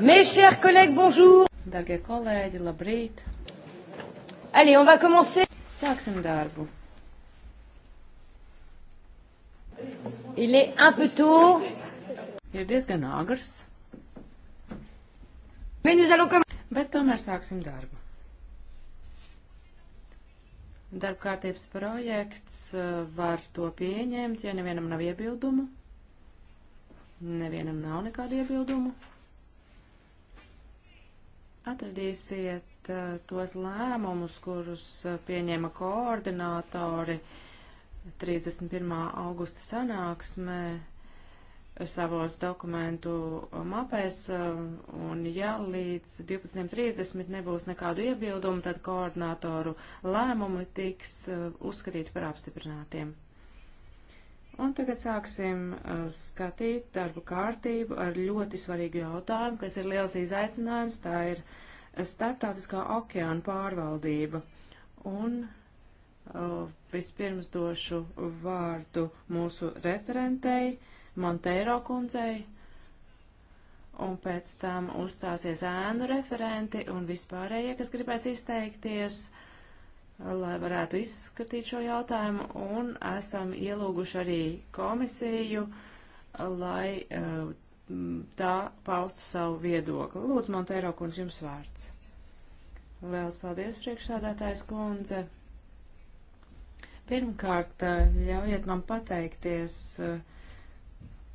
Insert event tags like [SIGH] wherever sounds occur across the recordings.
Mes chers collègues, bonjour. Dargie kolēģi, labrīt. Allez, on va commencer. Sāksim darbu. Il est un peu tôt. Ir diezgan agrs. Mais nous allons commencer. Bet tomēr sāksim darbu. Darbkārtības projekts eh, var to pieņemt, ja nevienam nav iebildumu. Nevienam nav nekādu iebildumu atradīsiet uh, tos lēmumus, kurus uh, pieņēma koordinātori 31. augusta sanāksmē uh, savos dokumentu mapēs, un ja līdz 12.30 nebūs nekādu iebildumu, tad koordinātoru lēmumi tiks uzskatīti par apstiprinātiem. Un tagad sāksim uh, skatīt darbu kārtību ar ļoti svarīgu jautājumu, kas ir liels izaicinājums. Tā ir starptautiskā okeāna pārvaldība. Un uh, vispirms došu vārdu mūsu referentei, Monteiro kundzei, un pēc tam uzstāsies ēnu referenti un vispārējie, kas gribēs izteikties lai varētu izskatīt šo jautājumu, un esam ielūguši arī komisiju, lai uh, tā paustu savu viedokli. Lūdzu, Monteiro kundze, jums vārds. Liels paldies, priekšsādātājs kundze. Pirmkārt, eh, ļaujiet man pateikties uh,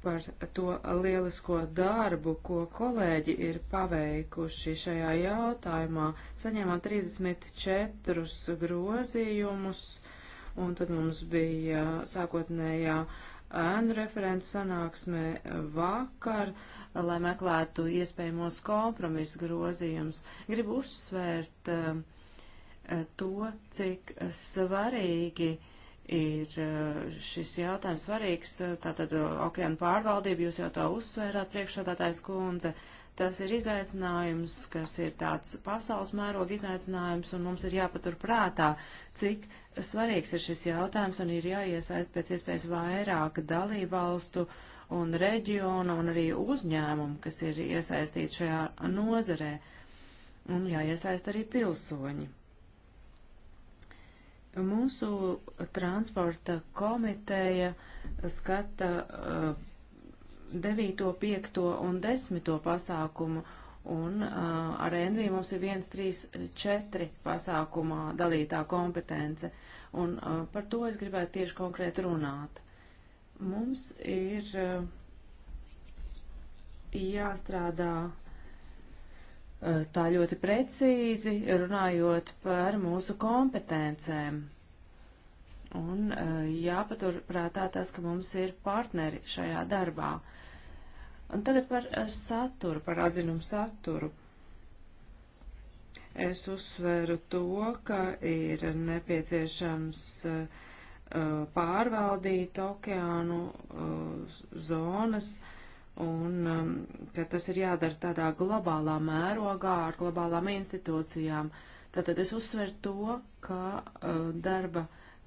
par to lielisko darbu, ko kolēģi ir paveikuši šajā jautājumā. Saņēmām 34 grozījumus, un tad mums bija sākotnējā ēnu referentu sanāksmē vakar, lai meklētu iespējamos kompromisu grozījumus. Gribu uzsvērt eh, to, cik svarīgi ir ir eh, šis jautājums svarīgs. Eh, tātad eh, okeāna pārvaldība, jūs jau to uzsvērāt, priekšsādātājs kundze, tas ir izaicinājums, kas ir tāds pasaules mēroga izaicinājums, un mums ir jāpatur prātā, cik svarīgs ir šis jautājums, un ir jāiesaist pēc iespējas vairāk dalībvalstu un reģionu un arī uzņēmumu, kas ir iesaistīti šajā nozarē, un jāiesaist arī pilsoņi. Mūsu transporta komiteja skata uh, 9., 5. un 10. pasākumu, un uh, ar NV mums ir 1, 3, 4 pasākumā dalītā kompetence, un uh, par to es gribētu tieši konkrēti runāt. Mums ir uh, jāstrādā tā ļoti precīzi runājot par mūsu kompetencēm. Un eh, jāpatur prātā tas, ka mums ir partneri šajā darbā. Un tagad par eh, saturu, par atzinumu saturu. Es uzsveru to, ka ir nepieciešams eh, pārvaldīt okeānu zonas, uh, un um, ka tas ir jādara tādā globālā mērogā ar globālām institūcijām. Tātad es uzsveru to, ka uh, darba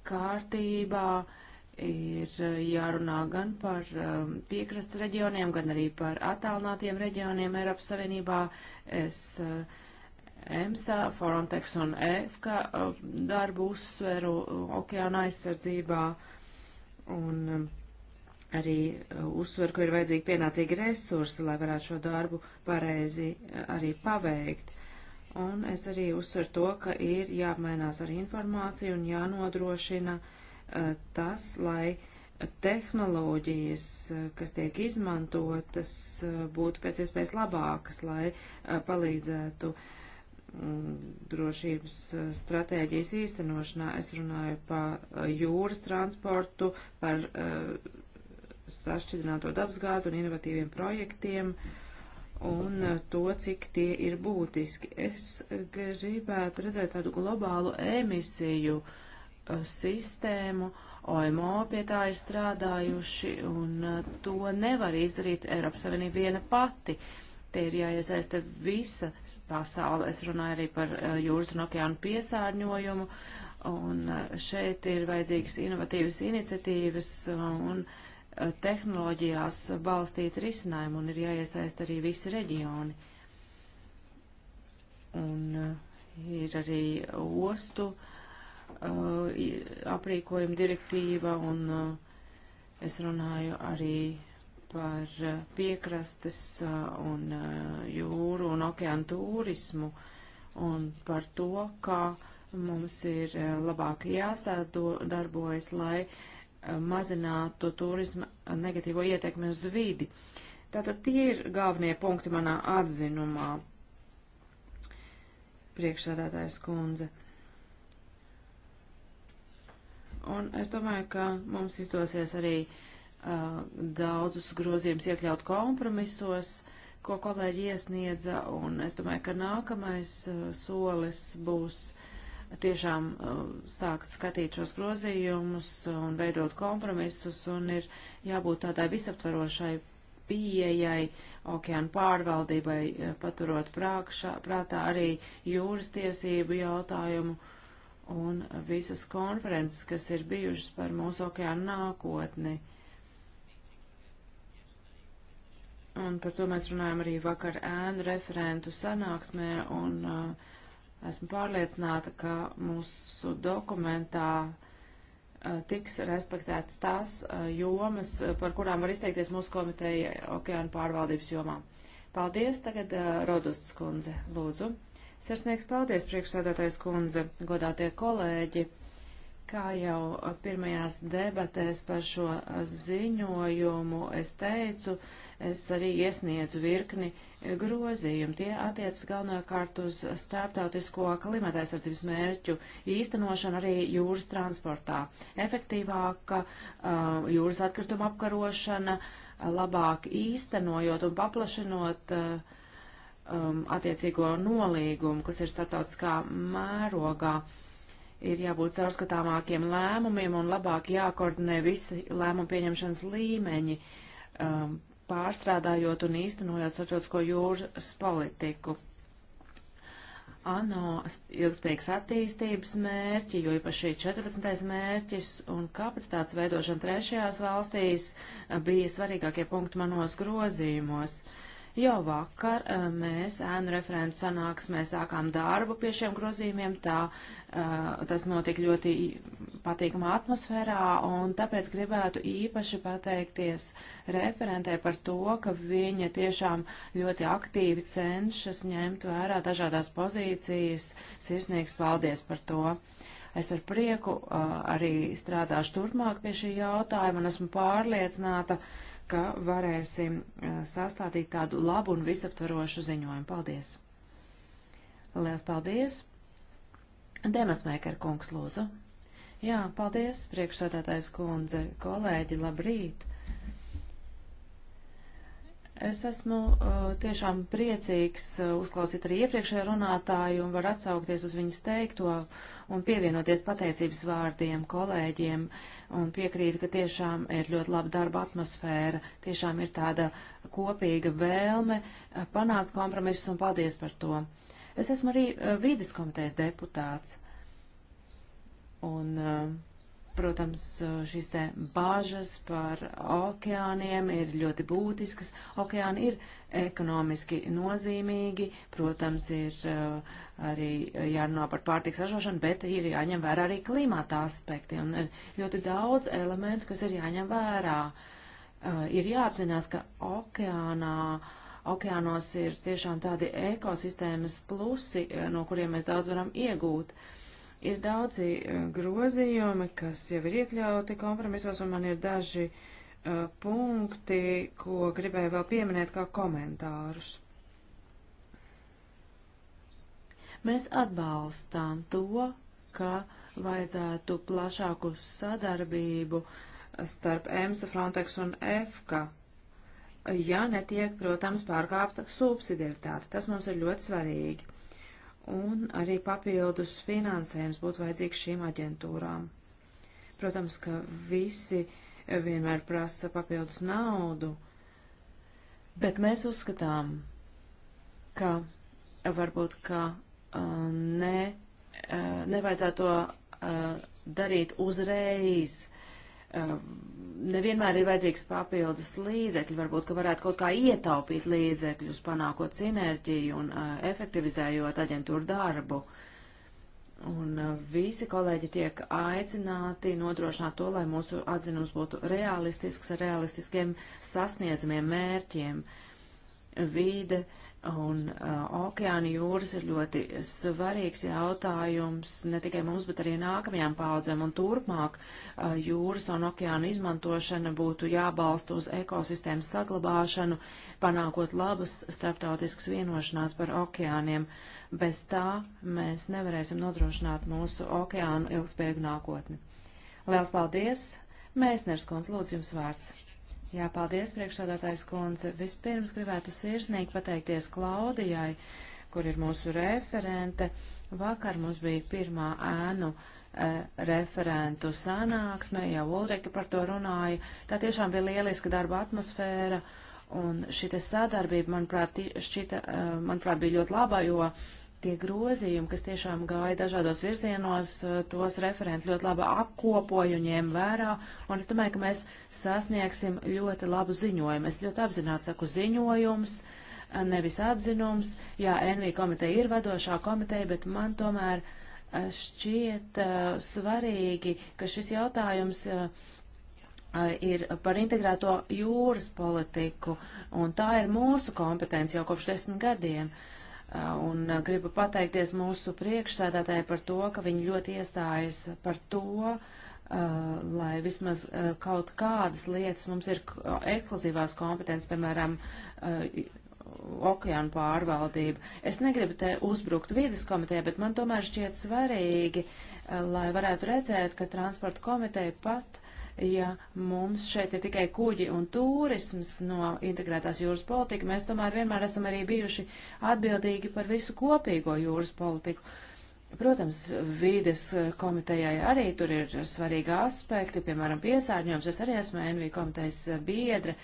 kārtībā ir uh, jārunā gan par um, piekrastes reģioniem, gan arī par attālinātiem reģioniem Eiropas Savienībā. Es uh, EMSA, Frontex un EFKA uh, darbu uzsveru uh, okeāna aizsardzībā. Un, um, arī uh, uzsver, ka ir vajadzīgi pienācīgi resursi, lai varētu šo darbu pareizi uh, arī paveikt. Un es arī uzsveru to, ka ir jāapmainās ar informāciju un jānodrošina uh, tas, lai tehnoloģijas, uh, kas tiek izmantotas, būtu pēc iespējas labākas, lai uh, palīdzētu um, drošības stratēģijas īstenošanā. Es runāju par jūras transportu, par uh, sašķidrināto dabasgāzi un inovatīviem projektiem un to, cik tie ir būtiski. Es gribētu redzēt tādu globālu emisiju uh, sistēmu. OMO pie tā ir strādājuši, un uh, to nevar izdarīt Eiropas Savienība viena pati. Te ir jāiesaista visa pasaule. Es runāju arī par uh, jūras un okeānu piesārņojumu, un šeit ir vajadzīgas inovatīvas iniciatīvas, un uh, tehnoloģijās balstīti risinājumi un ir jāiesaist arī visi reģioni. Un uh, ir arī ostu uh, aprīkojuma direktīva un uh, es runāju arī par piekrastes un jūru un okeānu turismu un par to, kā mums ir labāk jāsādarbojas, lai uh, mazinātu turisma negatīvo ietekmi uz vidi. Tātad tie ir galvenie punkti manā atzinumā, priekšsādātājs kundze. Un es domāju, ka mums izdosies arī uh, daudzus grozījumus iekļaut kompromisos, ko kolēģi iesniedza, un es domāju, ka nākamais uh, solis būs uh, tiešām uh, sākt skatīt šos grozījumus un veidot kompromisus, un ir jābūt tādai visaptvarošai pieejai, okeāna pārvaldībai, uh, paturot prākšā, prātā arī jūras tiesību jautājumu un visas konferences, kas ir bijušas par mūsu okeānu nākotni. Un par to mēs runājam arī vakar ēnu referentu sanāksmē, un uh, Esmu pārliecināta, ka mūsu dokumentā tiks respektētas tās jomas, par kurām var izteikties mūsu komiteja okeāna pārvaldības jomā. Paldies, tagad Rodusts kundze, lūdzu. Sirsnieks paldies, priekšsēdētājs kundze, godātie kolēģi. Kā jau pirmajās debatēs par šo ziņojumu es teicu, es arī iesniedzu virkni grozījumu. Tie attiecas galvenokārt uz starptautisko klimata aizsardzības mērķu īstenošanu arī jūras transportā. Efektīvāka uh, jūras atkrituma apkarošana, uh, labāk īstenojot un paplašinot uh, um, attiecīgo nolīgumu, kas ir starptautiskā mērogā. Uh, ir jābūt caurskatāmākiem lēmumiem un labāk jākoordinē visi lēmumu pieņemšanas līmeņi, um, pārstrādājot un īstenojot starptautisko jūras politiku. ANO ilgspējīgas attīstības mērķi, jo īpaši 14. mērķis un kapacitātes veidošana trešajās valstīs uh, bija svarīgākie punkti manos grozījumos. Uh, Jau vakar eh, mēs ēnu referentu sanāksmē sākām darbu pie šiem grozījumiem, tā eh, tas notika ļoti patīkamā atmosfērā, un tāpēc gribētu īpaši pateikties referentē par to, ka viņa tiešām ļoti aktīvi cenšas ņemt vērā dažādās pozīcijas. Sirsnīgs paldies par to! Es ar prieku uh, arī strādāšu turpmāk pie šī jautājuma un esmu pārliecināta, uh, ka varēsim eh, sastādīt tādu labu un visaptvarošu ziņojumu. Paldies! Lielas paldies! Demasmēker kungs, lūdzu! Jā, paldies, priekšsādātais kundze, kolēģi, labrīt! Es esmu uh, tiešām priecīgs uh, uzklausīt arī iepriekšējo runātāju un var atsaukties uz viņas teikto un pievienoties pateicības vārdiem kolēģiem un piekrīt, ka tiešām ir ļoti laba darba atmosfēra, tiešām ir tāda kopīga vēlme uh, panākt kompromisus un paldies par to. Es esmu arī uh, vīdes komitejas deputāts. Un, uh, Protams, šīs te bāžas par okeāniem ir ļoti būtiskas. Okeāni ir ekonomiski nozīmīgi, protams, ir eh, arī jārunā par pārtiks ražošanu, bet ir jāņem vērā arī klimata aspekti un ir ļoti daudz elementu, kas ir jāņem vērā. Eh, ir jāapzinās, ka okeānā. Okeānos ir tiešām tādi ekosistēmas plusi, eh, no kuriem mēs daudz varam iegūt. Uh, Ir daudzi eh, grozījumi, kas jau ir iekļauti kompromisos, un man ir daži uh, punkti, ko gribēju vēl pieminēt kā komentārus. Mēs atbalstām to, ka vajadzētu plašāku sadarbību starp EMSA, Frontex un EFKA ja netiek, protams, pārkāpta subsidiaritāte. Tas mums ir ļoti svarīgi un arī papildus finansējums būtu vajadzīgs šīm aģentūrām. Protams, ka visi vienmēr prasa papildus naudu, bet mēs uzskatām, ka varbūt, ka uh, ne, uh, nevajadzētu to uh, darīt uzreiz, Ehm, nevienmēr ir vajadzīgs papildus līdzekļi, varbūt, ka varētu kaut kā ietaupīt līdzekļus, panākot sinerģiju un uh, efektivizējot aģentūru darbu. Un uh, visi kolēģi tiek aicināti nodrošināt to, lai mūsu atzinums būtu realistisks ar realistiskiem sasniedzamiem mērķiem. Vīde, Un uh, okeāni jūras ir ļoti svarīgs jautājums ne tikai mums, bet arī nākamajām paudzēm. Un turpmāk uh, jūras un okeāna izmantošana būtu jābalst uz ekosistēmas saglabāšanu, panākot labas starptautiskas vienošanās par okeāniem. Bez tā mēs nevarēsim nodrošināt mūsu okeānu ilgspējīgu nākotni. Liels paldies! Mēs nerskons lūdzu jums vārds. Jā, paldies, priekšsādātājs kundze. Vispirms gribētu sirsnīgi pateikties Klaudijai, kur ir mūsu referente. Vakar mums bija pirmā ēnu e, referentu sanāksme, jau Ulrika par to runāja. Tā tiešām bija lieliska darba atmosfēra, un šī sadarbība, manuprāt, šķita, eh, manuprāt, bija ļoti laba, jo tie grozījumi, kas tiešām gāja dažādos virzienos, eh, tos referenti ļoti labi apkopoja un ņēma vērā, un es domāju, ka mēs sasniegsim ļoti labu ziņojumu. Es ļoti apzināti saku ziņojums, eh, nevis atzinums. Jā, NV komiteja ir vadošā komiteja, bet man tomēr eh, šķiet uh, svarīgi, ka šis jautājums uh, ir par integrēto jūras politiku, un tā ir mūsu kompetence jau kopš desmit gadiem. Uh, Un uh, gribu pateikties mūsu priekšsēdētāji par to, ka viņi ļoti iestājas par to, uh, lai vismaz uh, kaut kādas lietas mums ir ekskluzīvās kompetences, piemēram, okeānu pārvaldību. Es negribu te uzbrukt vidas komitē, bet man tomēr šķiet svarīgi, lai varētu redzēt, ka transporta komiteja pat ja mums šeit ir tikai kuģi un turisms no integrētās jūras politika, mēs tomēr vienmēr esam arī bijuši atbildīgi par visu kopīgo jūras politiku. Protams, vīdes komitejai arī tur ir svarīgi aspekti, piemēram, piesārņojums. Es arī esmu NV komitejas biedra,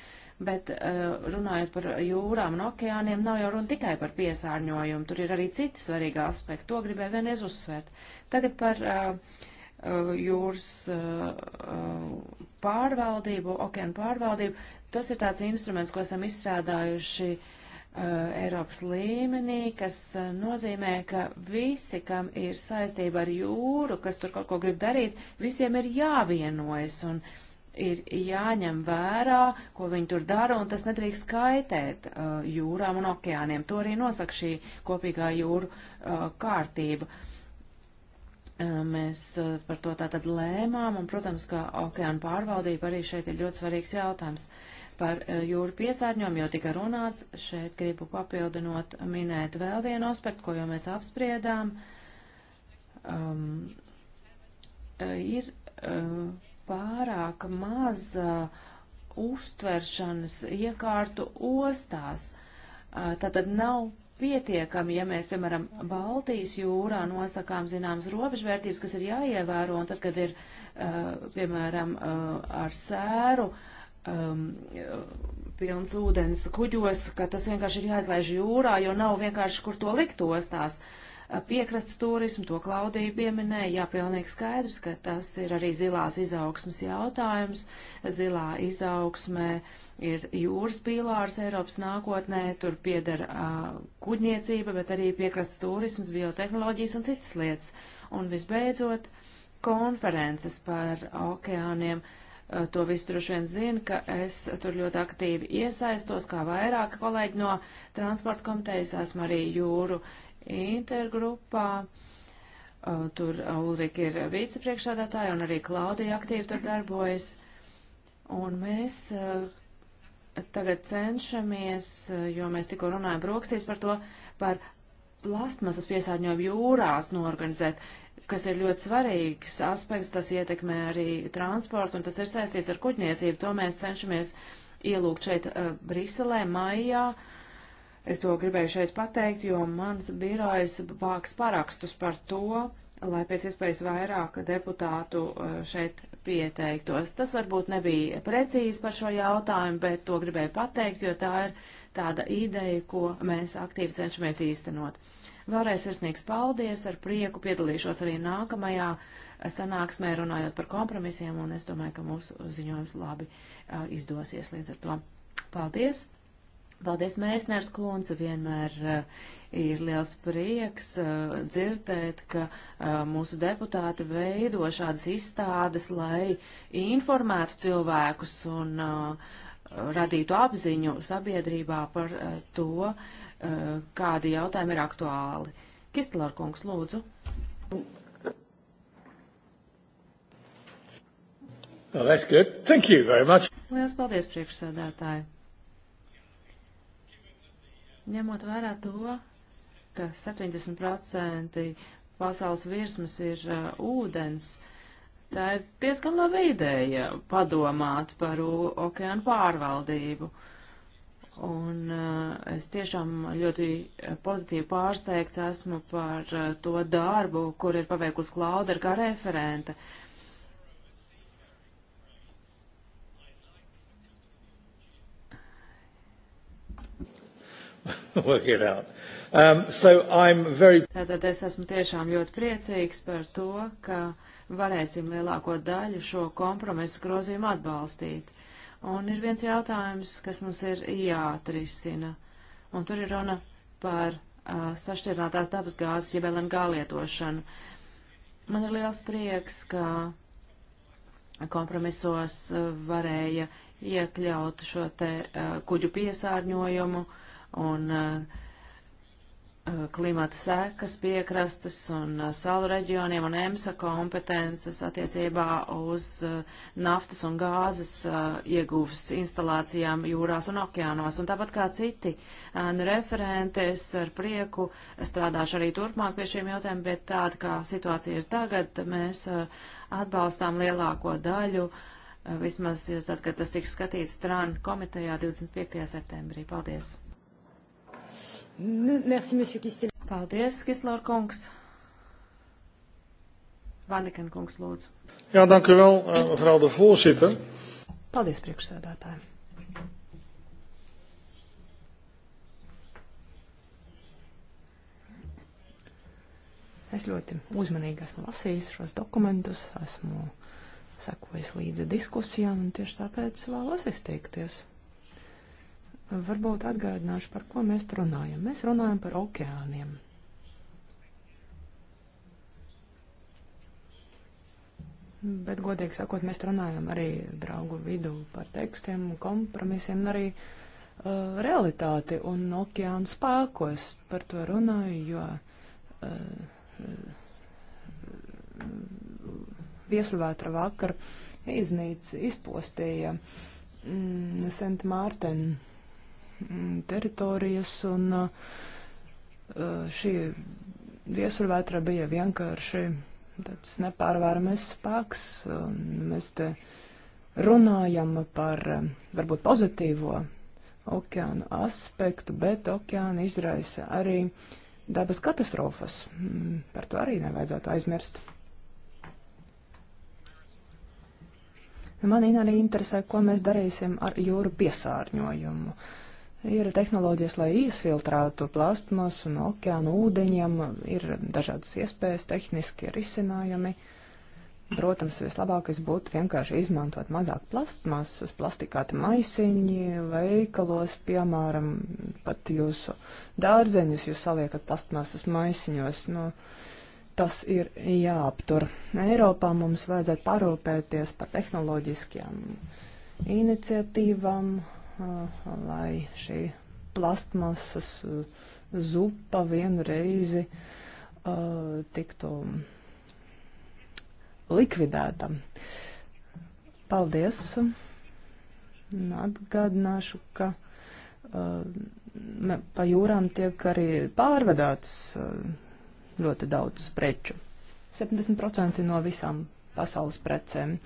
bet eh, runājot par jūrām un okeāniem, nav jau runa tikai par piesārņojumu. Tur ir arī citi svarīgi aspekti. To gribēju vien es uzsvērt. Tagad par uh, Uh, jūras uh, pārvaldību, okeānu pārvaldību. Tas ir tāds instruments, ko esam izstrādājuši uh, Eiropas līmenī, kas nozīmē, ka visi, kam ir saistība ar jūru, kas tur kaut ko grib darīt, visiem ir jāvienojas un ir jāņem vērā, ko viņi tur dara, un tas nedrīkst kaitēt jūrām un okeāniem. To arī nosaka šī kopīgā jūru kārtība. Uh, Mēs par to tātad lēmām, un, protams, ka okeāna pārvaldība arī šeit ir ļoti svarīgs jautājums. Par jūru piesārņojumu jau tika runāts, šeit gribu papildinot minēt vēl vienu aspektu, ko jau mēs apspriedām. Um, ir uh, pārāk maz uh, uztveršanas iekārtu ostās. Uh, tātad nav pietiekami, ja mēs, piemēram, Baltijas jūrā nosakām zināmas robežvērtības, kas ir jāievēro, un tad, kad ir, uh, piemēram, uh, ar sēru um, pilns ūdens kuģos, ka tas vienkārši ir jāizlaiž jūrā, jo nav vienkārši, kur to likt ostās. Uh, piekrasts turismu, to Klaudija pieminēja, jā, pilnīgi skaidrs, ka tas ir arī zilās izaugsmas jautājums. Zilā izaugsmē ir jūras pīlārs Eiropas nākotnē, tur pieder uh, kuģniecība, bet arī piekrasts turisms, biotehnoloģijas un citas lietas. Un visbeidzot, konferences par okeāniem. Okay to visu droši vien zina, ka es tur ļoti aktīvi iesaistos, kā vairāki kolēģi no transporta komitejas, esmu arī jūru intergrupā. Uh, tur uh, Ulrika ir vicepriekšādātāja un arī Klaudija aktīvi tur darbojas. Un mēs uh, tagad cenšamies, uh, jo mēs tikko runājam brokstīs par to, par plastmasas piesārņojumu jūrās norganizēt, kas ir ļoti svarīgs aspekts, tas ietekmē arī transportu un tas ir saistīts ar kuģniecību. To mēs cenšamies ielūgt šeit uh, Briselē maijā. Uh, Es to gribēju šeit pateikt, jo mans birojs vāks parakstus par to, lai pēc iespējas vairāk deputātu uh, šeit pieteiktos. Tas varbūt nebija precīzi par šo jautājumu, bet to gribēju pateikt, jo tā ir tāda ideja, ko mēs aktīvi cenšamies īstenot. Vēlreiz sirsnīgs paldies, ar prieku piedalīšos arī nākamajā uh, sanāksmē runājot par kompromisiem, un es domāju, ka mūsu ziņojums labi uh, izdosies līdz ar to. Paldies! Paldies, Mēsners kundze, vienmēr uh, ir liels prieks uh, dzirdēt, ka uh, mūsu deputāti veido šādas izstādes, lai informētu cilvēkus un radītu apziņu sabiedrībā par to, kādi jautājumi ir aktuāli. Kistelor kungs, lūdzu. Well, that's good. Thank you very much. Liels paldies, priekšsēdētāji. Ņemot vērā to, ka 70% pasaules virsmas ir uh, ūdens, tā ir diezgan laba ideja padomāt par okeānu pārvaldību. Un uh, es tiešām ļoti pozitīvi pārsteigts esmu par uh, to darbu, kur ir paveikusi Klaudera kā referente. Uh, [LAUGHS] work it out. Um, so I'm very... Tātad es esmu tiešām ļoti priecīgs par to, ka varēsim lielāko daļu šo kompromisu grozījumu atbalstīt. Un ir viens jautājums, kas mums ir jāatrisina. Un tur ir runa par uh, sašķirinātās dabas gāzes, jeb LNG lietošanu. Man ir liels prieks, ka kompromisos uh, varēja iekļaut šo te uh, kuģu piesārņojumu, uh, un eh, eh, klimata sekas piekrastes un eh, salu reģioniem un EMSA kompetences attiecībā uz naftas un gāzes ieguvas instalācijām jūrās un okeānos. Un tāpat kā citi referenti, es ar prieku strādāšu arī turpmāk pie šiem jautājumiem, bet tāda kā situācija ir tagad, mēs atbalstām lielāko daļu uh, vismaz tad, kad tas tiks skatīts TRAN komitejā 25. septembrī. Paldies! Merci, monsieur Kistel. Paldies, Kistlor kungs. Vandekan kungs, lūdzu. Jā, dank u vēl, eh, mevrouw de voorzitter. Paldies, priekšsēdētāji. Es ļoti uzmanīgi esmu lasījis šos dokumentus, esmu sekojis līdzi diskusijām, un tieši tāpēc vēlos izteikties. Varbūt atgādināšu, par ko mēs runājam. Mēs runājam par okeāniem. Bet, godīgi sakot, mēs runājam arī draugu vidū par tekstiem, kompromisiem un arī uh, realitāti un okeānu spēkos. Par to runāju, jo uh, uh, viesuvētra vakar iznīca, izpostīja mm, Sent Mārtenu Mm, teritorijas, un uh, uh, šī viesulvētra bija vienkārši tāds nepārvērmēs spēks. Mēs te runājam par um, varbūt pozitīvo okeāna aspektu, bet okeāna izraisa arī dabas katastrofas. Mm, par to arī nevajadzētu aizmirst. Man arī interesē, ko mēs darīsim ar jūru piesārņojumu. Uh, Ir tehnoloģijas, lai izfiltrētu plastmasu no okeāna ūdeņiem, ir dažādas iespējas, tehniski risinājumi. Protams, vislabākais būtu vienkārši izmantot mazāk plastmasas, plastikāta maisiņi, veikalos, piemēram, pat jūsu dārzeņus jūs saliekat plastmasas maisiņos. Nu, tas ir jāaptur. Eiropā mums vajadzētu parūpēties par tehnoloģiskajām iniciatīvām lai šī plastmasas eh, zupa vienu reizi uh, tiktu likvidēta. Paldies! Atgādināšu, ka uh, pa jūrām tiek arī pārvedāts uh, ļoti daudz preču. 70% no visām pasaules precēm uh,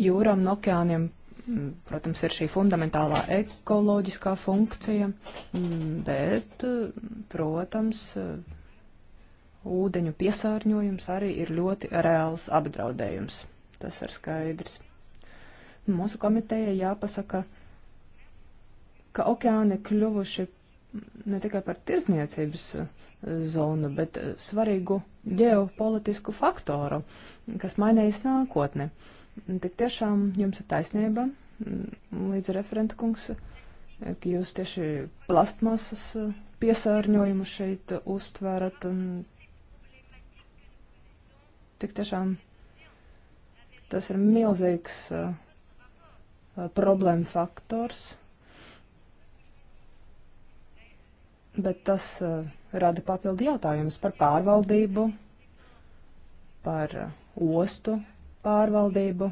jūrām un okeāniem, mm, protams, ir šī fundamentālā ekoloģiskā funkcija, mm, bet, mm, protams, ūdeņu piesārņojums arī ir ļoti reāls apdraudējums. Tas ir skaidrs. Mūsu komiteja jāpasaka, ka okeāni kļuvuši ne tikai par tirzniecības zonu, bet svarīgu ģeopolitisku faktoru, kas mainījis nākotni. Uh, Tik tiešām jums ir taisnība, mm, līdz referenta kungs, ka jūs tieši plastmasas eh, piesārņojumu šeit uztvērat. Tik tiešām tas ir milzīgs uh, problēma faktors, bet tas uh, rada papildu jautājumus par pārvaldību, par uh, ostu pārvaldību,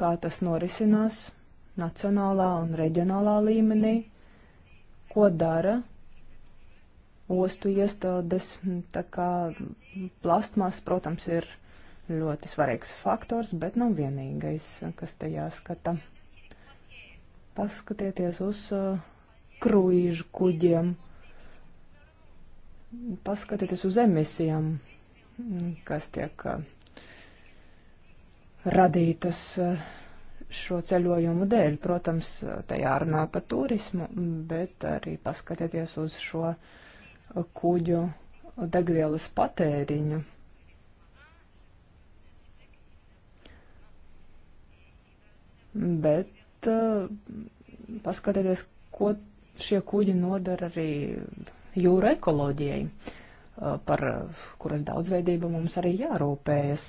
kā tas norisinās nacionālā un reģionālā līmenī, ko dara ostu iestādes. Tā kā plastmas, protams, ir ļoti svarīgs faktors, bet nav vienīgais, kas te jāskata. Paskatieties uz uh, kruīžu kuģiem, paskatieties uz emisijām, kas tiek uh, radītas eh, šo ceļojumu dēļ. Protams, te jārunā par turismu, bet arī paskatieties uz šo eh, kuģu degvielas patēriņu. Bet eh, paskatieties, ko šie kuģi nodara arī jūra ekoloģijai, par kuras daudzveidību mums arī jārūpējas.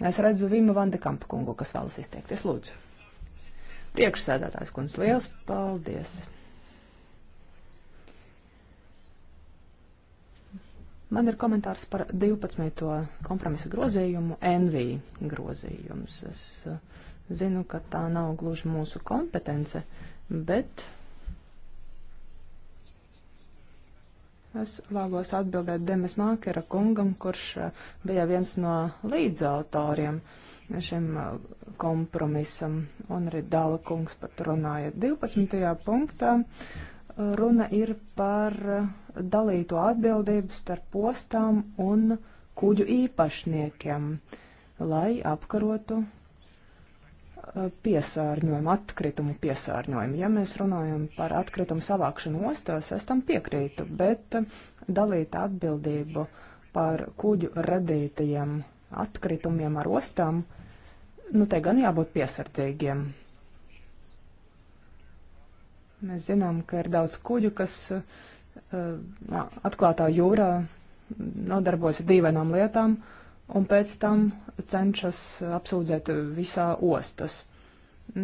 Es redzu Vimu Vandekampu kungu, kas vēlas izteikties. Lūdzu. Priekšsēdētājs kundze, liels paldies! Man ir komentārs par 12. kompromisa grozījumu, NV grozījums. Es eh, zinu, ka tā nav gluži mūsu kompetence, bet Es vēlos atbildēt Demes Mākera kungam, kurš eh, bija viens no līdzautoriem šim eh, kompromisam, un arī Dāla kungs par to runāja. 12. punktā eh, runa ir par dalīto atbildību starp postām un kuģu īpašniekiem, lai apkarotu Eh, piesārņojumu, atkritumu piesārņojumu. Ja mēs runājam par atkritumu savākšanu ostās, es tam piekrītu, bet eh, dalīt atbildību par kuģu radītajiem atkritumiem ar ostām, nu te gan jābūt piesardzīgiem. Mēs zinām, ka ir daudz kuģu, kas uh, atklātā jūrā nodarbojas ar dīvainām lietām. Uh, un pēc tam cenšas apsūdzēt visā ostas.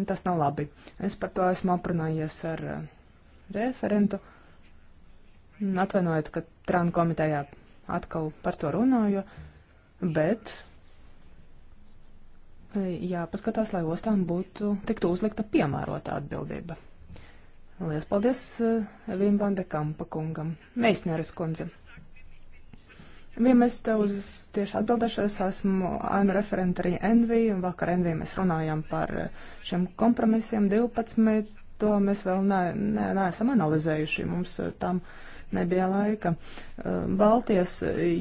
Tas nav labi. Es par to esmu aprunājies ar eh, referentu. Atvainojiet, ka Trānu komitejā atkal par to runāju, bet eh, jāpaskatās, lai ostām būtu tiktu uzlikta piemērota atbildība. Lielas paldies eh, Vim Vandekampa kungam, Meisneres kundzei. Vien mēs tev uz tieši atbildēšos, esmu ANU referenta arī Envī, un vakar Envī mēs runājām par eh, šiem kompromisiem 12, to mēs vēl ne, ne, neesam analizējuši, mums eh, tam nebija laika. Eh, Baltijas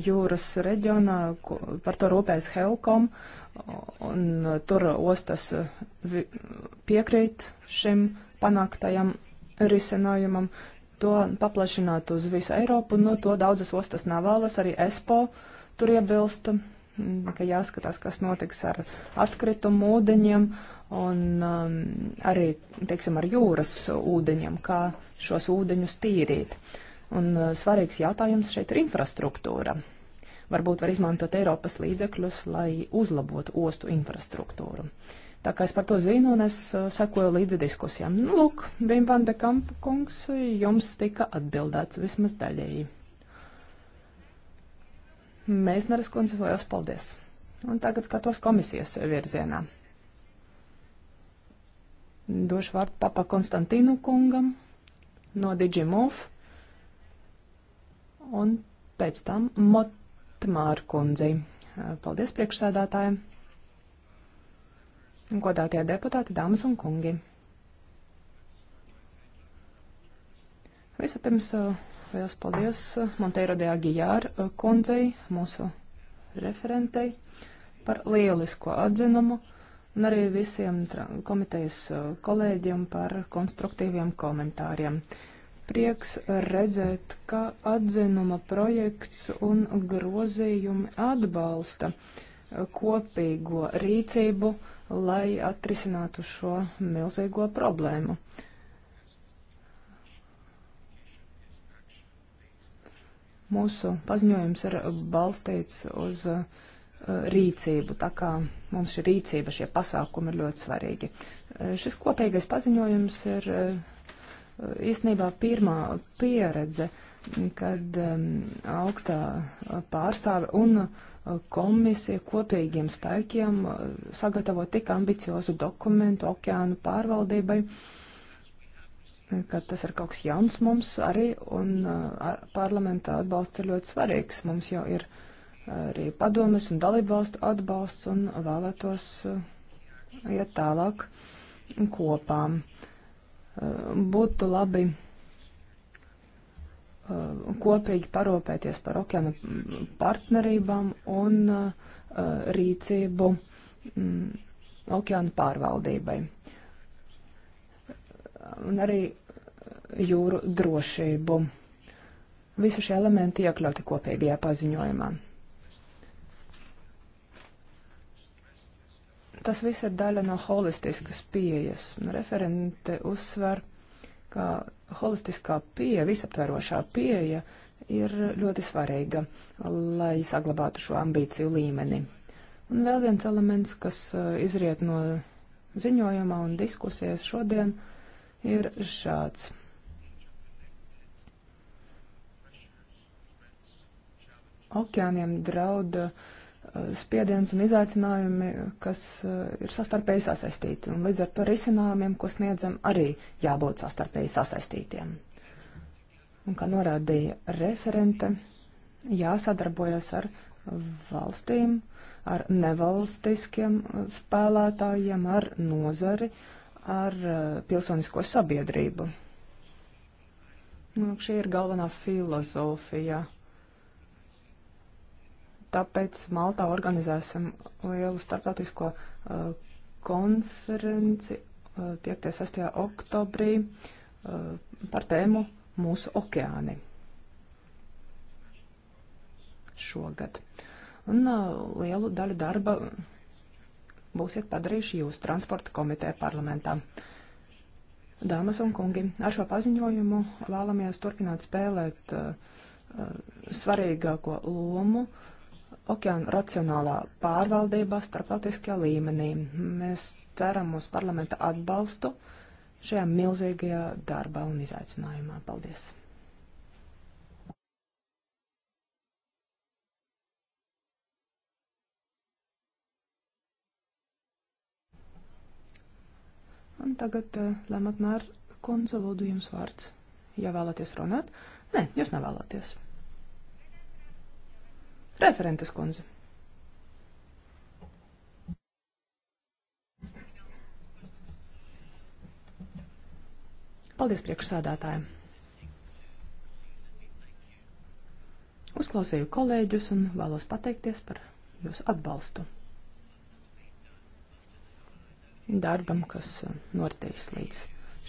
jūras reģionā par to rūpējas Helkom, un tur ostas piekrīt šim panāktajam risinājumam to paplašināt uz visu Eiropu. Nu, to daudzas ostas nav vēlas, arī ESPO tur iebilst, mm, ka jāskatās, kas notiks ar atkritumu ūdeņiem un um, arī, teiksim, ar jūras ūdeņiem, kā šos ūdeņus tīrīt. Un uh, svarīgs jautājums šeit ir infrastruktūra. Varbūt var izmantot Eiropas līdzekļus, lai uzlabotu ostu infrastruktūru. Uh, Tā kā es par to zinu un es uh, sekoju līdzi diskusijām. Nu, lūk, Vim van de Kampa kungs, jums tika atbildēts vismaz daļēji. Mēsneres kundze, liels paldies! Un tagad skatos komisijas virzienā. Došu vārdu papa Konstantīnu kungam no Digimov un pēc tam Motmāru kundzei. Paldies priekšsēdātājiem! godātie deputāti, dāmas un kungi. Vispirms eh, liels paldies eh, Monteiro de Agijāra eh, kundzei, mūsu referentei, par lielisko atzinumu un arī visiem komitejas kolēģiem par konstruktīviem komentāriem prieks redzēt, ka atzinuma projekts un grozījumi atbalsta kopīgo rīcību lai atrisinātu šo milzīgo problēmu. Mūsu paziņojums ir balstīts uz uh, rīcību, tā kā mums šī rīcība, šie pasākumi ir ļoti svarīgi. Uh, šis kopīgais paziņojums ir uh, īstenībā pirmā pieredze, kad um, augstā pārstāve un uh, komisija kopīgiem spēkiem uh, sagatavo tik ambiciozu dokumentu okeānu pārvaldībai, ka tas ir kaut kas jauns mums arī, un uh, parlamentā atbalsts ir ļoti svarīgs. Mums jau ir arī padomas un dalību valstu atbalsts, un vēlētos uh, iet tālāk kopām. Būtu labi Uh, kopīgi parūpēties par okeāna partnerībām un uh, rīcību mm, okeāna pārvaldībai. Un arī jūru drošību. Visi šie elementi iekļauti kopīgajā paziņojumā. Tas viss ir daļa no holistiskas pieejas. Referente uzsver, ka ka holistiskā pieeja, visaptverošā pieeja ir ļoti svarīga, lai saglabātu šo ambīciju līmeni. Un vēl viens elements, kas uh, izriet no ziņojumā un diskusijas šodien, ir šāds. Okeāniem drauda uh, spiediens un izaicinājumi, kas eh, ir sastarpēji sasaistīti. Un līdz ar to risinājumiem, ko sniedzam, arī jābūt sastarpēji sasaistītiem. Un kā norādīja referente, jāsadarbojas ar valstīm, ar nevalstiskiem eh, spēlētājiem, ar nozari, ar eh, pilsonisko sabiedrību. Nu, šī ir galvenā filozofija Tāpēc Maltā organizēsim lielu starptautisko uh, konferenci uh, 5.6. oktobrī uh, par tēmu mūsu okeāni šogad. Un uh, lielu daļu darba būsiet padarījuši jūs transporta komiteja parlamentā. Dāmas un kungi, ar šo paziņojumu vēlamies turpināt spēlēt uh, uh, svarīgāko lomu uh, okeāna racionālā pārvaldībā starptautiskajā līmenī. Mēs ceram uz parlamenta atbalstu šajā milzīgajā darbā un izaicinājumā. Paldies! Un tagad uh, eh, Lematmēr kundze lūdzu jums vārds. Ja vēlaties runāt, nē, jūs nevēlaties. Referentes kundze. Paldies priekšsādātājiem. Uzklausīju kolēģus un vēlos pateikties par jūsu atbalstu. Darbam, kas uh, noritīs līdz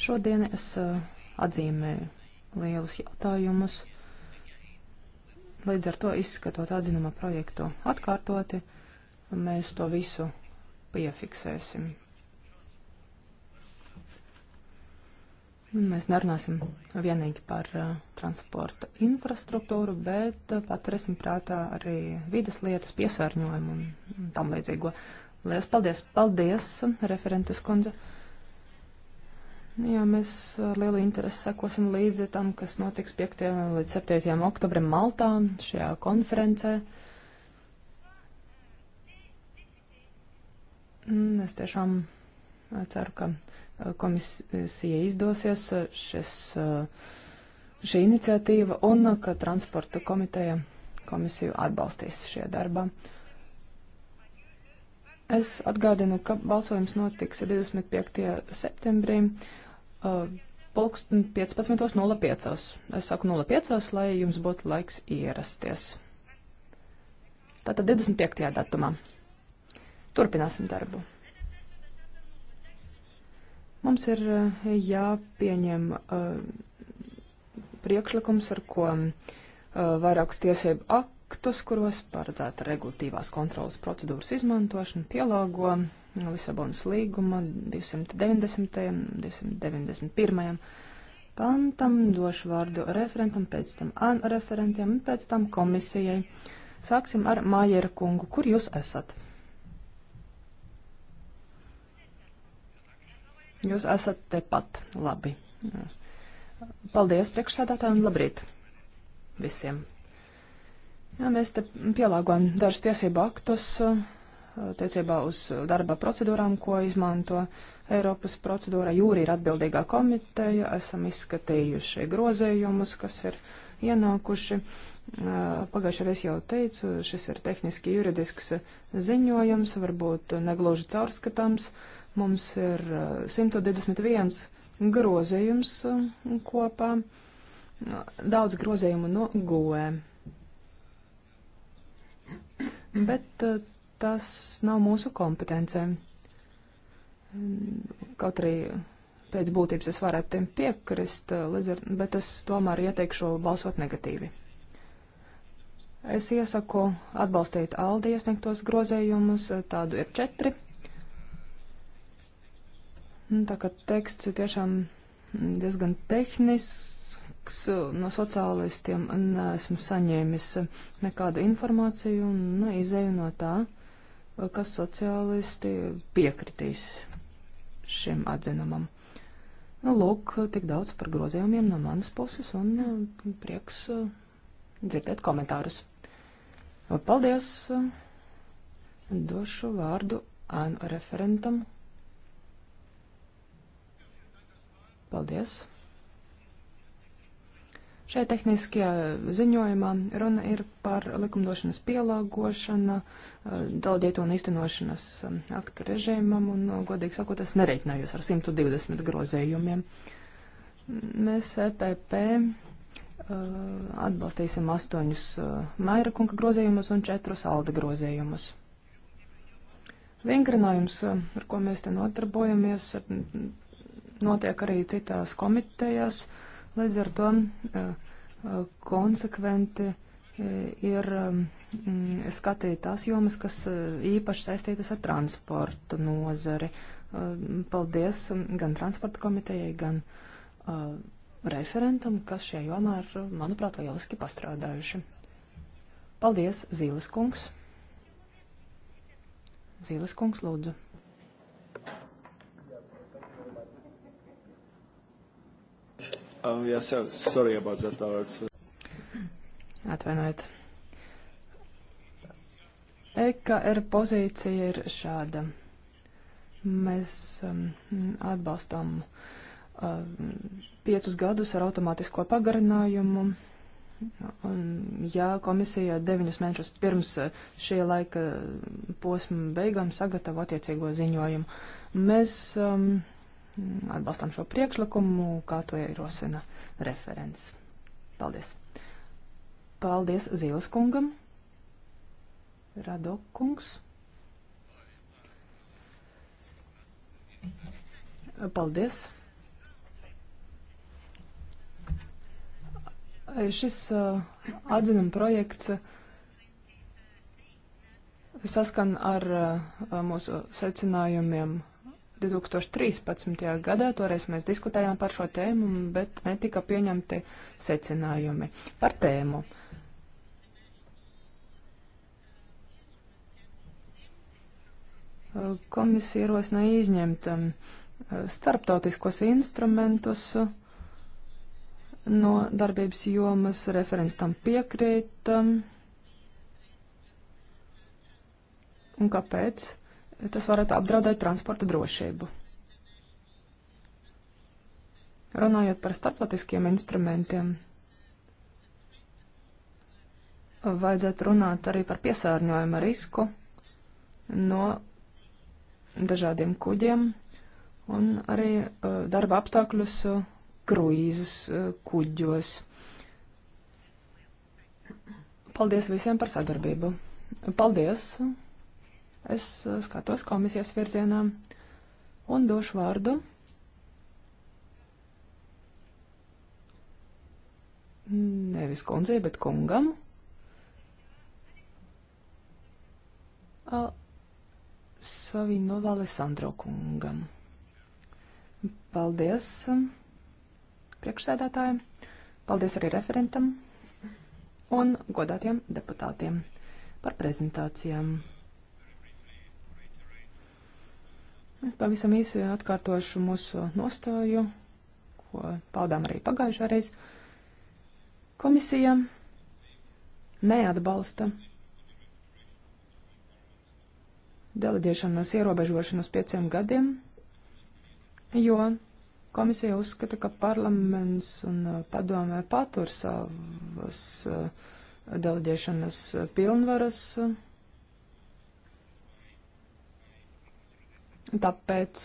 šodienai, es uh, atzīmēju lielus jautājumus Līdz ar to izskatot atzinuma projektu atkārtoti, mēs to visu piefiksēsim. Mēs nerunāsim vienīgi par uh, transporta infrastruktūru, bet uh, paturēsim prātā arī vidas lietas, piesārņojumu un tam līdzīgo. Lielas paldies! Paldies, referentes kundze! Uh, Jā, mēs ar lielu interesi sekosim līdzi tam, kas notiks 5. līdz 7. oktobrim Maltā šajā konferencē. Mm, es tiešām eh, ceru, ka eh, komisija izdosies eh, šis, šī iniciatīva un ka transporta komiteja komisiju atbalstīs šajā darbā. Es atgādinu, ka balsojums notiks 25. septembrī pulksten 15.05. Es saku 05, lai jums būtu laiks ierasties. Tātad 25. datumā. Turpināsim darbu. Mums ir eh, jāpieņem uh, priekšlikums, ar ko uh, vairākus tiesību aktus, kuros paredzēta regulatīvās kontrolas procedūras izmantošana, pielāgo Lisabonas līguma 290. un 291. pantam, došu vārdu referentam, pēc tam AN referentiem un pēc tam komisijai. Sāksim ar Mājera kungu. Kur jūs esat? Jūs esat tepat. Labi. Paldies priekšsēdētājiem un labrīt visiem. Jā, mēs te pielāgojam dažas tiesību aktus. Uh, tiecībā uz darba procedūrām, ko izmanto Eiropas procedūra. Jūri ir atbildīgā komiteja, esam izskatījuši grozējumus, kas ir ienākuši. Pagājušajā reizē jau teicu, šis ir tehniski juridisks ziņojums, varbūt negluži caurskatāms. Mums ir 121 grozējums kopā, daudz grozējumu no GOE. Bet tas nav mūsu kompetencē. Kaut arī pēc būtības es varētu tiem piekrist, eh, ar, bet es tomēr ieteikšu balsot negatīvi. Es iesaku atbalstīt Aldi iesniegtos grozējumus, eh, tādu ir četri. Nu, tā kā teksts tiešām diezgan tehnisks, no sociālistiem neesmu saņēmis nekādu informāciju un nu, izēju no tā ka sociālisti piekritīs šim atzinumam. Nu, lūk, tik daudz par grozījumiem no manas puses un uh, prieks uh, dzirdēt komentārus. Paldies! Došu vārdu ēnu referentam. Paldies! Šajā tehniskajā ziņojumā runa ir par likumdošanas pielāgošanu, eh, dalģietu un īstenošanas eh, aktu režīmam, un, eh, godīgi sakot, es nereiķinājos ar 120 grozējumiem. Mēs EPP atbalstīsim astoņus Maira kunga grozējumus un četrus Alda grozējumus. Vingrinājums, ar ko mēs te notarbojamies, notiek arī citās komitejās. Uh, Līdz ar to eh, eh, konsekventi eh, ir mm, skatīt tās jomas, kas īpaši saistītas ar transportu nozari. Paldies gan transporta komitejai, gan referentam, kas šajā jomā ir, manuprāt, lieliski pastrādājuši. Paldies, Zīles kungs! Zīles kungs, lūdzu! Um, yes, yeah, so, sorry about that. No, it's... Atvainojiet. EKR pozīcija ir šāda. Mēs um, atbalstām um, piecus gadus ar automātisko pagarinājumu. Un, ja komisija deviņus mēnešus pirms šī laika posma beigām sagatavo attiecīgo ziņojumu, mēs um, atbalstam šo priekšlikumu, kā to ierosina referents. Paldies. Paldies Zīles kungam. Radokungs. Paldies. Šis uh, atzinuma projekts uh, saskan ar uh, mūsu secinājumiem uh, 2013. gadā, toreiz mēs diskutējām par šo tēmu, bet netika pieņemti secinājumi par tēmu. Komisija ierosina izņemt um, starptautiskos instrumentus no darbības jomas, referents tam piekrīt. Un kāpēc? tas varētu apdraudēt transporta drošību. Runājot par starptautiskiem instrumentiem, vajadzētu runāt arī par piesārņojuma risku no dažādiem kuģiem un arī uh, darba apstākļus uh, kruīzes uh, kuģos. Paldies visiem par sadarbību. Paldies! Es uh, skatos komisijas virzienā un došu vārdu nevis kundzei, bet kungam. Al Savinova Alessandro kungam. Paldies um, priekšsēdētājiem, paldies arī referentam un godātiem deputātiem par prezentācijām. Es pavisam īsi atkārtošu mūsu nostāju, ko paudām arī pagājušā reiz. Komisija neatbalsta deleģēšanas ierobežošanu uz pieciem gadiem, jo komisija uzskata, ka parlaments un uh, padomē patur savas uh, deleģēšanas pilnvaras uh, Tāpēc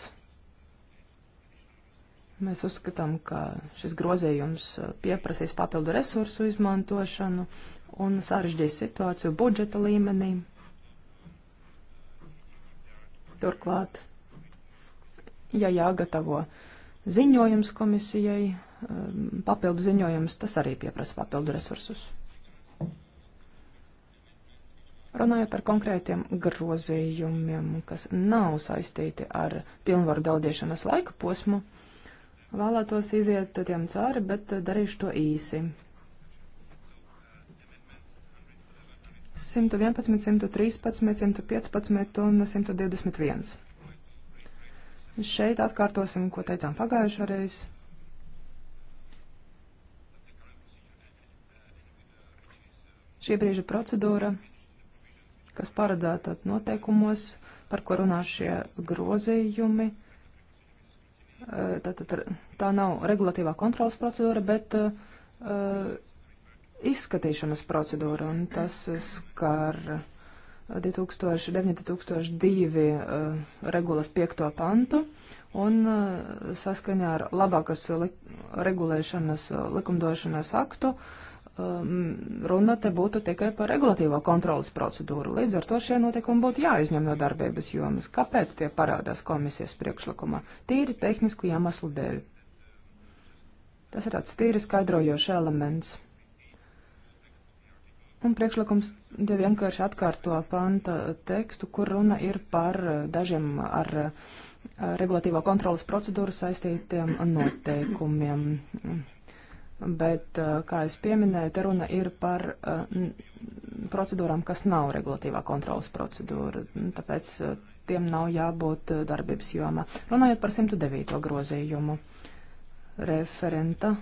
mēs uzskatām, ka šis grozījums uh, pieprasīs papildu resursu izmantošanu un sarežģīs situāciju budžeta līmenī. Turklāt, ja jāgatavo ziņojums komisijai, um, papildu ziņojums, tas arī pieprasa papildu resursus. Runāju par konkrētiem grozījumiem, kas nav saistīti ar pilnvaru daudiešanas laika posmu. Vēlētos iziet tiem cauri, bet darīšu to īsi. 111, 113, 115 un 121. Šeit atkārtosim, ko teicām pagājušā reizē. Šī brīža procedūra kas paredzēta noteikumos, par ko runā šie grozījumi. Eh, tātad tā nav regulatīvā kontrolas procedūra, bet uh, izskatīšanas procedūra, un tas skar 2009-2002 uh, eh, regulas 5. pantu, un uh, saskaņā ar labākas li regulēšanas likumdošanas aktu uh, um, runa te būtu tikai par regulatīvo kontrolas procedūru. Līdz ar to šie notikumi būtu jāizņem no darbības jomas. Kāpēc tie parādās komisijas priekšlikumā? Tīri tehnisku iemeslu dēļ. Tas ir tāds tīri skaidrojošs elements. Un priekšlikums te vienkārši atkārto panta tekstu, kur runa ir par dažiem ar regulatīvo kontrolas procedūru saistītiem noteikumiem. Bet, eh, kā jau pieminēju, te runa ir par eh, procedūrām, kas nav regulatīvā kontrolas procedūra, tāpēc eh, tiem nav jābūt darbības jomā. Runājot par 109. grozījumu, referenta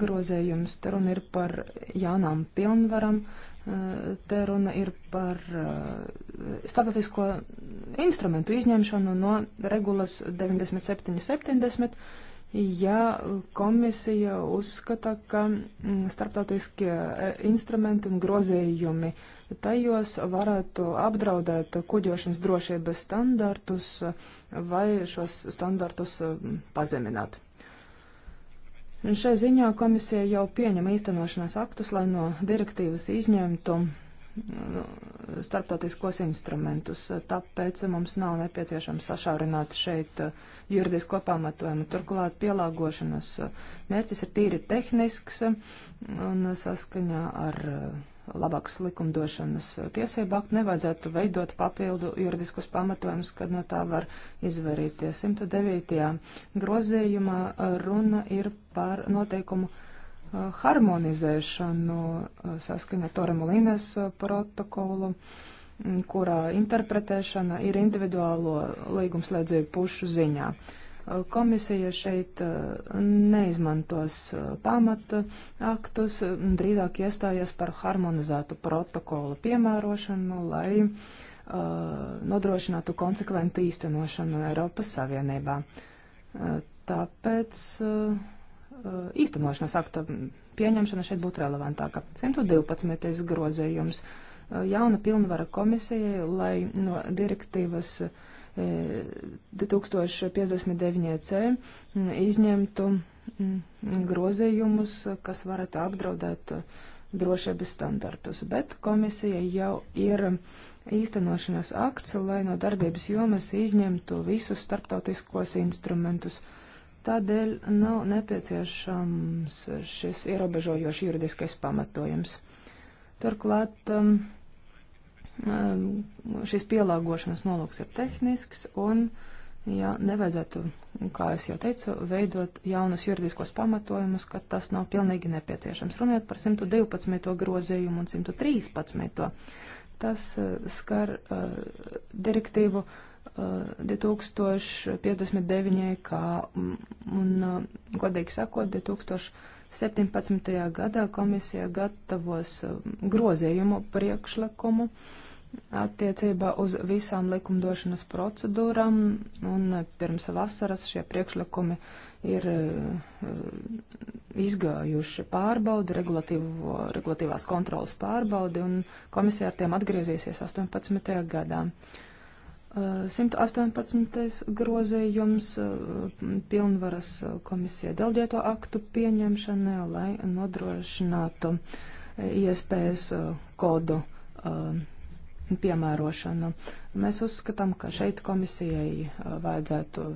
grozējums, te runa ir par jaunām pilnvaram, te runa ir par statistisko instrumentu izņemšanu no regulas 9770 ja komisija uzskata, ka mm, starptautiskie e, instrumenti un grozījumi tajos varētu apdraudēt kuģošanas drošības standartus vai šos standartus e, pazemināt. Un šai ziņā komisija jau pieņem īstenošanas aktus, lai no direktīvas izņemtu Nu, starptautiskos instrumentus. Tāpēc mums nav nepieciešams sašaurināt šeit uh, juridisko pamatojumu. Turklāt pielāgošanas uh, mērķis ir tīri tehnisks uh, un saskaņā ar labākas likumdošanas tiesību aktu nevajadzētu veidot papildu juridiskus pamatojumus, kad no tā var izvairīties. 109. grozījumā runa ir par noteikumu Uh, harmonizēšanu uh, saskaņā ar Toremolīnes uh, protokolu, mm, kurā interpretēšana ir individuālo līgumslēdzēju pušu ziņā. Komisija šeit neizmantos pamata aktus, mm, drīzāk iestājies par harmonizētu protokolu piemērošanu, lai nodrošinātu konsekventu īstenošanu Eiropas Savienībā. Tāpēc uh, īstenošanas akta pieņemšana šeit būtu relevantāka. 112. grozējums jauna pilnvara komisijai, lai no direktīvas 2059c izņemtu grozījumus, kas varētu apdraudēt drošības standartus. Bet komisija jau ir īstenošanas akts, lai no darbības jomas izņemtu visus starptautiskos instrumentus. Uh, Tādēļ nav nepieciešams šis ierobežojošs juridiskais pamatojums. Turklāt um, um, šis pielāgošanas nolūks ir tehnisks un jā, nevajadzētu, kā es jau teicu, veidot jaunus juridiskos pamatojumus, ka tas nav pilnīgi nepieciešams. Runājot par 112. grozījumu un 113. Tas uh, skar uh, direktīvu 2059. Eh, kā un, eh, godīgi sakot, 2017. gadā komisija gatavos eh, grozījumu priekšlikumu attiecībā uz visām likumdošanas procedūrām, un pirms vasaras šie priekšlikumi ir izgājuši pārbaudi, regulatīvās kontrolas pārbaudi, un komisija ar tiem atgriezīsies 18. gadā. 118. grozījums pilnvaras komisija delģēto aktu pieņemšanai, lai nodrošinātu iespējas kodu piemērošanu. Mēs uzskatām, ka šeit komisijai vajadzētu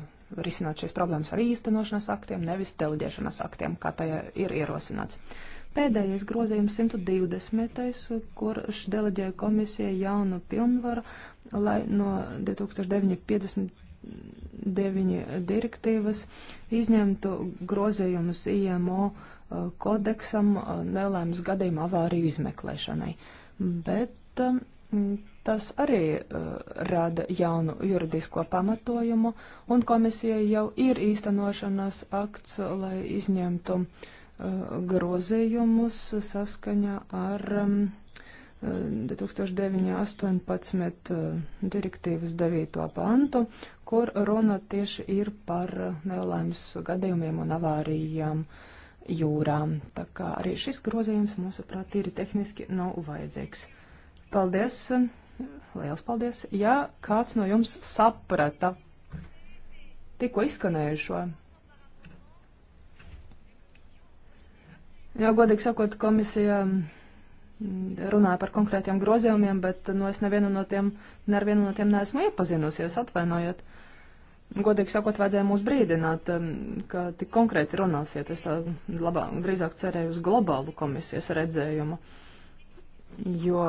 risināt šīs problēmas ar īstenošanas aktiem, nevis delģēšanas aktiem, kā tajā ir ierosināts. Pēdējais grozījums 120, kurš deleģēja komisijai jaunu pilnvaru, lai no 2959 direktīvas izņemtu grozījumus IMO kodeksam nelēmas gadījuma avāriju izmeklēšanai. Bet tas arī rada jaunu juridisko pamatojumu, un komisijai jau ir īstenošanas akts, lai izņemtu uh, Uh, grozījumus saskaņā ar 2009.18 um, uh, uh, direktīvas 9. pantu, kur runa tieši ir par nelaimes gadījumiem un avārijām jūrām. Tā kā arī šis grozījums, mūsuprāt, ir tehniski nav vajadzīgs. Paldies! Liels paldies! Ja kāds no jums saprata tikko izskanējušo, Jā, godīgi sakot, komisija mm, runāja par konkrētiem grozījumiem, bet nu, es nevienu no tiem, nevienu no tiem neesmu iepazinusies, atvainojiet. Godīgi sakot, vajadzēja mūs brīdināt, mm, ka tik konkrēti runāsiet. Es labāk, drīzāk cerēju uz globālu komisijas redzējumu. Jo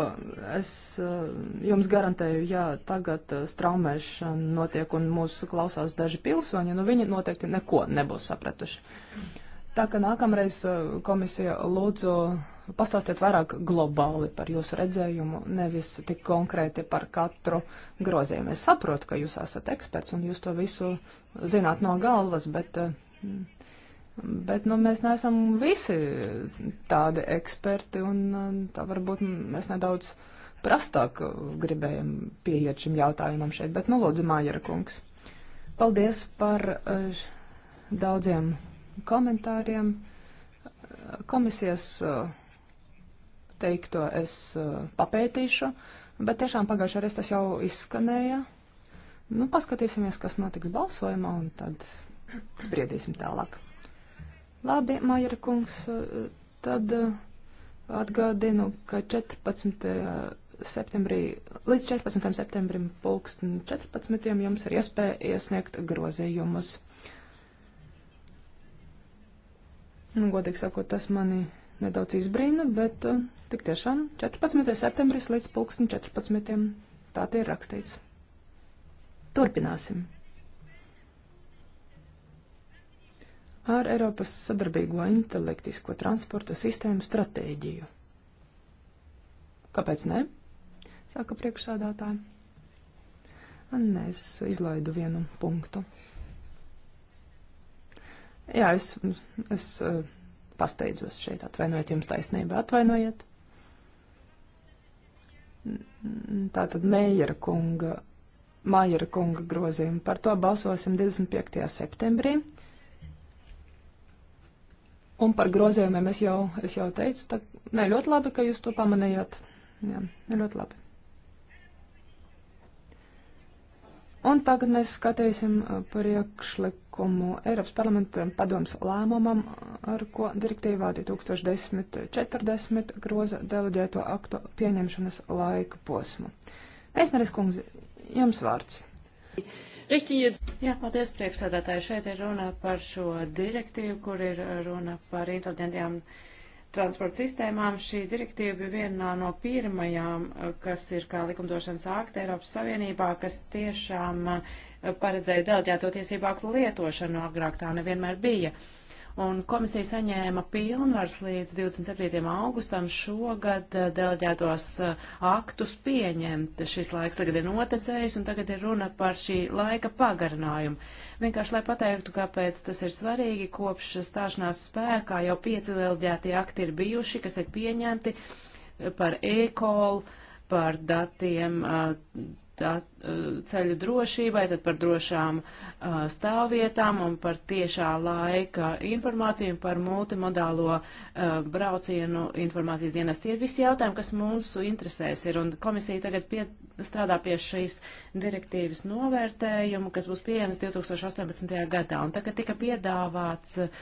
es mm, jums garantēju, ja tagad straumēšana notiek un mūs klausās daži pilsoņi, nu viņi noteikti neko nebūs sapratuši. Tā ka nākamreiz eh, komisija lūdzu pastāstiet vairāk globāli par jūsu redzējumu, nevis tik konkrēti par katru grozījumu. Es saprotu, ka jūs esat eksperts un jūs to visu zināt no galvas, bet, eh, bet nu, mēs neesam visi tādi eksperti un eh, tā varbūt mēs nedaudz prastāk gribējam pieiet šim jautājumam šeit. Bet, nu, lūdzu, Mājera kungs, paldies par daudziem komentāriem. Komisijas uh, teikto es uh, papētīšu, bet tiešām pagājušajā reizē tas jau izskanēja. Nu, paskatīsimies, kas notiks balsojumā, un tad spriedīsim tālāk. Labi, Maija kungs, uh, tad atgādinu, ka 14. septembrī, līdz 14. septembrim pulksten 14. jums ir iespēja iesniegt grozījumus. Nu, godīgi sakot, tas mani nedaudz izbrīna, bet uh, tik tiešām 14. septembris līdz 2014. tā tie ir rakstīts. Turpināsim. Ar Eiropas sadarbīgo intelektisko transporta sistēmu stratēģiju. Kāpēc ne? Saka priekšsādātāji. Nē, es izlaidu vienu punktu. Jā, es, es eh, pasteidzos šeit, atvainojiet jums taisnību, atvainojiet. Tātad Meijera kunga, Mājera kunga grozījumu. Par to balsosim 25. septembrī. Un par grozījumiem es jau, es jau teicu, tā, ne, ļoti labi, ka jūs to pamanījāt. Jā, ļoti labi. Un tagad mēs skatīsim uh, priekšlikumu Eiropas parlamenta padoms lēmumam, uh, ar ko direktīvā 2010-40 groza deleģēto aktu pieņemšanas laika posmu. Eisneris kungs, jums vārds. Jā, paldies priekšsēdētāji. Šeit ir runa par šo direktīvu, kur ir runa par inteliģentiem. Uh, transporta sistēmām šī direktīva bija viena no pirmajām, eh, kas ir kā likumdošanas akta Eiropas Savienībā, kas tiešām eh, paredzēja delģēto tiesību aktu lietošanu agrāk tā nevienmēr bija. Uh, un komisija saņēma pilnvars līdz 27. augustam šogad eh, deleģētos eh, aktus pieņemt. Šis laiks tagad ir noticējis, un tagad ir runa par šī laika pagarinājumu. Vienkārši, lai pateiktu, kāpēc tas ir svarīgi, kopš stāšanās spēkā jau pieci deleģētie akti ir bijuši, kas ir pieņemti eh, par e-call, par datiem. Uh, tā, ceļu drošībai, tad par drošām uh, stāvvietām un par tiešā laika informāciju un par multimodālo uh, braucienu informācijas dienas. Tie ir visi jautājumi, kas mūsu interesēs ir, un komisija tagad pie, strādā pie šīs direktīvas novērtējumu, kas būs pieejams 2018. gadā, un tagad tika piedāvāts uh,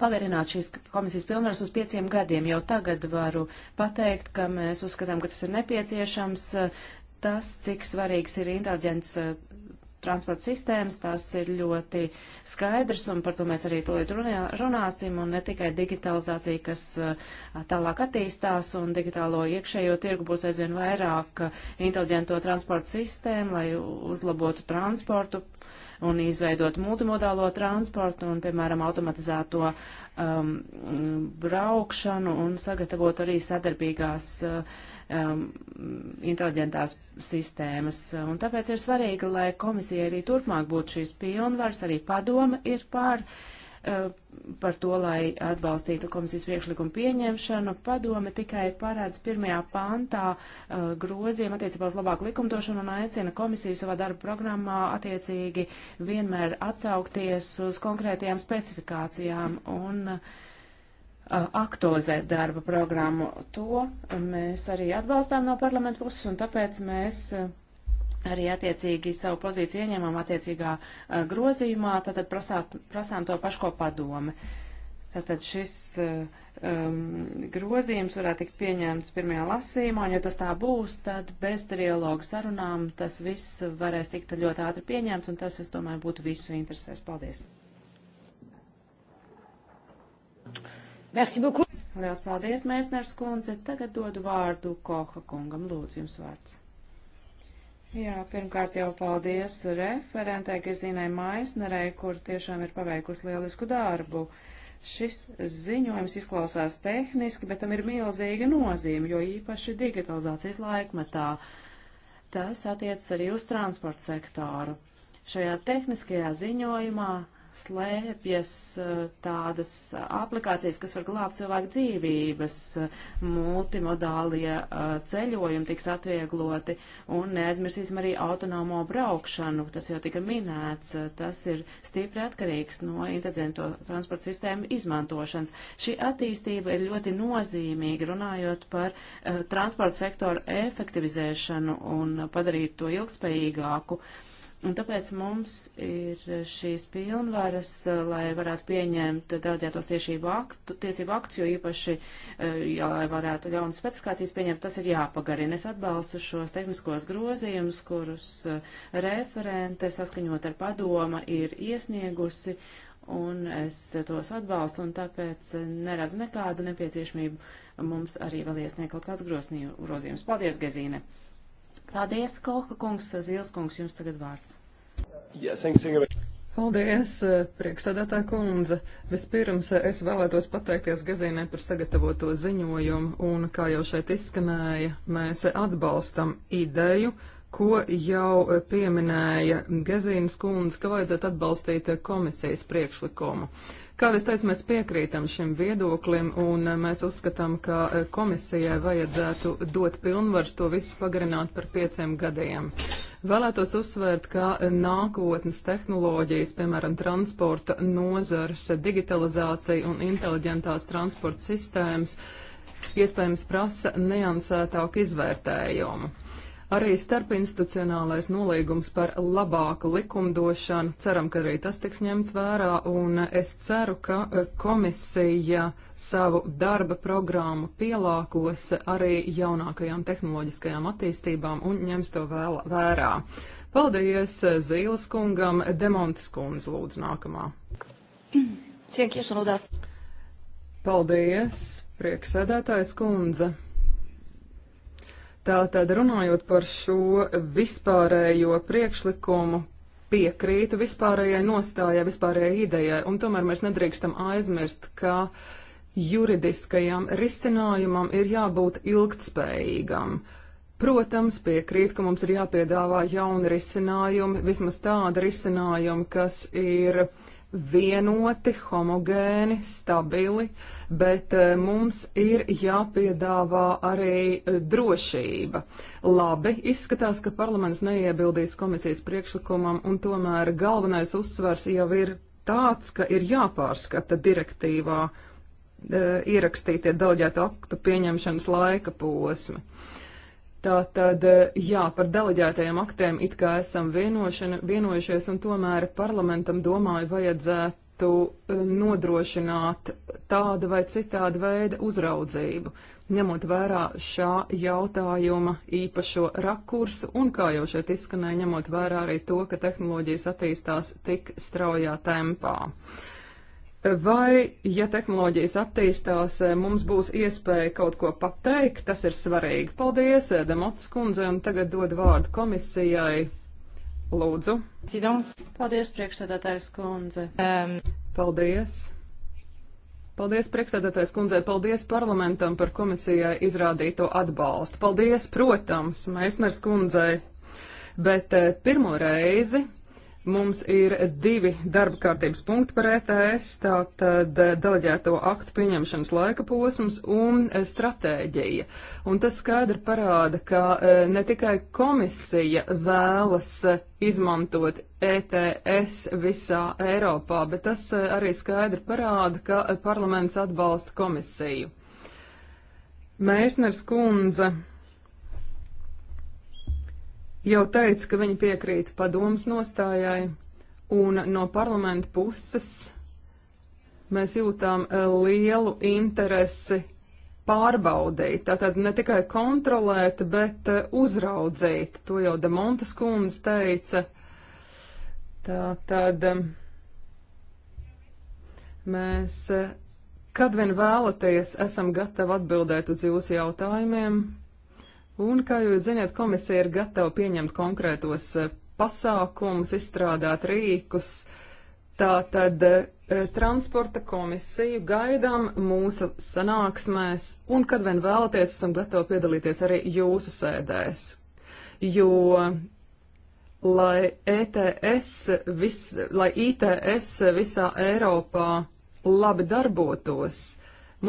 pagarināt šīs komisijas pilnvaras uz pieciem gadiem. Jau tagad varu pateikt, ka mēs uzskatām, ka tas ir nepieciešams tas, cik svarīgs ir inteliģents eh, transporta sistēmas, tās ir ļoti skaidrs, un par to mēs arī tolīt runāsim, un ne tikai digitalizācija, kas eh, tālāk attīstās, un digitālo iekšējo tirgu būs aizvien vairāk eh, inteliģento transporta sistēmu, lai uzlabotu transportu un izveidot multimodālo transportu un, piemēram, automatizēto um, braukšanu un sagatavot arī sadarbīgās uh, um, inteliģentās sistēmas. Un tāpēc ir svarīgi, lai komisija arī turpmāk būtu šīs pilnvaras, arī padoma ir pār uh, par to, lai atbalstītu komisijas priekšlikumu pieņemšanu. Padome tikai parāds pirmajā pantā uh, groziem attiecībā uz labāku likumdošanu un aicina komisiju savā darba programmā attiecīgi vienmēr atsaukties uz konkrētajām specifikācijām un uh, aktualizēt darba programmu. To mēs arī atbalstām no parlamentu puses, un tāpēc mēs arī attiecīgi savu pozīciju ieņemam attiecīgā grozījumā, tātad prasāt, prasām to pašu, ko padome. Tātad šis um, grozījums varētu tikt pieņemts pirmajā lasījumā, un ja tas tā būs, tad bez trialogu sarunām tas viss varēs tikt ļoti ātri pieņemts, un tas, es domāju, būtu visu interesēs. Paldies! Merci beaucoup. Liels paldies, Mēsners kundze. Tagad dodu vārdu Koha kungam. Lūdzu, jums vārds. Jā, pirmkārt jau paldies referentē Gezīnai Maisnerei, kur tiešām ir paveikusi lielisku darbu. Šis ziņojums izklausās tehniski, bet tam ir milzīga nozīme, jo īpaši digitalizācijas laikmetā. Tas attiecas arī uz transporta sektoru. Šajā tehniskajā ziņojumā slēpjas eh, tādas aplikācijas, kas var glābt cilvēku dzīvības, multimodālie eh, ceļojumi tiks atviegloti un neaizmirsīsim arī autonomo braukšanu, tas jau tika minēts, tas ir stipri atkarīgs no interneta transporta sistēmu izmantošanas. Šī attīstība ir ļoti nozīmīga, runājot par uh, transporta sektoru efektivizēšanu un padarīt to ilgspējīgāku. Uh, Un tāpēc mums ir šīs pilnvaras, eh, lai varētu pieņemt daudzētos tiesību aktu, tiesību aktu, jo īpaši, eh, ja, lai varētu jaunas specifikācijas pieņemt, tas ir jāpagarina. Es atbalstu šos tehniskos grozījumus, kurus eh, referente saskaņot ar padoma ir iesniegusi, un es tos atbalstu, un tāpēc neredzu nekādu nepieciešamību mums arī vēl iesniegt kaut kāds grozījumus. Paldies, Gezīne! Paldies, Kolka kungs, Zils kungs, jums tagad vārds. Yes, thank you. Paldies, eh, priekšsēdētā kundze. Vispirms eh, es vēlētos pateikties Gazīnē par sagatavoto ziņojumu, un, kā jau šeit izskanēja, mēs atbalstam ideju, ko jau eh, pieminēja Gazīnas kundze, ka vajadzētu atbalstīt komisijas priekšlikumu. Kā es teicu, mēs piekrītam šim viedoklim un eh, mēs uzskatām, ka eh, komisijai vajadzētu dot pilnvars to visu pagarināt par pieciem gadiem. Vēlētos uzsvērt, ka eh, nākotnes tehnoloģijas, piemēram, transporta nozars, digitalizācija un inteliģentās transporta sistēmas iespējams prasa niansētāku izvērtējumu. Arī starpinstitucionālais nolīgums par labāku likumdošanu, ceram, ka arī tas tiks ņemts vērā, un es ceru, ka eh, komisija savu darba programmu pielāgos arī jaunākajām tehnoloģiskajām attīstībām un ņems to vēl vērā. Paldies eh, Zīles kungam, Demontes kundze lūdzu nākamā. Cienīt jūs un lūdāt. Paldies, prieksēdētājs kundze. Tātad runājot par šo vispārējo priekšlikumu, piekrītu vispārējai nostājai, vispārējai idejai, un tomēr mēs nedrīkstam aizmirst, ka juridiskajam risinājumam ir jābūt ilgtspējīgam. Protams, piekrīt, ka mums ir jāpiedāvā jauni risinājumi, vismaz tāda risinājuma, kas ir uh, vienoti, homogēni, stabili, bet eh, mums ir jāpiedāvā arī eh, drošība. Labi, izskatās, ka parlaments neiebildīs komisijas priekšlikumam, un tomēr galvenais uzsvars jau ir tāds, ka ir jāpārskata direktīvā e, ierakstītie daļģētu aktu pieņemšanas laika posmi. Uh, Tātad, jā, par deleģētajiem aktiem it kā esam vienojušies, un tomēr parlamentam, domāju, vajadzētu eh, nodrošināt tādu vai citādu veidu uzraudzību, ņemot vērā šā jautājuma īpašo rakursu, un kā jau šeit izskanēja, ņemot vērā arī to, ka tehnoloģijas attīstās tik straujā tempā. Uh, Vai, ja tehnoloģijas attīstās, eh, mums būs iespēja kaut ko pateikt, tas ir svarīgi. Paldies, eh, Demotas kundze, un tagad dod vārdu komisijai. Lūdzu. Cidons. Paldies, priekšsēdētājs kundze. Um. Paldies. Paldies, priekšsēdētājs kundzei, paldies parlamentam par komisijai izrādīto atbalstu. Paldies, protams, Maismers kundzei. Bet eh, pirmo reizi Mums ir divi darba kārtības punkti par ETS, tātad deleģēto aktu pieņemšanas laika posms un stratēģija. Un tas skaidri parāda, ka e, ne tikai komisija vēlas izmantot ETS visā Eiropā, bet tas e, arī skaidri parāda, ka parlaments atbalsta komisiju. Mēsners kundze jau teica, ka viņi piekrīt padomas nostājai, un no parlamenta puses mēs jūtām eh, lielu interesi pārbaudīt, tātad ne tikai kontrolēt, bet eh, uzraudzīt. To jau Demontas kundze teica. Tātad eh, mēs, kad vien vēlaties, esam gatavi atbildēt uz jūsu jautājumiem. Un, kā jūs zināt, komisija ir gatava pieņemt konkrētos eh, pasākumus, izstrādāt rīkus. Tātad eh, transporta komisiju gaidām mūsu sanāksmēs, un kad vien vēlaties, esam gatavi piedalīties arī jūsu sēdēs. Jo, lai, ETS vis, lai ITS visā Eiropā labi darbotos,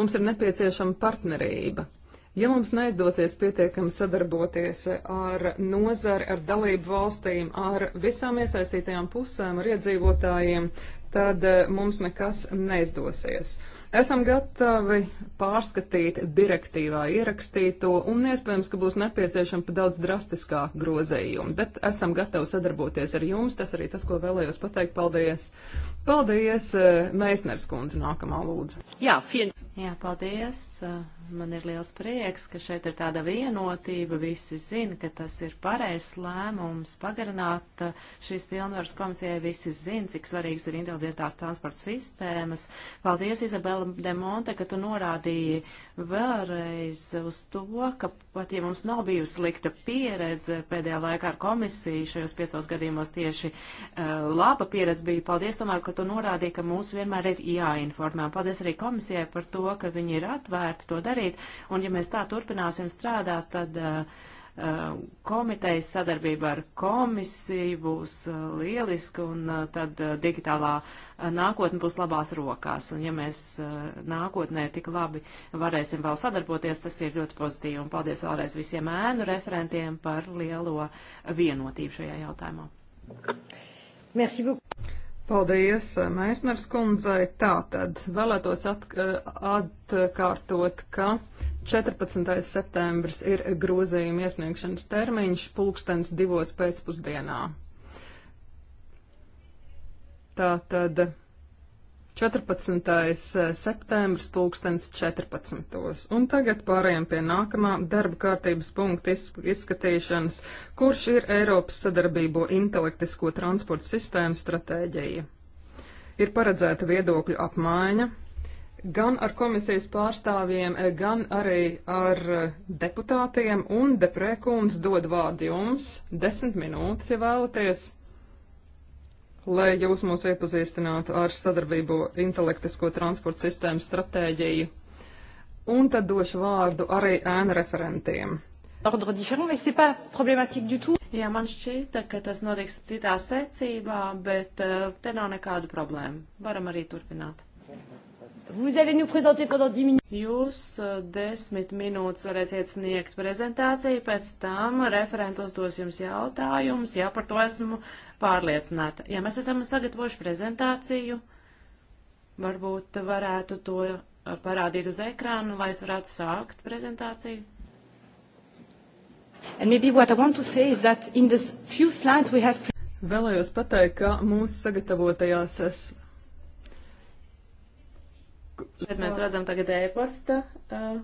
mums ir nepieciešama partnerība. Ja mums neizdosies pietiekami sadarboties ar nozari, ar dalību valstīm, ar visām iesaistītajām pusēm, ar iedzīvotājiem, tad eh, mums nekas neizdosies. Esam gatavi pārskatīt direktīvā ierakstīto un iespējams, ka būs nepieciešama pat daudz drastiskāk grozējumi, bet esam gatavi sadarboties ar jums. Tas arī tas, ko vēlējos pateikt. Paldies! Paldies, eh, Meisners kundze, nākamā lūdzu. Jā, fien. Jā, paldies. Eh, man ir liels prieks, ka šeit ir tāda vienotība. Visi zina, ka tas ir pareizs lēmums pagarināt eh, šīs pilnvaras komisijai. Visi zina, cik svarīgs ir individuālās transporta sistēmas. Paldies, Izabela Demonte, ka tu norādīji vēlreiz uz to, ka pat ja mums nav bijusi slikta pieredze pēdējā laikā ar komisiju, šajos piecos gadījumos tieši uh, laba pieredze bija. Paldies tomēr, ka tu norādīji, ka mūs vienmēr ir jāinformē. Paldies arī komisijai par to to, ka viņi ir atvērti to darīt, un ja mēs tā turpināsim strādāt, tad uh, uh komitejas sadarbība ar komisiju būs uh, lieliska un uh, tad digitālā nākotne būs labās rokās. Un ja mēs nākotnē tik labi varēsim vēl sadarboties, tas ir ļoti pozitīvi. Un paldies vēlreiz visiem ēnu referentiem par lielo vienotību šajā jautājumā. Merci beaucoup. Paldies, eh, Meisners kundzei. Tātad vēlētos eh, atkārtot, ka 14. septembris ir grozījuma iesniegšanas termiņš pulkstens divos pēcpusdienā. Tātad 14. septembris 2014. Un tagad pārējām pie nākamā darba kārtības punkta izskatīšanas, kurš ir Eiropas sadarbību intelektisko transportu sistēmu stratēģija. Ir paredzēta viedokļu apmaiņa, gan ar komisijas pārstāvjiem, gan arī ar deputātiem, un deprēkums dod vārdu jums desmit minūtes, ja vēlaties lai jūs mūs iepazīstinātu ar sadarbību intelektisko transporta sistēmu stratēģiju. Un tad došu vārdu arī ēna referentiem. Jā, man šķita, ka tas notiks citā secībā, bet eh, te nav nekādu problēmu. Varam arī turpināt. Thank you. Vous allez nous présenter pendant 10 minutes. Jūs eh, desmit minūtes varēsiet sniegt prezentāciju, pēc tam referentos dos jums jautājumus, jā, par to esmu pārliecināta. Ja mēs esam sagatavojuši prezentāciju, varbūt varētu to eh, parādīt uz ekrānu, lai es varētu sākt prezentāciju. And maybe what I want to say is that in the few slides we have Vēlējos pateikt, ka mūsu sagatavotajās Bet mēs redzam tagad ēpasta uh,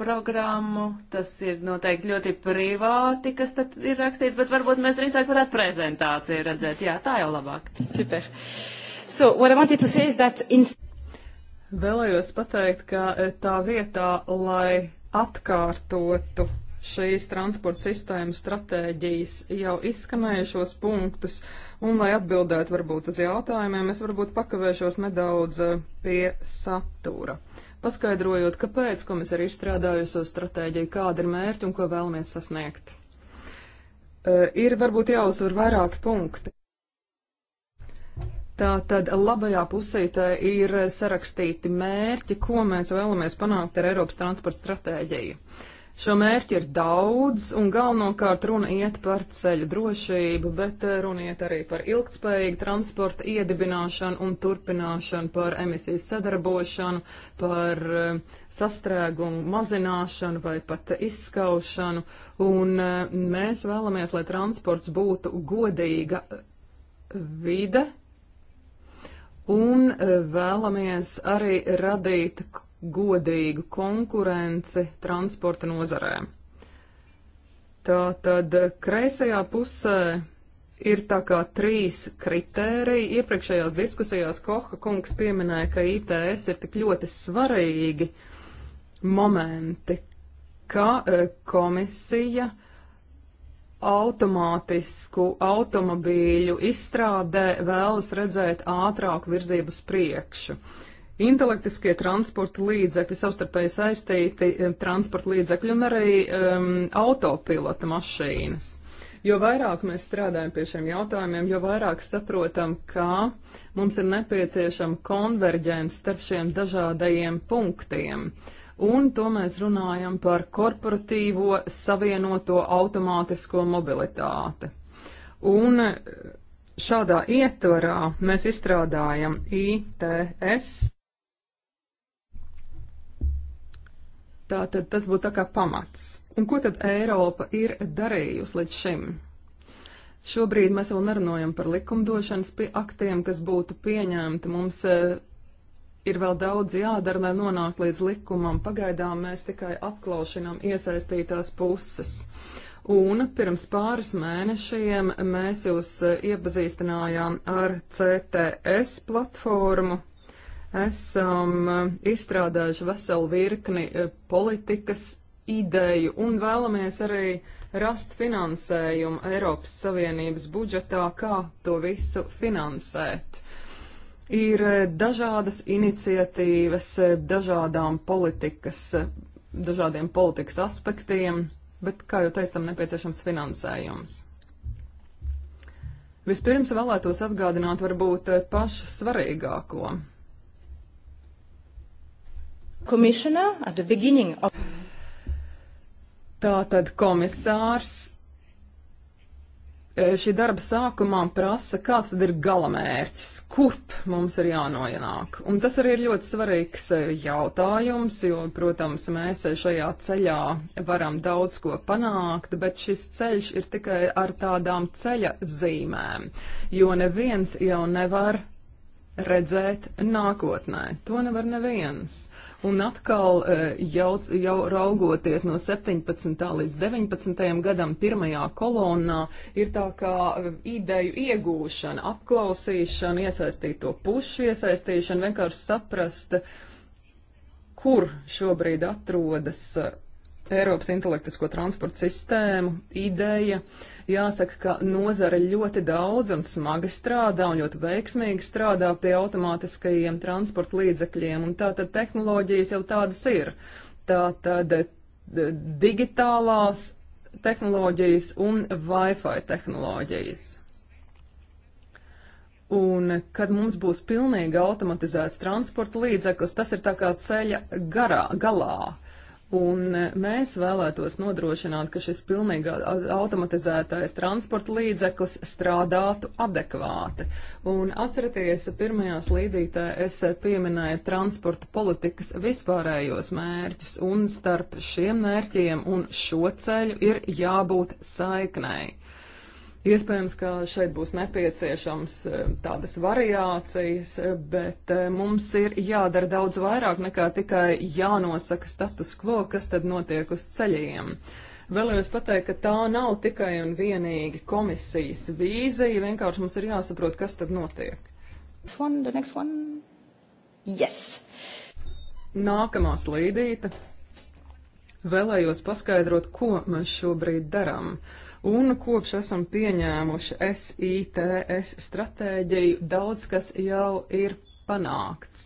programmu, tas ir noteikti ļoti privāti, kas tad ir rakstīts, bet varbūt mēs drīzāk varētu prezentāciju redzēt. Jā, tā jau labāk. Super. So, what I wanted to say is that in... Vēlējos pateikt, ka eh, tā vietā, lai atkārtotu šīs transporta sistēmas stratēģijas jau izskanējušos punktus, un, lai atbildētu varbūt uz jautājumiem, es varbūt pakavēšos nedaudz eh, pie satura. Paskaidrojot, kāpēc komisija ir izstrādājusi uz stratēģiju, kāda ir mērķi un ko vēlamies sasniegt. Uh, ir varbūt jāuzsver vairāki punkti. Tā tad labajā pusītē ir sarakstīti mērķi, ko mēs vēlamies panākt ar Eiropas transporta stratēģiju. Uh, Šo mērķu ir daudz, un galvenokārt runa iet par ceļu drošību, bet eh, runa iet arī par ilgtspējīgu transporta iedibināšanu un turpināšanu, par emisiju sadarbošanu, par eh, sastrēgumu mazināšanu vai pat izskaušanu. Un eh, mēs vēlamies, lai transports būtu godīga vide, un vēlamies arī radīt godīgu konkurenci transporta nozarē. Tā tad kreisajā pusē ir tā kā trīs kritēriji. Iepriekšējās diskusijās Koha kungs pieminēja, ka ITS ir tik ļoti svarīgi momenti, ka e, komisija automātisku automobīļu izstrādē vēlas redzēt ātrāku virzību uz priekšu. Uh, intelektiskie transporta līdzekļi, savstarpēji saistīti eh, transporta līdzekļi un arī um, autopilota mašīnas. Jo vairāk mēs strādājam pie šiem jautājumiem, jo vairāk saprotam, ka mums ir nepieciešama konverģence starp šiem dažādajiem punktiem. Un to mēs runājam par korporatīvo savienoto automātisko mobilitāti. Un eh, šādā ietvarā mēs izstrādājam ITS Tātad tas būtu tā kā pamats. Un ko tad Eiropa ir darījusi līdz šim? Šobrīd mēs vēl nerunājam par likumdošanas aktiem, kas būtu pieņemti. Mums e, ir vēl daudz jādara, lai nonāktu līdz likumam. Pagaidām mēs tikai apklaušinām iesaistītās puses. Un pirms pāris mēnešiem mēs jūs e, iepazīstinājām ar CTS platformu esam eh, izstrādājuši veselu virkni eh, politikas ideju un vēlamies arī rast finansējumu Eiropas Savienības budžetā, kā to visu finansēt. Ir eh, dažādas iniciatīvas dažādām politikas, dažādiem politikas aspektiem, bet, kā jau teicu, tam nepieciešams finansējums. Vispirms vēlētos atgādināt varbūt pašu svarīgāko Of... Tātad komisārs e, šī darba sākumā prasa, kāds tad ir galamērķis, kurp mums ir jānonāk. Un tas arī ir ļoti svarīgs e, jautājums, jo, protams, mēs e, šajā ceļā varam daudz ko panākt, bet šis ceļš ir tikai ar tādām ceļa zīmēm, jo neviens jau nevar redzēt nākotnē. To nevar neviens. Un atkal eh, jau, jau raugoties no 17. līdz 19. gadam pirmajā kolonnā ir tā kā ideju iegūšana, apklausīšana, iesaistīto pušu iesaistīšana, vienkārši saprast, kur šobrīd atrodas Eiropas intelektisko transportu sistēmu ideja. Jāsaka, ka nozara ļoti daudz un smagi strādā un ļoti veiksmīgi strādā pie automātiskajiem transporta līdzekļiem, un tātad tehnoloģijas jau tādas ir. Tātad digitālās tehnoloģijas un Wi-Fi tehnoloģijas. Un, kad mums būs pilnīgi automatizēts transporta līdzeklis, tas ir tā kā ceļa garā, galā. Un e, mēs vēlētos nodrošināt, ka šis pilnīgi automatizētais transporta līdzeklis strādātu adekvāti. Un atcerieties, pirmajā slīdītē es pieminēju transporta politikas vispārējos mērķus, un starp šiem mērķiem un šo ceļu ir jābūt saiknēji. Iespējams, ka šeit būs nepieciešams e, tādas variācijas, e, bet e, mums ir jādara daudz vairāk nekā tikai jānosaka status quo, kas tad notiek uz ceļiem. Vēlējos pateikt, ka tā nav tikai un vienīgi komisijas vīzija, vienkārši mums ir jāsaprot, kas tad notiek. Next one, the next one. Yes. Nākamā slīdīta. Vēlējos paskaidrot, ko mēs šobrīd darām. Uh, Un kopš esam pieņēmuši SITS stratēģiju, daudz kas jau ir panākts.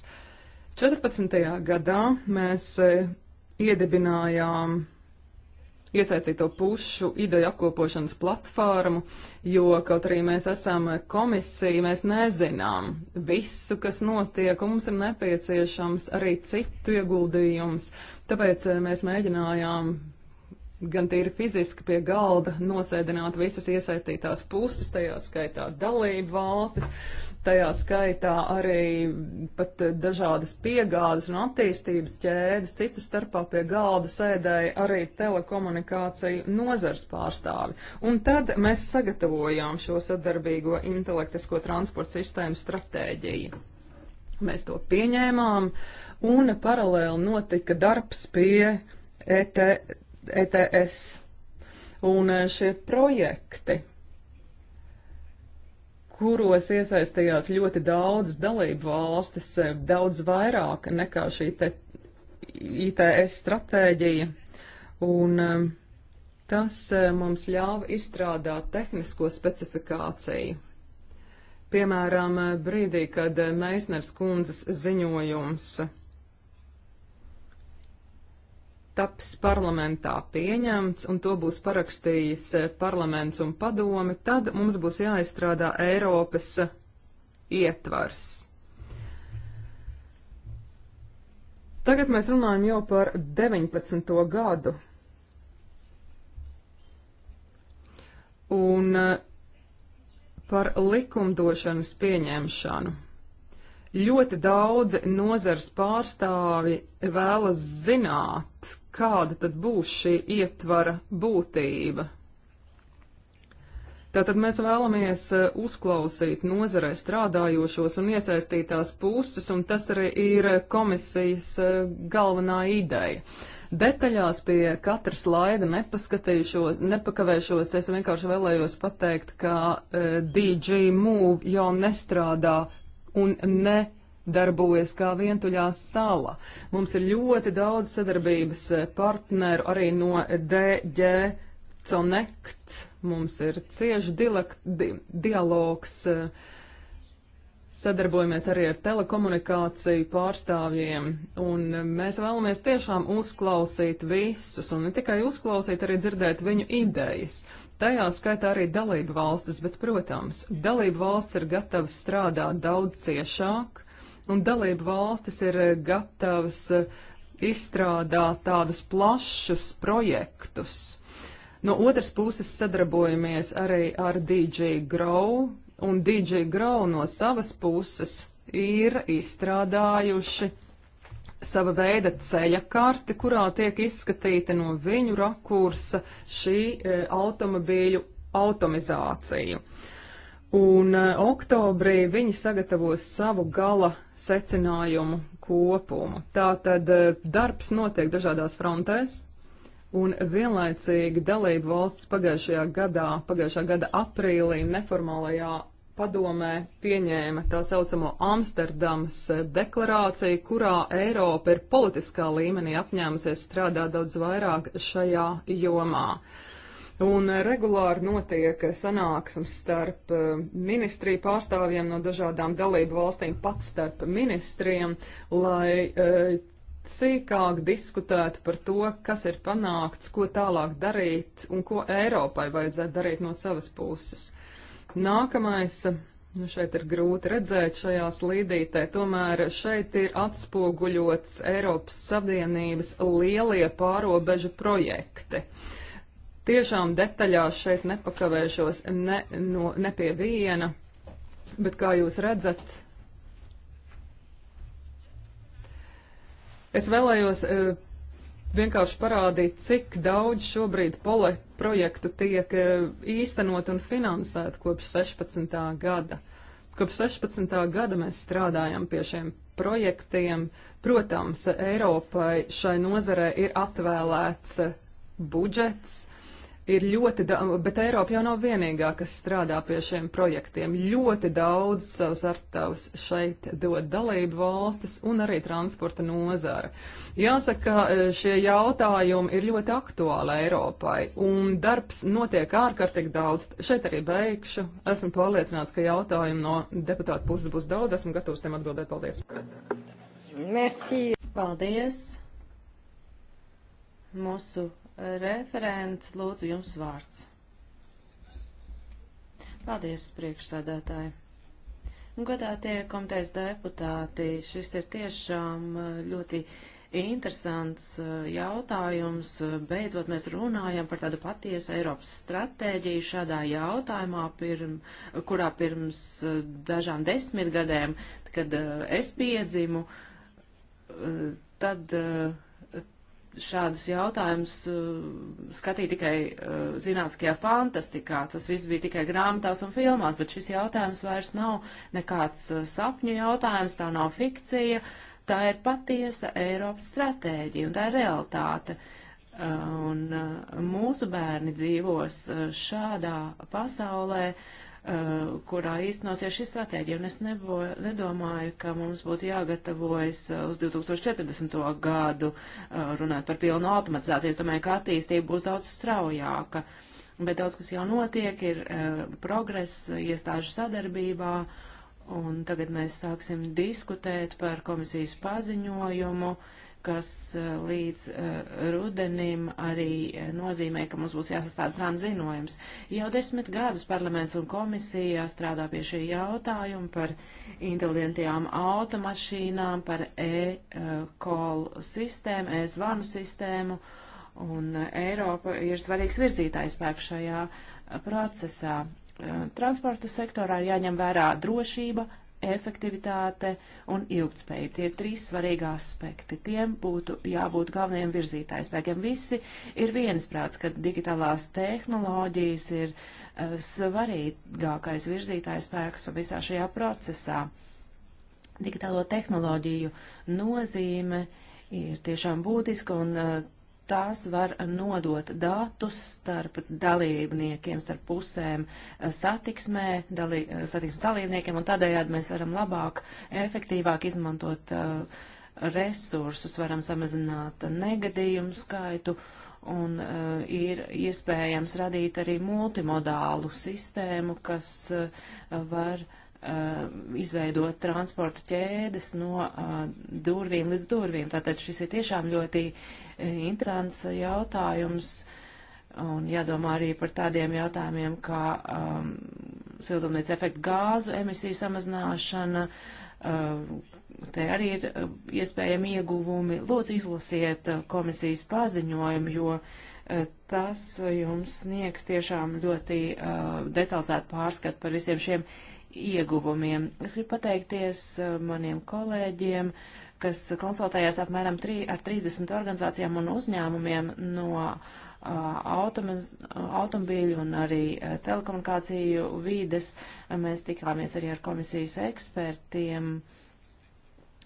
14. gadā mēs e, iedibinājām iesaistīto pušu ideju apkopošanas platformu, jo kaut arī mēs esam komisija, mēs nezinām visu, kas notiek, un mums ir nepieciešams arī citu ieguldījums. Tāpēc e, mēs mēģinājām gan tīri fiziski pie galda nosēdināt visas iesaistītās puses, tajā skaitā dalību valstis, tajā skaitā arī pat dažādas piegādes un attīstības ķēdes, citu starpā pie galda sēdēja arī telekomunikāciju nozars pārstāvi. Un tad mēs sagatavojām šo sadarbīgo intelektisko transporta sistēmu stratēģiju. Mēs to pieņēmām, un paralēli notika darbs pie ET ETS. Un e, šie projekti, kuros iesaistījās ļoti daudz dalību valstis, e, daudz vairāk nekā šī te ITS stratēģija. Un e, tas mums ļāva izstrādāt tehnisko specifikāciju. Piemēram, brīdī, kad Meisners kundzes ziņojums taps parlamentā pieņemts un to būs parakstījis eh, parlaments un padome, tad mums būs jāizstrādā Eiropas eh, ietvars. Tagad mēs runājam jau par 19. gadu. Un eh, par likumdošanas pieņemšanu. Ļoti daudzi nozars pārstāvi vēlas zināt, kāda tad būs šī ietvara būtība. Tātad mēs vēlamies eh, uzklausīt nozarē strādājošos un iesaistītās puses, un tas arī ir komisijas eh, galvenā ideja. Detaļās pie katra slaida nepaskatīšos, nepakavēšos, es vienkārši vēlējos pateikt, ka e, eh, DG Move jau nestrādā un ne darbojas kā vientuļā sala. Mums ir ļoti daudz sadarbības eh, partneru arī no DG Connect. Mums ir cieši dilekt, di, dialogs, eh, sadarbojamies arī ar telekomunikāciju pārstāvjiem, un eh, mēs vēlamies tiešām uzklausīt visus, un ne tikai uzklausīt, arī dzirdēt viņu idejas. Uh, Tajā skaitā arī dalību valstis, bet, protams, dalību valsts ir gatavas strādāt daudz ciešāk, un dalību valstis ir eh, gatavas eh, izstrādāt tādus plašus projektus. No otras puses sadarbojamies arī ar DJ Grow, un DJ Grow no savas puses ir izstrādājuši sava veida ceļa karti, kurā tiek izskatīta no viņu rakursa šī e, automobīļu automizācija. Un e, oktobrī viņi sagatavos savu gala secinājumu kopumu. Tātad e, darbs notiek dažādās frontēs, un vienlaicīgi dalību valsts pagājušajā gadā, pagājušā gada aprīlī neformālajā padomē pieņēma tā saucamo Amsterdams deklarāciju, kurā Eiropa ir politiskā līmenī apņēmusies strādāt daudz vairāk šajā jomā. Un regulāri notiek sanāksmes starp eh, ministriju pārstāvjiem no dažādām dalību valstīm, pat starp ministriem, lai e, sīkāk diskutētu par to, kas ir panākts, ko tālāk darīt un ko Eiropai vajadzētu darīt no savas puses. Nākamais. Nu, šeit ir grūti redzēt šajā slīdītē, tomēr šeit ir atspoguļots Eiropas Savienības lielie pārobežu projekti. Tiešām detaļās šeit nepakavēšos ne, no, ne pie viena, bet kā jūs redzat, es vēlējos. Uh, vienkārši parādīt, cik daudz šobrīd projektu tiek eh, īstenot un finansēt kopš 16. gada. Kopš 16. gada mēs strādājam pie šiem projektiem. Protams, Eiropai šai nozarē ir atvēlēts budžets, ir ļoti daudz, bet Eiropa jau nav vienīgā, kas strādā pie šiem projektiem. Ļoti daudz savas artavas šeit dod dalību valstis un arī transporta nozara. Jāsaka, e, šie jautājumi ir ļoti aktuāli Eiropai, un darbs notiek ārkārtīgi daudz. Šeit arī beigšu. Esmu pārliecināts, ka jautājumu no deputāta puses būs daudz. Esmu gatavs tiem atbildēt. Paldies! Merci. Paldies! Mūsu Referents, lūdzu, jums vārds. Paldies, priekšsēdētāji. Godātie komitejas deputāti, šis ir tiešām uh, ļoti interesants uh, jautājums. Beidzot, mēs runājam par tādu patiesu Eiropas stratēģiju šādā jautājumā, pirm, kurā pirms uh, dažām desmitgadēm, kad es piedzimu, tad. Uh, šādus jautājumus uh, skatīja tikai uh, zinātniskajā fantastikā. Tas viss bija tikai grāmatās un filmās, bet šis jautājums vairs nav nekāds uh, sapņu jautājums, tā nav fikcija, tā ir patiesa Eiropas stratēģija un tā ir realitāte. Uh, un uh, mūsu bērni dzīvos uh, šādā pasaulē, uh, Uh, kurā īstenosies šī stratēģija. Un es nebo, nedomāju, ka mums būtu jāgatavojas uh, uz 2040. gadu uh, runāt par pilnu automatizāciju. Es domāju, ka attīstība būs daudz straujāka. Bet daudz, kas jau notiek, ir progress iestāžu sadarbībā. Un tagad mēs sāksim diskutēt par komisijas paziņojumu. Uh, kas eh, līdz eh, rudenim arī eh, nozīmē, ka mums būs jāsastāda tranzinojums. Jau desmit gadus parlaments un komisija strādā pie šī jautājuma par inteligentajām automašīnām, par e-call sistēmu, e-zvanu sistēmu, un Eiropa ir svarīgs virzītājs spēks šajā procesā. Transporta sektorā ir jāņem vērā drošība, efektivitāte un ilgtspējība. Tie ir trīs svarīgi aspekti. Tiem būtu jābūt galvenajiem virzītājspēkiem. Visi ir viensprāts, ka digitalās tehnoloģijas ir uh, svarīgākais virzītājspēks visā šajā procesā. Digitālo tehnoloģiju nozīme ir tiešām būtiska un uh, tās var nodot datus starp dalībniekiem, starp pusēm eh, satiksmē, dalī, eh, satiksmes dalībniekiem, un tādējādi mēs varam labāk, efektīvāk izmantot uh, resursus, varam samazināt negadījumu skaitu, un uh, ir iespējams radīt arī multimodālu sistēmu, kas uh, var uh, Uh, izveidot transporta ķēdes no uh, durvīm līdz durvīm. Tātad šis ir tiešām ļoti uh, interesants jautājums un jādomā arī par tādiem jautājumiem kā um, siltumnīca efekta gāzu emisiju samazināšana. Um, te arī ir iespējami ieguvumi. Lūdzu, izlasiet komisijas paziņojumu, jo uh, tas jums sniegs tiešām ļoti uh, detalizētu pārskatu par visiem šiem ieguvumiem. Es gribu pateikties eh, maniem kolēģiem, kas konsultējās apmēram tri, ar 30 organizācijām un uzņēmumiem no eh, automaz, automobīļu un arī eh, telekomunikāciju vīdes. Mēs tikāmies arī ar komisijas ekspertiem.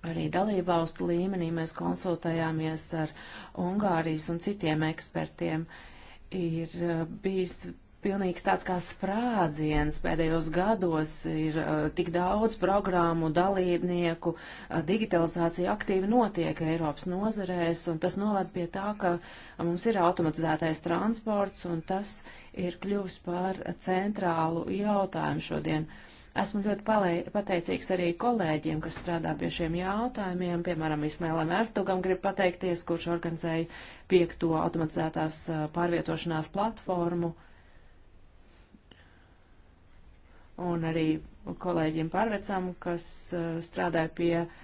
Arī dalībvalstu līmenī mēs konsultējāmies ar Ungārijas un citiem ekspertiem. Ir bijis pilnīgs tāds kā sprādziens. Pēdējos gados ir uh, tik daudz programmu, dalībnieku, uh, digitalizācija aktīvi notiek Eiropas nozerēs, un tas noved pie tā, ka mums ir automatizētais transports, un tas ir kļuvis par centrālu jautājumu šodien. Esmu ļoti pateicīgs arī kolēģiem, kas strādā pie šiem jautājumiem, piemēram, Ismēlam Ertugam grib pateikties, kurš organizēja piekto automatizētās uh, pārvietošanās platformu. Uh, un arī kolēģiem pārvecam, kas eh, strādāja pie eh,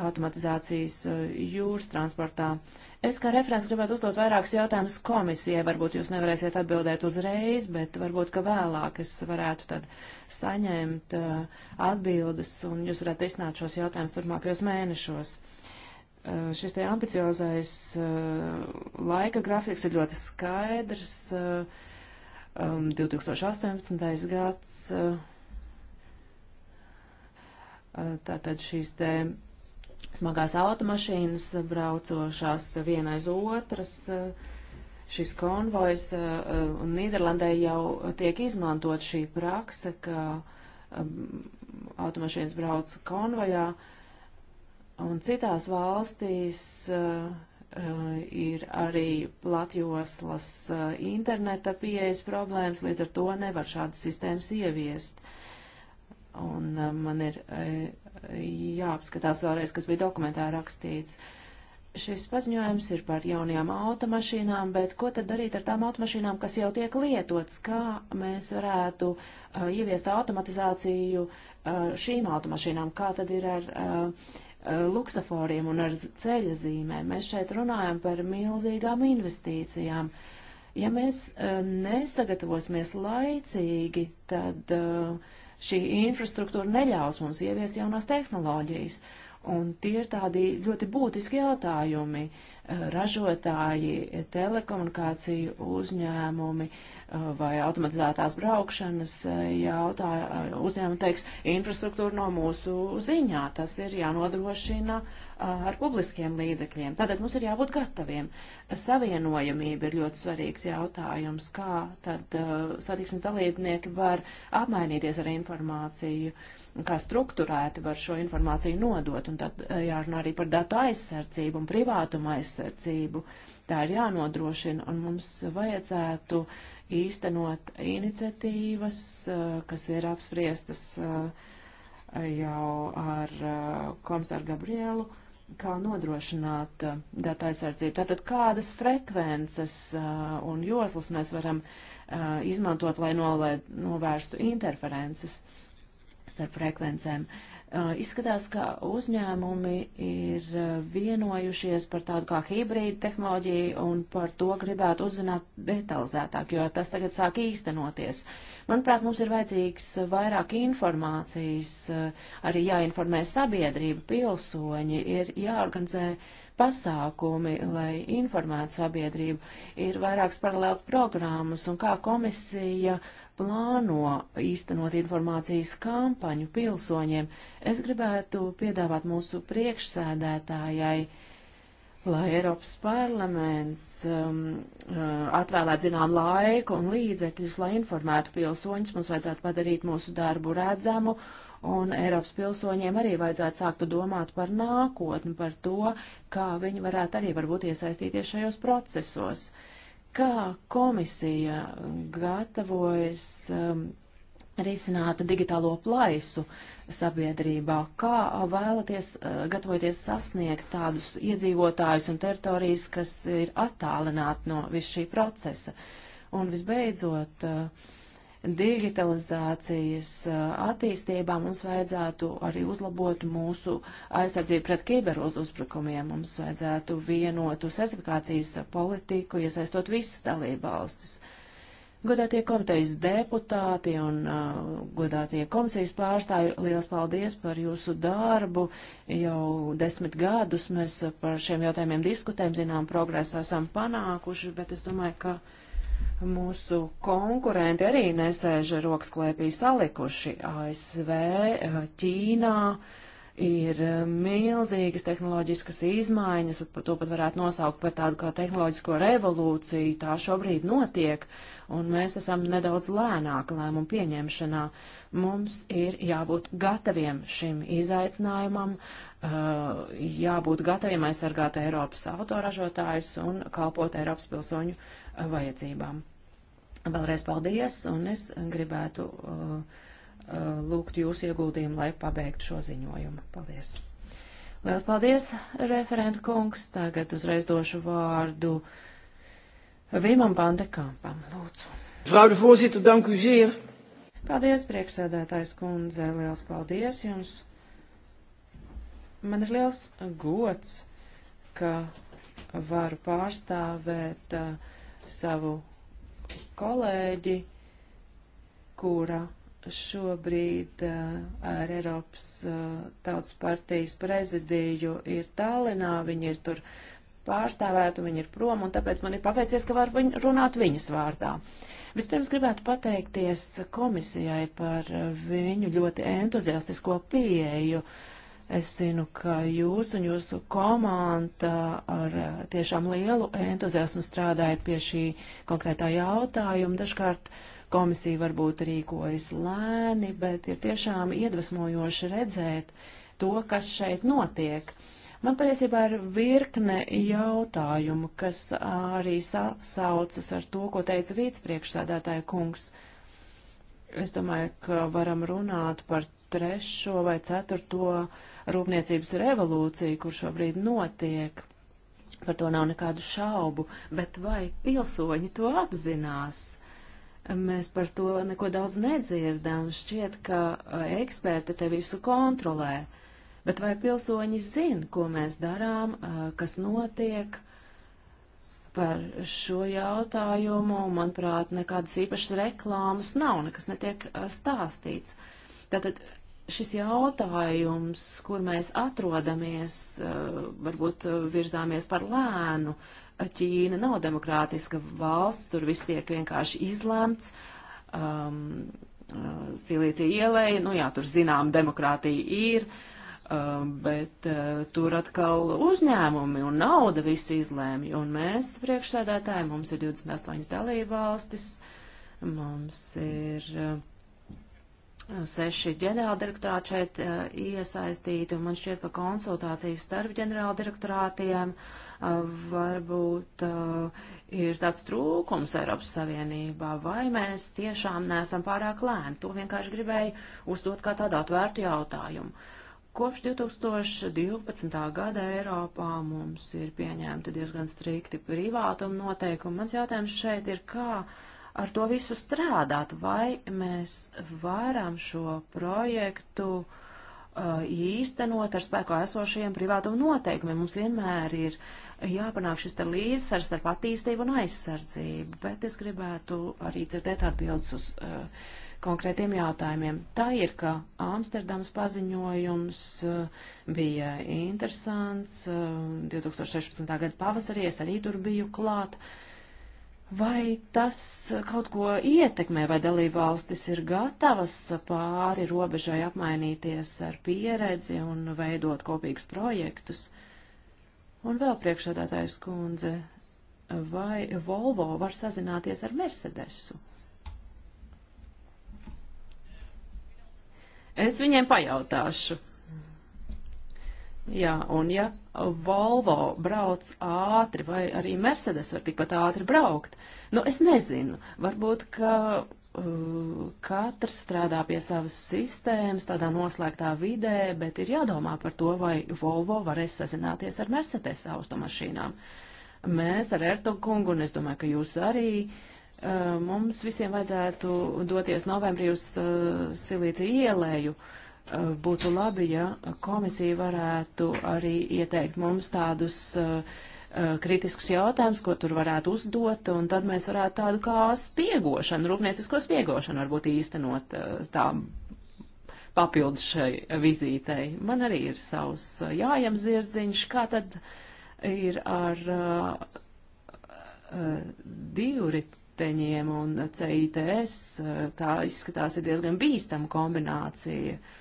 automatizācijas eh, jūras transportā. Es kā referents gribētu uzdot vairākus jautājumus komisijai. Varbūt jūs nevarēsiet atbildēt uzreiz, bet varbūt, ka vēlāk es varētu tad saņemt uh, atbildes un jūs varētu izsnāt šos jautājumus turpmākajos mēnešos. Uh, šis te ambiciozais uh, laika grafiks ir ļoti skaidrs. Um, 2018. gads tātad šīs te smagās automašīnas braucošās viena aiz otras. Šis konvojs un Nīderlandē jau tiek izmantot šī praksa, ka um, automašīnas brauc konvojā, un citās valstīs uh, ir arī platjoslas uh, interneta pieejas problēmas, līdz ar to nevar šādas sistēmas ieviest. Un uh, man ir uh, jāapskatās vēlreiz, kas bija dokumentā rakstīts. Šis paziņojums ir par jaunajām automašīnām, bet ko tad darīt ar tām automašīnām, kas jau tiek lietotas? Kā mēs varētu uh, ieviest automatizāciju uh, šīm automašīnām? Kā tad ir ar uh, uh luksaforiem un ar ceļa zīmēm? Mēs šeit runājam par milzīgām investīcijām. Ja mēs uh, nesagatavosimies laicīgi, tad. Uh, šī infrastruktūra neļaus mums ieviest jaunās tehnoloģijas. Un tie ir tādi ļoti būtiski jautājumi. Eh, ražotāji, telekomunikāciju uzņēmumi eh, vai automatizētās braukšanas eh, jautā, uzņēmumi teiks, infrastruktūra nav no mūsu ziņā. Tas ir jānodrošina uh, ar publiskiem līdzekļiem. Tātad mums ir jābūt gataviem. Savienojamība ir ļoti svarīgs jautājums, kā tad uh, satiksmes dalībnieki var apmainīties ar informāciju, kā struktūrēti var šo informāciju nodot, un tad uh, jārunā arī par datu aizsardzību un privātuma aizsardzību. Tā ir jānodrošina, un mums vajadzētu īstenot iniciatīvas, uh, kas ir apspriestas jau ar komisāru Gabrielu kā nodrošināt uh, datu aizsardzību. Tātad kādas frekvences uh, un joslas mēs varam uh, izmantot, lai nolē, novērstu interferences. Uh, starp frekvencēm. Uh, izskatās, ka uzņēmumi ir uh, vienojušies par tādu kā hibrīdu tehnoloģiju un par to gribētu uzzināt detalizētāk, jo tas tagad sāk īstenoties. Manuprāt, mums ir vajadzīgs vairāk informācijas, uh, arī jāinformē sabiedrība, pilsoņi, ir jāorganizē pasākumi, lai informētu sabiedrību. Ir vairākas paralēlas programmas un kā komisija plāno īstenot informācijas kampaņu pilsoņiem, es gribētu piedāvāt mūsu priekšsēdētājai, lai Eiropas parlaments um, uh, atvēlētu zinām laiku un līdzekļus, lai informētu pilsoņus, mums vajadzētu padarīt mūsu darbu redzamu un Eiropas pilsoņiem arī vajadzētu sākt domāt par nākotni, par to, kā viņi varētu arī varbūt iesaistīties šajos procesos. Uh, Kā komisija gatavojas um, risināt digitālo plaisu sabiedrībā? Kā vēlaties, uh, gatavoties sasniegt tādus iedzīvotājus un teritorijas, kas ir attālināti no viss šī procesa? Un visbeidzot, uh, digitalizācijas attīstībā mums vajadzētu arī uzlabot mūsu aizsardzību pret kiberuzbrukumiem. Mums vajadzētu vienotu certifikācijas politiku, iesaistot visas dalībvalstis. Godātie komitejas deputāti un uh, godātie komisijas pārstāvi, liels paldies par jūsu darbu. Jau desmit gadus mēs par šiem jautājumiem diskutējam, zinām, progresu esam panākuši, bet es domāju, ka Mūsu konkurenti arī nesēž roksklēpī salikuši. ASV, eh, Ķīnā ir eh, milzīgas tehnoloģiskas izmaiņas, to pat varētu nosaukt par tādu kā tehnoloģisko revolūciju. Tā šobrīd notiek, un mēs esam nedaudz lēnāki lēmumu pieņemšanā. Mums ir jābūt gataviem šim izaicinājumam, eh, jābūt gataviem aizsargāt Eiropas autoražotājus un kalpot Eiropas pilsoņu vajadzībām. Vēlreiz paldies, un es gribētu uh, uh, lūgt jūsu ieguldījumu, lai pabeigtu šo ziņojumu. Paldies! Lielas paldies, referenta kungs. Tagad uzreiz došu vārdu Vimam Bandekampam. Lūdzu. Frau de voorzitter, dank u zeer. Paldies, priekšsēdētājs kundze. Lielas paldies jums. Man ir liels gods, ka varu pārstāvēt uh, savu kolēģi, kura šobrīd eh, ar Eiropas eh, Tautas partijas prezidiju ir Tallinā, viņa ir tur pārstāvēta, viņa ir prom, un tāpēc man ir paveicies, ka var viņu runāt viņas vārdā. Vispirms gribētu pateikties komisijai par eh, viņu ļoti entuziastisko pieeju uh, Es zinu, ka jūs un jūsu komanda ar eh, tiešām lielu entuziasmu strādājat pie šī konkrētā jautājuma. Dažkārt komisija varbūt rīkojas lēni, bet ir tiešām iedvesmojoši redzēt to, kas šeit notiek. Man patiesībā ir virkne jautājumu, kas arī sasaucas ar to, ko teica vīdspriekšsēdētāja kungs. Es domāju, ka varam runāt par trešo vai ceturto uh, rūpniecības revolūciju, kur šobrīd notiek. Par to nav nekādu šaubu, bet vai pilsoņi to apzinās? Mēs par to neko daudz nedzirdam. Šķiet, ka uh, eksperti te visu kontrolē. Bet vai pilsoņi zin, ko mēs darām, uh, kas notiek? par šo jautājumu, manuprāt, nekādas īpašas reklāmas nav, nekas netiek uh, stāstīts. Tātad šis jautājums, kur mēs atrodamies, eh, varbūt eh, virzāmies par lēnu. Ķīna nav demokrātiska valsts, tur viss tiek vienkārši izlemts. Um, eh, Silīcija ielēja, nu jā, tur zinām, demokrātija ir, um, bet uh, tur atkal uzņēmumi un nauda visu izlēmja. Un mēs, priekšsēdētāji, mums ir 28 dalībvalstis, mums ir. Uh, seši ģenerāldirektorāti šeit uh, iesaistīti, un man šķiet, ka konsultācijas starp ģenerāldirektorātiem uh, varbūt uh, ir tāds trūkums Eiropas Savienībā, vai mēs tiešām neesam pārāk lēni. To vienkārši gribēju uzdot kā tādu atvērtu jautājumu. Kopš 2012. gada Eiropā mums ir pieņemti diezgan strikti privātuma noteikumi. Mans jautājums šeit ir, kā ar to visu strādāt, vai mēs varam šo projektu uh, īstenot ar spēkā esošajiem privātumu noteikumiem. Mums vienmēr ir jāpanāk šis līdzsvars starp attīstību un aizsardzību, bet es gribētu arī dzirdēt atbildes uz uh, konkrētiem jautājumiem. Tā ir, ka Amsterdams paziņojums uh, bija interesants. Uh, 2016. gada pavasarī es arī tur biju klāt. Uh, Vai tas kaut ko ietekmē, vai dalībvalstis ir gatavas pāri robežai apmainīties ar pieredzi un veidot kopīgus projektus? Un vēl priekšādātājs kundze, vai Volvo var sazināties ar Mercedesu? Es viņiem pajautāšu. Jā, un ja Volvo brauc ātri, vai arī Mercedes var tikpat ātri braukt. Nu, es nezinu, varbūt, ka uh, katrs strādā pie savas sistēmas tādā noslēgtā vidē, bet ir jādomā par to, vai Volvo varēs sazināties ar Mercedes automašīnām. Mēs ar Ertogu kungu, un es domāju, ka jūs arī, uh, mums visiem vajadzētu doties novembrī uz uh, Silīci ielēju. Uh, būtu labi, ja komisija varētu arī ieteikt mums tādus eh, eh, kritiskus jautājumus, ko tur varētu uzdot, un tad mēs varētu tādu kā spiegošanu, rūpniecisko spiegošanu varbūt īstenot eh, tā papildus šai vizītei. Man arī ir savs jājam zirdziņš, kā tad ir ar divriteņiem un CITS, tā izskatās ir diezgan bīstama kombinācija. Uh,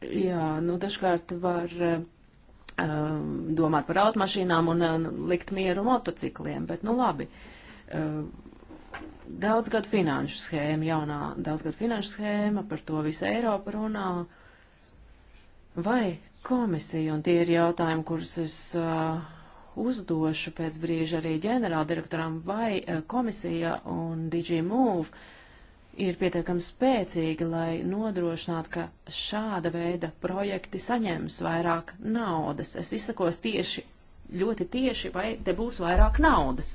Jā, nu dažkārt var um, domāt par automašīnām un um, likt mieru motocikliem, bet nu labi. Um, daudzgad finanšu schēma, jaunā daudzgad finanšu schēma, par to visa Eiropa runā. Vai komisija, un tie ir jautājumi, kurus es uh, uzdošu pēc brīža arī ģenerāldirektoram, vai uh, komisija un DigiMove uh, ir pietiekami spēcīgi, lai nodrošinātu, ka šāda veida projekti saņems vairāk naudas. Es izsakos tieši, ļoti tieši, vai te būs vairāk naudas.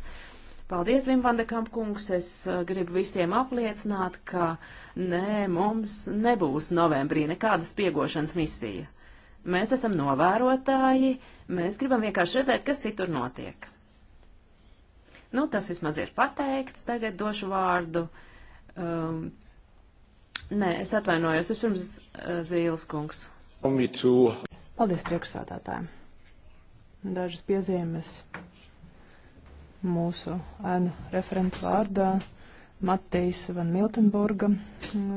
Paldies, Vimvandekamp kungs, es uh, gribu visiem apliecināt, ka nē, mums nebūs novembrī nekādas piegošanas misija. Mēs esam novērotāji, mēs gribam vienkārši redzēt, kas citur notiek. Nu, tas vismaz ir pateikts, tagad došu vārdu uh, Um, nē, es atvainojos. Vispirms eh, Zīles kungs. Paldies priekšsādātājiem. Dažas piezīmes mūsu ēnu referentu vārdā. Matīs Van Miltenburga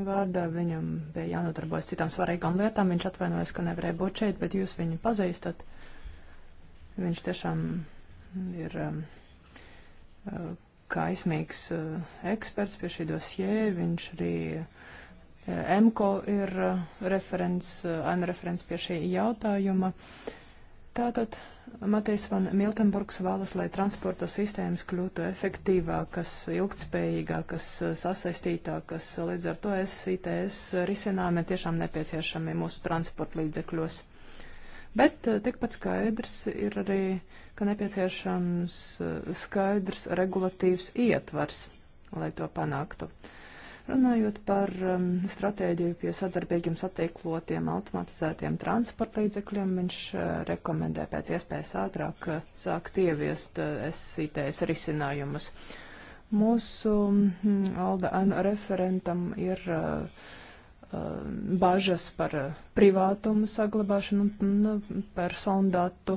vārdā. Viņam bija jānodarbojas citām svarīgām lietām. Viņš atvainojas, ka nevarēja būt šeit, bet jūs viņu pazīstat. Viņš tiešām ir um, uh, kaismīgs eh, eksperts pie šī dosie, viņš arī eh, MCO ir eh, referents, AN referents pie šī jautājuma. Tātad Matīs van Miltenburgs vēlas, lai transporta sistēmas kļūtu efektīvākas, ilgtspējīgākas, sasaistītākas. Līdz ar to SITS risinājumi tiešām nepieciešami mūsu transporta līdzekļos. Bet tikpat skaidrs ir arī uh, ka nepieciešams eh, skaidrs regulatīvs ietvars, lai to panāktu. Runājot par um, stratēģiju pie sadarbīgiem satīklotiem automatizētiem transporta līdzekļiem, viņš uh, rekomendē pēc iespējas ātrāk uh, sākt ieviest uh, SITS risinājumus. Mūsu um, Alda Anu referentam ir uh, Um, bažas par uh, privātumu saglabāšanu un nu, personu datu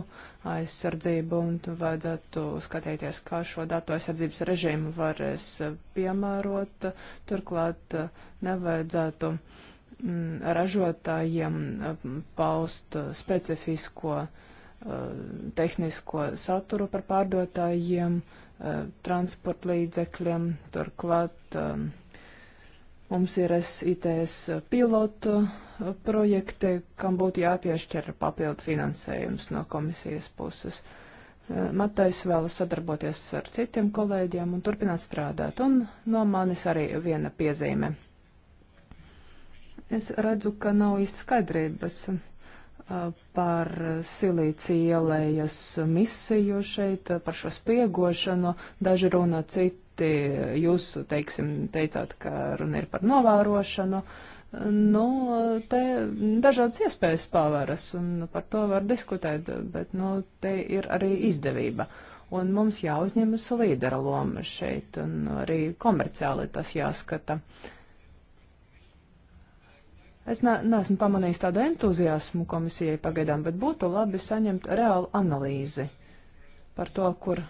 aizsardzību, un vajadzētu skatīties, kā šo datu aizsardzības režīmu varēs uh, piemērot. Turklāt uh, nevajadzētu mm, ražotājiem paust specifisko tehnisko saturu par pārdotājiem, transportlīdzekļiem, turklāt um, Mums ir SITS pilotu uh, projekti, kam būtu jāpiešķir papildu finansējums no komisijas puses. Uh, Matais vēlas sadarboties ar citiem kolēģiem un turpināt strādāt. Un no manis arī viena piezīme. Es redzu, ka nav īsti skaidrības uh, par silīcija ielējas misiju šeit, par šo spiegošanu. Daži runā, citi proti jūs, teiksim, teicāt, ka runa ir par novērošanu. Nu, te dažādas iespējas paveras, un par to var diskutēt, bet, nu, te ir arī izdevība. Un mums jāuzņemas līdera loma šeit, un arī komerciāli tas jāskata. Uh, Es ne, neesmu pamanījis tādu entuziasmu komisijai pagaidām, bet būtu labi saņemt reālu analīzi par to, kur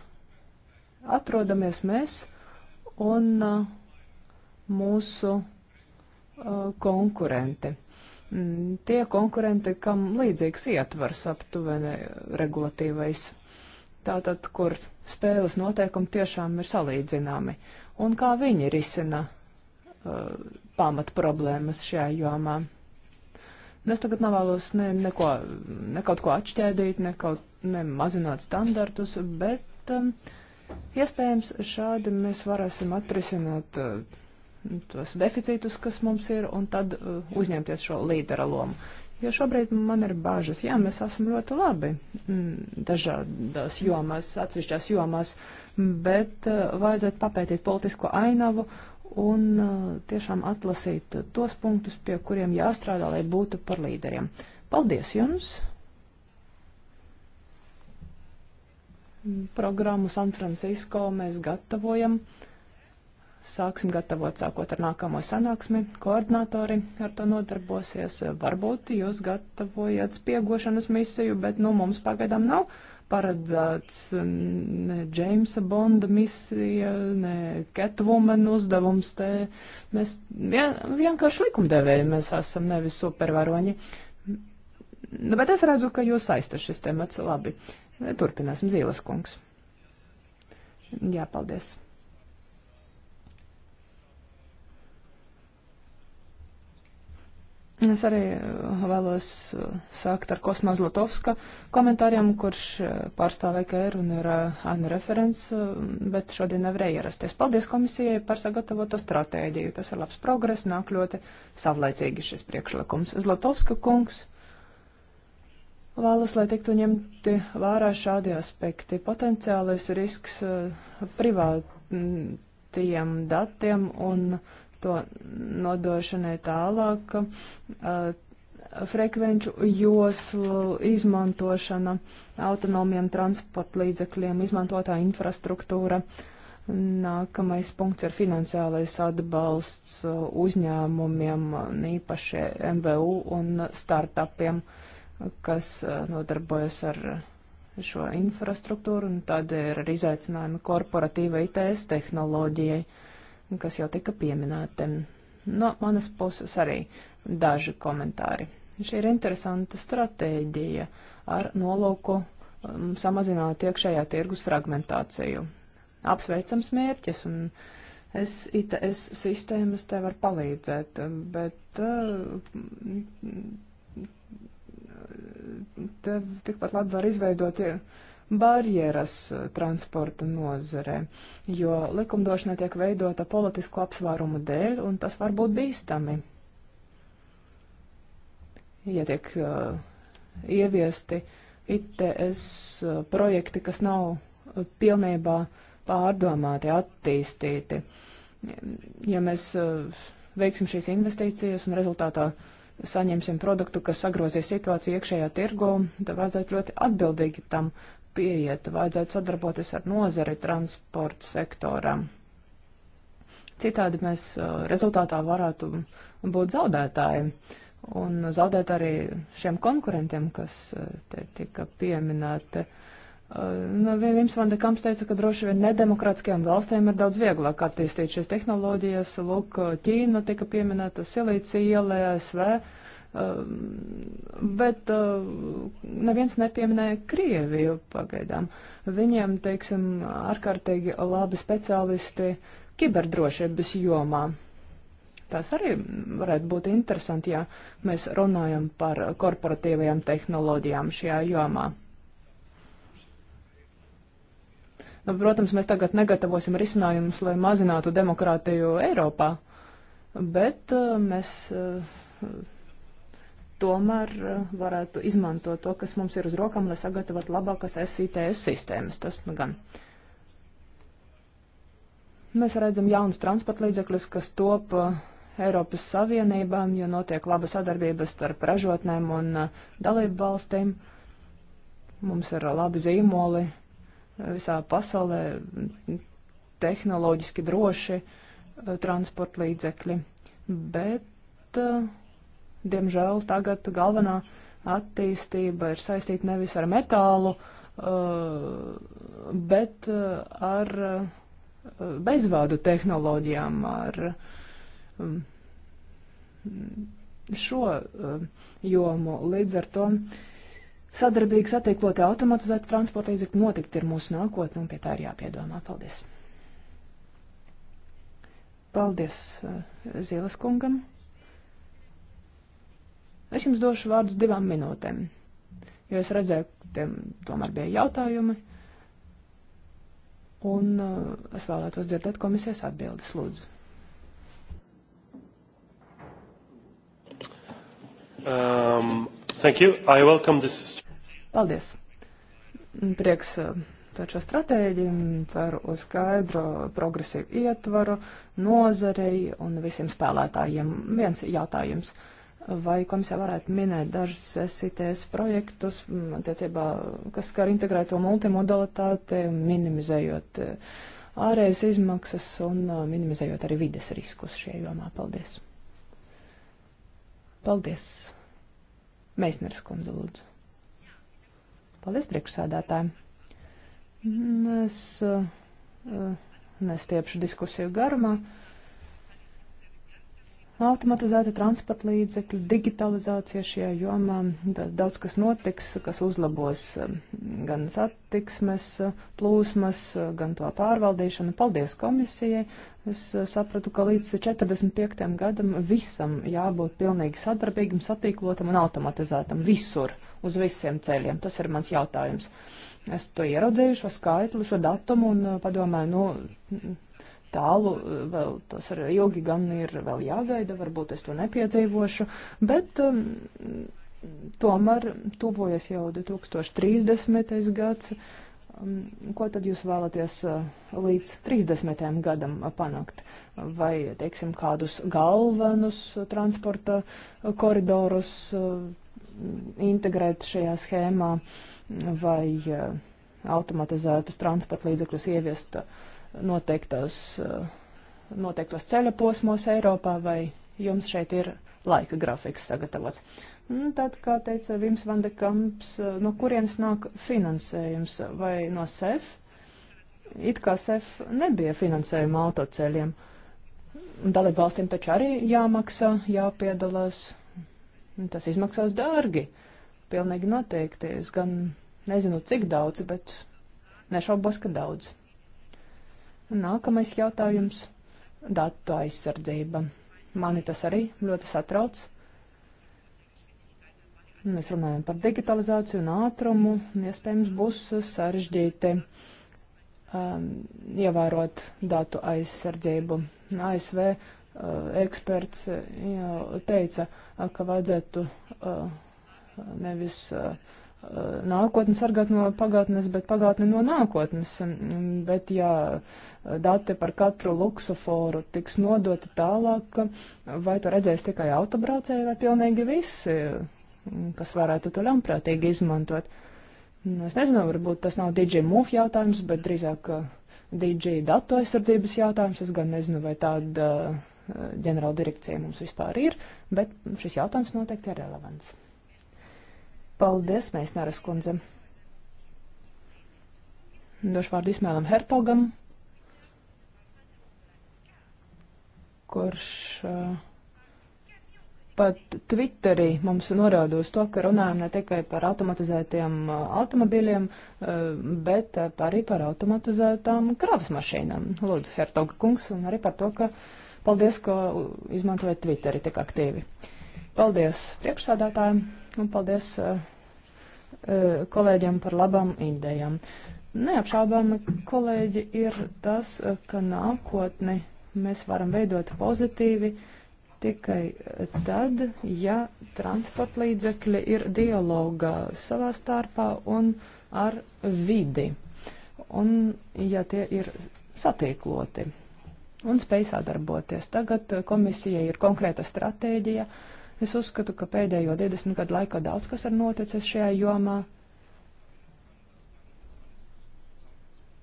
atrodamies mēs un uh, mūsu uh, konkurenti. Mm, tie konkurenti, kam līdzīgs ietvars aptuveni regulatīvais, tātad, kur spēles noteikumi tiešām ir salīdzināmi, un kā viņi risina uh, pamat problēmas šajā jomā. Un nu, es tagad nevēlos ne, neko, ne kaut ko atšķēdīt, ne, kaut, ne mazināt standartus, bet um, uh, Iespējams, šādi mēs varēsim atrisināt uh, tos deficītus, kas mums ir, un tad uh, uzņemties šo līdera lomu. Jo šobrīd man ir bāžas, jā, mēs esam ļoti labi mm, dažādās jomās, atsevišķās jomās, bet uh, vajadzētu papētīt politisko ainavu un uh, tiešām atlasīt tos punktus, pie kuriem jāstrādā, lai būtu par līderiem. Paldies jums! Programmu San Francisco mēs gatavojam. Sāksim gatavot sākot ar nākamo sanāksmi. Koordinatori ar to nodarbosies. Varbūt jūs gatavojat spiegošanas misiju, bet nu mums pagaidām nav paredzēts ne Džeimsa Bonda misija, ne Catwoman uzdevums. Te mēs vienkārši likumdevēji mēs esam, nevis supervaroņi. Bet es redzu, ka jūs saista šis temats labi. Uh, Turpināsim Zīles kungs. Jā, paldies. Es arī uh, vēlos uh, sākt ar Kosma Zlotovska komentāriem, kurš uh, pārstāvē KR un ir ANU referents, bet šodien nevarēja ierasties. Paldies komisijai par sagatavoto stratēģiju. Tas ir labs progress, nāk ļoti savlaicīgi šis priekšlikums. Zlotovska kungs Vēlos, lai tiktu ņemti vērā šādi aspekti. Potenciālais risks eh, privātiem datiem un to nodošanai tālāk, eh, frekvenču joslu izmantošana autonomiem transporta līdzekļiem, izmantotā infrastruktūra. Nākamais punkts ir finansiālais atbalsts eh, uzņēmumiem, īpaši MVU un startupiem. Uh, kas nodarbojas ar šo infrastruktūru, un tad ir arī izaicinājumi korporatīvai ITS tehnoloģijai, kas jau tika pieminēti. No manas puses arī daži komentāri. Šī ir interesanta stratēģija ar nolūku um, samazināt iekšējā tirgus fragmentāciju. Apsveicams mērķis, un es ITS sistēmas te var palīdzēt, bet uh, te tikpat labi var izveidot barjeras eh, transporta nozarē, jo likumdošana tiek veidota politisku apsvērumu dēļ, un tas var būt bīstami. Ja tiek uh, ieviesti ITS eh, projekti, kas nav pilnībā pārdomāti, attīstīti. Ja mēs uh, veiksim šīs investīcijas un rezultātā uh, saņemsim produktu, kas sagrozīs situāciju iekšējā tirgu, tad vajadzētu ļoti atbildīgi tam pieiet, vajadzētu sadarboties ar nozari transporta sektoram. Citādi mēs uh, rezultātā varētu būt zaudētāji un zaudēt arī šiem konkurentiem, kas uh, te tika pieminēti. Uh, Nu, Vims van de Kamps teica, ka droši vien nedemokrātiskajām valstīm ir daudz vieglāk attīstīt šīs tehnoloģijas. Lūk, Ķīna tika pieminēta, Silīcija ielē, SV, um, bet uh, neviens nepieminēja Krieviju pagaidām. Viņiem, teiksim, ārkārtīgi labi speciālisti kiberdrošības jomā. Tas arī varētu būt interesanti, ja mēs runājam par korporatīvajām tehnoloģijām šajā jomā. Nu, protams, mēs tagad negatavosim risinājumus, lai mazinātu demokrātiju Eiropā, bet uh, mēs uh, tomēr uh, varētu izmantot to, kas mums ir uz rokām, lai sagatavotu labākas SITS sistēmas. Tas nu gan. Mēs redzam jaunus transportlīdzekļus, kas top Eiropas Savienībām, jo notiek laba sadarbība starp ražotnēm un dalību valstīm. Mums ir labi zīmoli, visā pasaulē tehnoloģiski droši eh, transporta līdzekļi. Bet, eh, diemžēl, tagad galvenā attīstība ir saistīta nevis ar metālu, eh, bet ar bezvādu tehnoloģijām, ar mm, šo jomu. Līdz ar to uh, sadarbīgi satiekotie automatizēti transporta līdzekļi noteikti ir mūsu nākotne, un pie tā ir jāpiedomā. Paldies! Paldies eh, Zilas kungam! Es jums došu vārdus divām minūtēm, jo es redzēju, ka tiem tomēr bija jautājumi, un uh, es vēlētos dzirdēt komisijas atbildes, lūdzu. Um, Thank you. I welcome this. Paldies. Prieks uh, par šo stratēģiju. Ceru uz skaidru, progresīvu ietvaru nozarei un visiem spēlētājiem. Viens jautājums. Vai komisija varētu minēt dažus SITS projektus, mm, attiecībā, kas skar integrēto multimodalitāti, minimizējot uh, ārējas izmaksas un uh, minimizējot arī vides riskus šajā jomā? Paldies! Paldies! Meisneres kundze, lūdzu. Paldies priekšsādātājiem. Es uh, eh, nestiepšu diskusiju garumā. Uh, automatizēta transporta līdzekļu, digitalizācija šajā jomā, daudz kas notiks, kas uzlabos um, gan satiksmes uh, plūsmas, uh, gan to pārvaldīšanu. Paldies komisijai. Es uh, sapratu, ka līdz 45. gadam visam jābūt pilnīgi sadarbīgam, satīklotam un automatizētam visur, uz visiem ceļiem. Tas ir mans jautājums. Es to ieraudzīju, šo skaitli, šo datumu un padomāju, nu, tālu, eh, vēl tas ar ilgi gan ir vēl jāgaida, varbūt es to nepiedzīvošu, bet um, tomēr tuvojas jau 2030. gads. Um, ko tad jūs vēlaties eh, līdz 30. gadam panākt? Vai, teiksim, kādus galvenus transporta koridorus eh, integrēt šajā schēmā vai automatizētus transporta līdzekļus ieviest uh, noteiktos, eh, noteiktos ceļa posmos Eiropā, vai jums šeit ir laika grafiks sagatavots. Un tad, kā teica Vims Vandekamps, eh, no kurienes nāk finansējums vai no SEF? It kā SEF nebija finansējuma autoceļiem. Dalību valstīm taču arī jāmaksā, jāpiedalās. Tas izmaksās dārgi. Pilnīgi noteikti. Es gan nezinu, cik daudz, bet nešaubos, ka daudz. Nākamais jautājums - datu aizsardzība. Mani tas arī ļoti satrauc. Mēs runājam par digitalizāciju un ātrumu, un iespējams būs sarežģīti um, ievērot datu aizsardzību. ASV uh, eksperts uh, jau teica, uh, ka vajadzētu uh, nevis uh, nākotni sargāt no pagātnes, bet pagātne no nākotnes. Bet ja dati par katru luksuforu tiks nodoti tālāk, vai to redzēs tikai autobraucēji vai pilnīgi visi, kas varētu to ļaunprātīgi izmantot? Nu, es nezinu, varbūt tas nav DJ move jautājums, bet drīzāk DJ datu aizsardzības jautājums. Es gan nezinu, vai tāda ģenerāla direkcija mums vispār ir, bet šis jautājums noteikti ir relevants. Paldies, Meisneras kundze. Došu vārdu Ismēlam Hertogam, kurš uh, pat Twitterī mums norāda uz to, ka runājam ne tikai par automatizētiem uh, automobīļiem, uh, bet arī par automatizētām kravas mašīnām. Lūdzu, Hertoga kungs, un arī par to, ka paldies, ka izmantojat Twitteri tik aktīvi. Uh, Paldies priekšsādātājiem un paldies uh, kolēģiem par labām idejām. Neapšaubāmi kolēģi ir tas, eh, ka nākotni mēs varam veidot pozitīvi tikai tad, ja transporta līdzekļi ir dialogā savā starpā un ar vidi, un ja tie ir satīkloti un spēj sadarboties. Tagad komisijai ir konkrēta stratēģija. Uh, Es uzskatu, ka pēdējo 20 gadu laikā daudz kas ir noticis šajā jomā.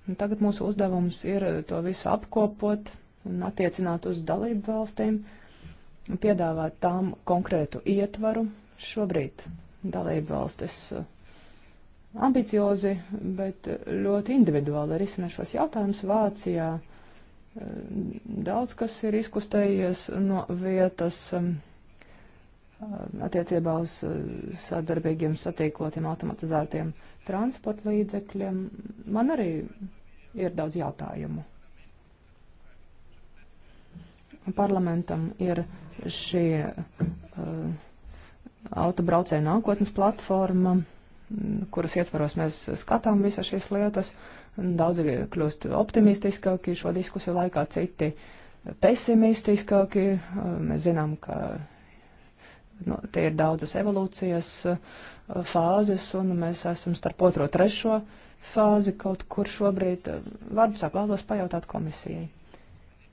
Un tagad mūsu uzdevums ir to visu apkopot un attiecināt uz dalību valstīm, piedāvāt tām konkrētu ietvaru. Šobrīd dalību valstis uh, ambiciozi, bet uh, ļoti individuāli risina šos jautājumus Vācijā. Uh, daudz kas ir izkustējies no vietas. Um, attiecībā uz uh, sadarbīgiem satīklotiem automatizētiem transporta līdzekļiem. Man arī ir daudz jautājumu. Parlamentam ir šī uh, autobraucēja nākotnes platforma, kuras ietvaros mēs skatām visas šīs lietas. Daudzi kļūst optimistiskāki šo diskusiju laikā, citi pesimistiskāki. Uh, mēs zinām, ka Nu, tie ir daudzas evolūcijas uh, fāzes, un mēs esam starp otro trešo fāzi kaut kur šobrīd. Varbūt vēlos pajautāt komisijai.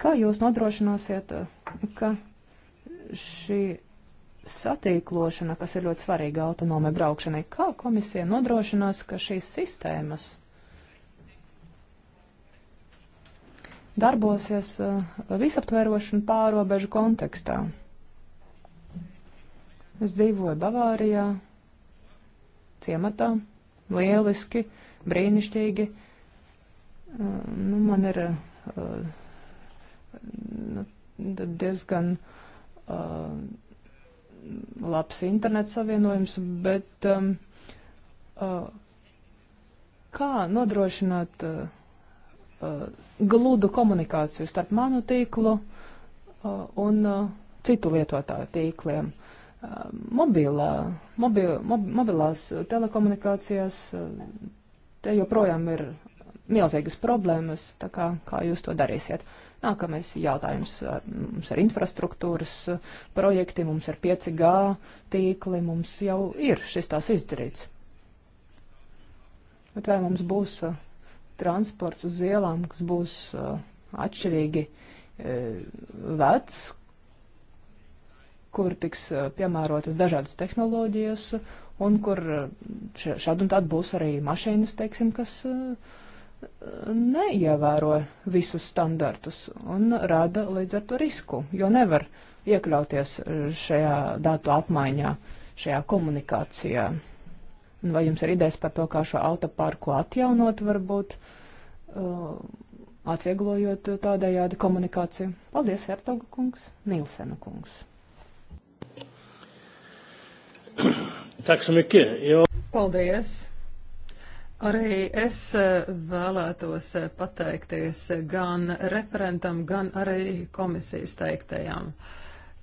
Kā jūs nodrošināsiet, uh, ka šī satīklošana, kas ir ļoti svarīga autonomai braukšanai, kā komisija nodrošinās, ka šīs sistēmas darbosies uh, visaptverošana pārobežu kontekstā? Es dzīvoju Bavārijā, ciematā, lieliski, brīnišķīgi. Uh, nu, man ir uh, nu, diezgan uh, labs internets savienojums, bet um, uh, kā nodrošināt uh, uh, gludu komunikāciju starp manu tīklu uh, un uh, citu lietotāju tīkliem? Uh, mobilā, mobil, mob, mobilās telekomunikācijās, te joprojām ir milzīgas problēmas, tā kā, kā jūs to darīsiet. Nākamais jautājums. Mums ir infrastruktūras projekti, mums ir 5G tīkli, mums jau ir šis tās izdarīts. Bet vai mums būs uh, transports uz ielām, kas būs uh, atšķirīgi uh, vecs, kur tiks eh, piemērotas dažādas tehnoloģijas un kur eh, šādi un tādi būs arī mašīnas, teiksim, kas eh, neievēro visus standartus un rada līdz ar to risku, jo nevar iekļauties šajā datu apmaiņā, šajā komunikācijā. Un vai jums ir idejas par to, kā šo autoparku atjaunot varbūt, atvieglojot tādējādi komunikāciju? Paldies, Hertoga kungs, Nilsena kungs. Tack så mycket. Ja. Paldies. Arī es eh, vēlētos eh, pateikties gan referentam, gan arī komisijas teiktajam. Uh,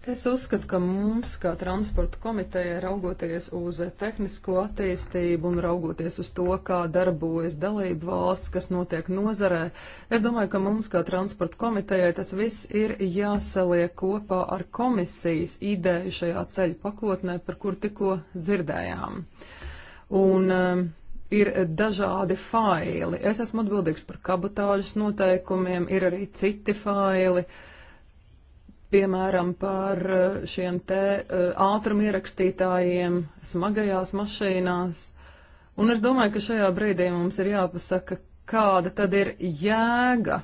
Es uzskatu, ka mums, kā transporta komiteja, raugoties uz tehnisko attīstību un raugoties uz to, kā darbojas dalību valsts, kas notiek nozarē, es domāju, ka mums, kā transporta komitejai, tas viss ir jāsaliek kopā ar komisijas ideju šajā ceļu pakotnē, par kur tikko dzirdējām. Un, um, ir dažādi faili. Es esmu atbildīgs par kabatāžas noteikumiem, ir arī citi faili. Uh, piemēram, par eh, šiem te eh, ātrumu ierakstītājiem smagajās mašīnās. Un es domāju, ka šajā brīdī mums ir jāpasaka, kāda tad ir jēga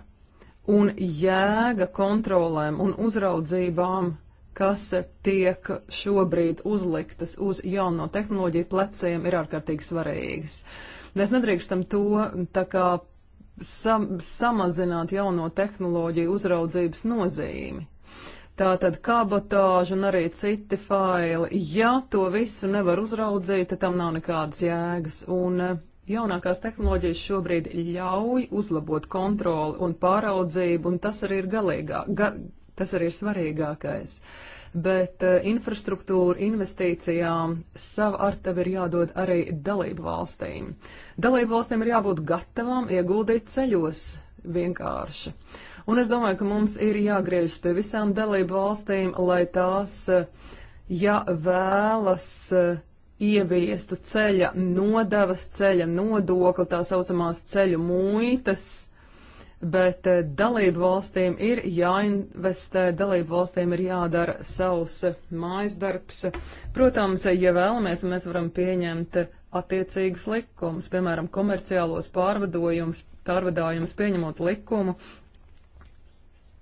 un jēga kontrolēm un uzraudzībām, kas tiek šobrīd uzliktas uz jauno tehnoloģiju pleciem, ir ārkārtīgi svarīgas. Mēs nedrīkstam to tā kā sam samazināt jauno tehnoloģiju uzraudzības nozīmi. Tātad kabotāža un arī citi faili. Ja to visu nevar uzraudzīt, tad tam nav nekādas jēgas. Un eh, jaunākās tehnoloģijas šobrīd ļauj uzlabot kontroli un pāraudzību, un tas arī ir galīgā, ga, tas arī ir svarīgākais. Bet uh, infrastruktūra investīcijām savu ar tevi ir jādod arī dalību valstīm. Dalību valstīm ir jābūt gatavām ieguldīt ceļos vienkārši. Uh, Un es domāju, ka mums ir jāgriežas pie visām dalību valstīm, lai tās, ja vēlas ieviestu ceļa nodevas, ceļa nodokli, tā saucamās ceļu muitas, bet eh, dalību valstīm ir jāinvestē, dalību valstīm ir jādara savs mājas darbs. Protams, ja vēlamies, mēs varam pieņemt attiecīgus likumus, piemēram, komerciālos pārvadājumus, pārvadājumus pieņemot likumu,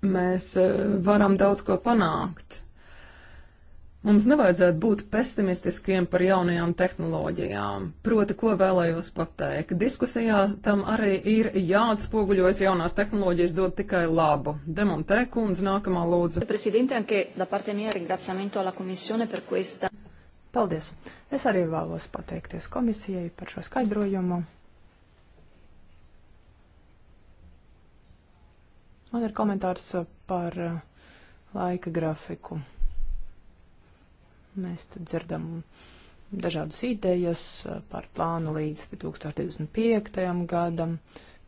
mēs eh, varam daudz ko panākt. Mums nevajadzētu būt pesimistiskiem par jaunajām tehnoloģijām. Proti, ko vēlējos pateikt? Diskusijā tam arī ir jāatspoguļojas jaunās tehnoloģijas dod tikai labu. Demontē kundze nākamā lūdzu. Paldies. Es arī vēlos pateikties komisijai par šo skaidrojumu. Man ir komentārs uh, par uh, laika grafiku. Mēs dzirdam dažādas idejas uh, par plānu līdz 2025. gadam,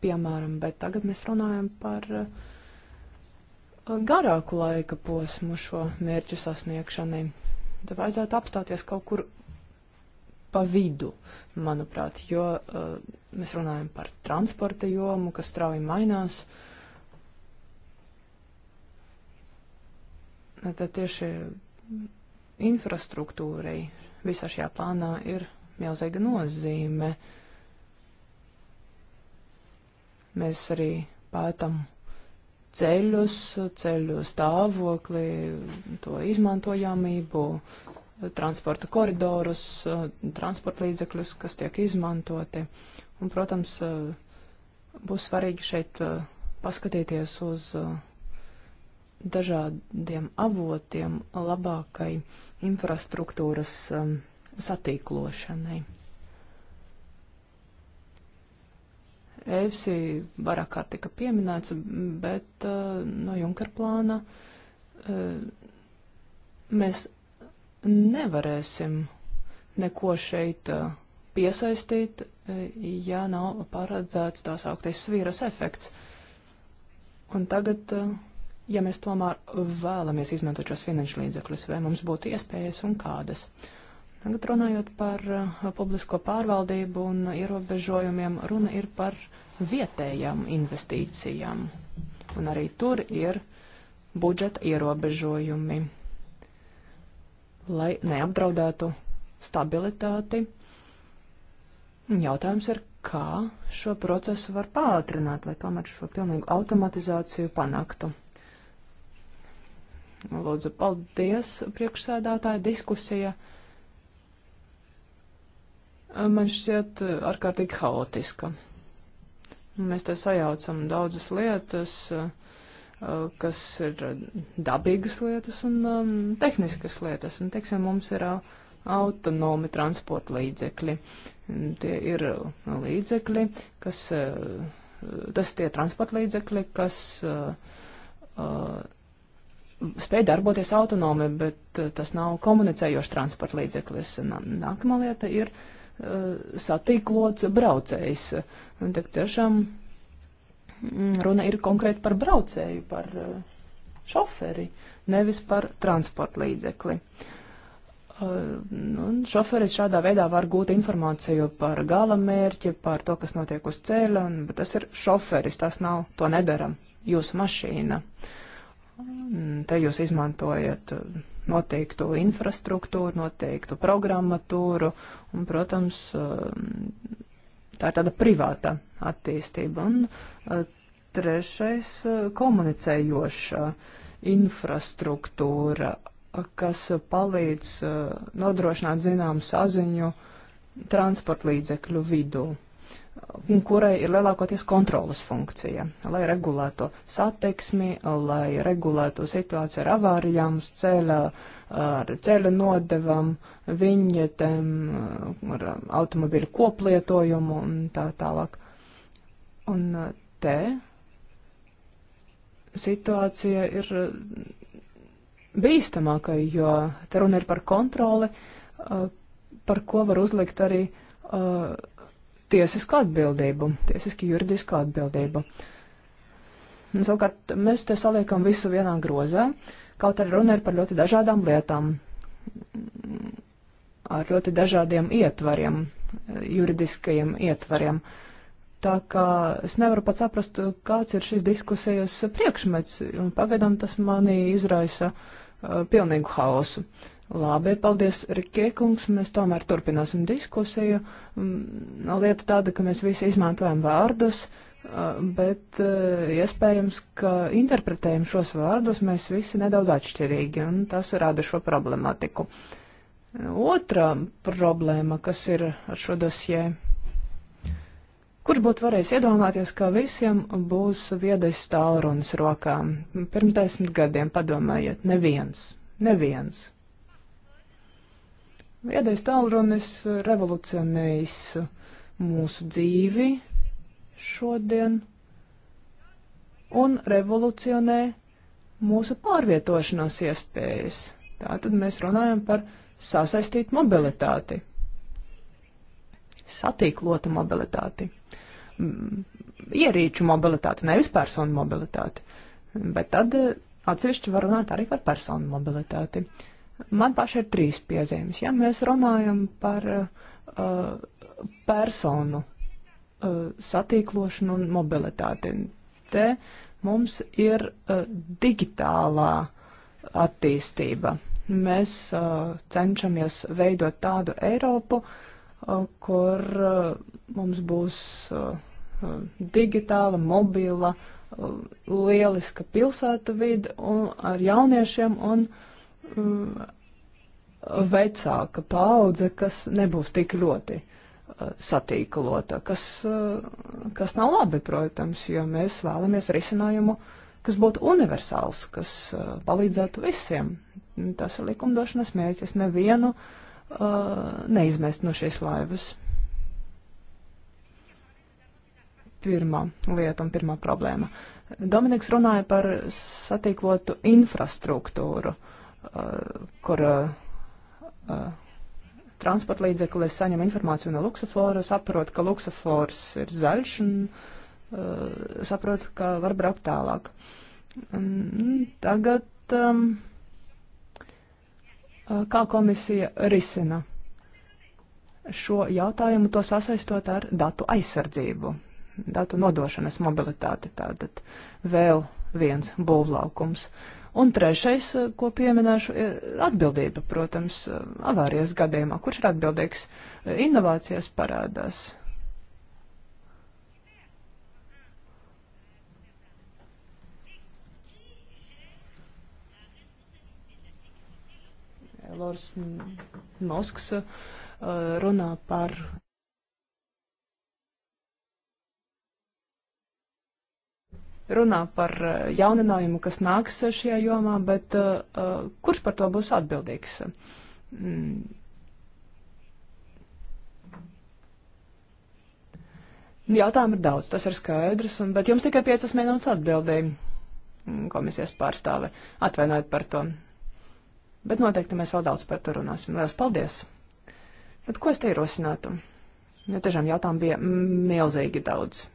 piemēram, bet tagad mēs runājam par garāku laika posmu šo mērķu sasniegšanai. Te vajadzētu apstāties kaut kur pa vidu, manuprāt, jo uh, mēs runājam par transporta jomu, kas strauji mainās. Uh, Tad tieši infrastruktūrai visā šajā plānā ir milzīga nozīme. Mēs arī pētam ceļus, ceļu stāvokli, to izmantojamību, transporta koridorus, transporta līdzekļus, kas tiek izmantoti. Un, protams, būs svarīgi šeit eh, paskatīties uz eh, dažādiem avotiem labākai infrastruktūras um, satīklošanai. EFSI vairāk kārt tika pieminēts, bet uh, no Junker plāna uh, mēs nevarēsim neko šeit uh, piesaistīt, uh, ja nav paredzēts tās augtais svīras efekts. Un tagad uh, ja mēs tomēr vēlamies izmantot šos finanšu līdzekļus, vai mums būtu iespējas un kādas. Tagad runājot par uh, publisko pārvaldību un ierobežojumiem, runa ir par vietējām investīcijām. Un arī tur ir budžeta ierobežojumi, lai neapdraudētu stabilitāti. Jautājums ir, kā šo procesu var pātrināt, lai tomēr šo pilnīgu automatizāciju panāktu. Lūdzu, paldies, priekšsēdātāja diskusija. Man šķiet ārkārtīgi haotiska. Mēs te sajaucam daudzas lietas, kas ir dabīgas lietas un um, tehniskas lietas. Un, teiksim, mums ir uh, autonomi transporta līdzekļi. Tie ir līdzekļi, kas, uh, tas tie transporta līdzekļi, kas uh, uh, spēj darboties autonomi, bet uh, tas nav komunicējošs transporta līdzeklis. Nākamā lieta ir uh, satīklots braucējs. Un tad tiešām mm, runa ir konkrēti par braucēju, par uh, šoferi, nevis par transporta līdzekli. Un šoferis šādā veidā var gūt informāciju par gala mērķi, par to, kas notiek uz ceļa, un, bet tas ir šoferis, tas nav, to nedara jūsu mašīna. Uh, Te jūs izmantojat uh, noteiktu infrastruktūru, noteiktu programmatūru, un, protams, uh, tā ir tāda privāta attīstība. Un uh, trešais - komunicējoša infrastruktūra, kas palīdz nodrošināt zinām saziņu transportlīdzekļu vidū kurai ir lielākoties kontrolas funkcija, lai regulētu satiksmi, lai regulētu situāciju ar avārijām uz ceļa, ar ceļa nodevam, viņetēm, ar automobiļu koplietojumu un tā tālāk. Un uh, te situācija ir bīstamākai, jo te runa ir par kontroli, uh, par ko var uzlikt arī uh, tiesisku atbildību, tiesiski juridisku atbildību. Un, savukārt, mēs te saliekam visu vienā grozā, kaut arī runa ir par ļoti dažādām lietām, ar ļoti dažādiem ietvariem, juridiskajiem ietvariem. Tā kā es nevaru pat saprast, kāds ir šīs diskusijas priekšmets, un pagaidām tas manī izraisa uh, pilnīgu haosu. Uh, Labi, paldies, Rikie kungs. Mēs tomēr turpināsim diskusiju. Mm, lieta tāda, ka mēs visi izmantojam vārdus, bet iespējams, ka interpretējam šos vārdus mēs visi nedaudz atšķirīgi, un tas rada šo problemātiku. Otra problēma, kas ir ar šo dosjē. Kurš būtu varējis iedomāties, ka visiem būs viedais tālrunis rokām? Pirms desmit gadiem, padomājiet, neviens, neviens Viedais tālrunis revolucionējis mūsu dzīvi šodien un revolucionē mūsu pārvietošanās iespējas. Tātad mēs runājam par sasaistītu mobilitāti, satīklotu mobilitāti, mm, ierīču mobilitāti, nevis personu mobilitāti. Bet tad eh, atsevišķi var runāt arī par personu mobilitāti. Uh, Man paši ir trīs piezīmes. Ja mēs runājam par uh, personu uh, satīklošanu un mobilitāti, te mums ir uh, digitālā attīstība. Mēs uh, cenšamies veidot tādu Eiropu, uh, kur uh, mums būs uh, uh digitāla, mobila, uh, lieliska pilsēta vide un ar jauniešiem un uh, Mm, vecāka paudze, kas nebūs tik ļoti uh, satīklota, kas, uh, kas nav labi, protams, jo mēs vēlamies risinājumu, kas būtu universāls, kas uh, palīdzētu visiem. Tas ir likumdošanas mērķis nevienu neizmest no šīs laivas. Pirmā lieta un pirmā problēma. Dominiks runāja par satīklotu infrastruktūru. Uh, Uh, kur uh, uh, transporta līdzeklis saņem informāciju no luksofora, saprot, ka luksofors ir zaļš un uh, saprot, ka var braukt tālāk. Um, tagad um, kā komisija risina šo jautājumu, to sasaistot ar datu aizsardzību, datu nodošanas mobilitāti, tātad vēl viens būvlaukums. Uh, Un trešais, eh, ko pieminēšu, ir atbildība, protams, eh, avārijas gadījumā. Kurš ir atbildīgs? Eh, inovācijas parādās. Lors Mosks runā par runā par eh, jauninājumu, kas nāks šajā jomā, bet uh, kurš par to būs atbildīgs? Mm. Jautājumu ir daudz, tas ir skaidrs, un, bet jums tikai piecas minūtes atbildēja mm, komisijas pārstāve. Atvainojiet par to. Bet noteikti mēs vēl daudz par to runāsim. Lielas paldies! Bet ko es te ierosinātu? Jo tiešām jautājumu bija milzīgi daudz.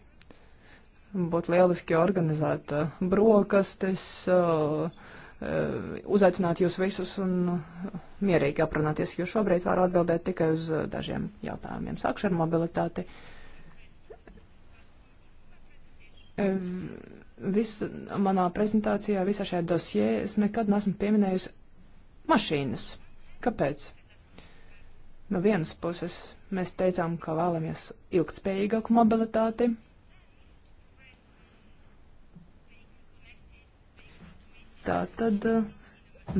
Būtu lieliski organizēt brokastis, uh, uh, uzaicināt jūs visus un mierīgi aprunāties, jo šobrīd varu atbildēt tikai uz dažiem jautājumiem. Sākšu ar mobilitāti. Uh, vis, manā prezentācijā, visā šajā dosjē, es nekad neesmu pieminējusi mašīnas. Kāpēc? No vienas puses mēs teicām, ka vēlamies ilgtspējīgāku mobilitāti Tātad eh,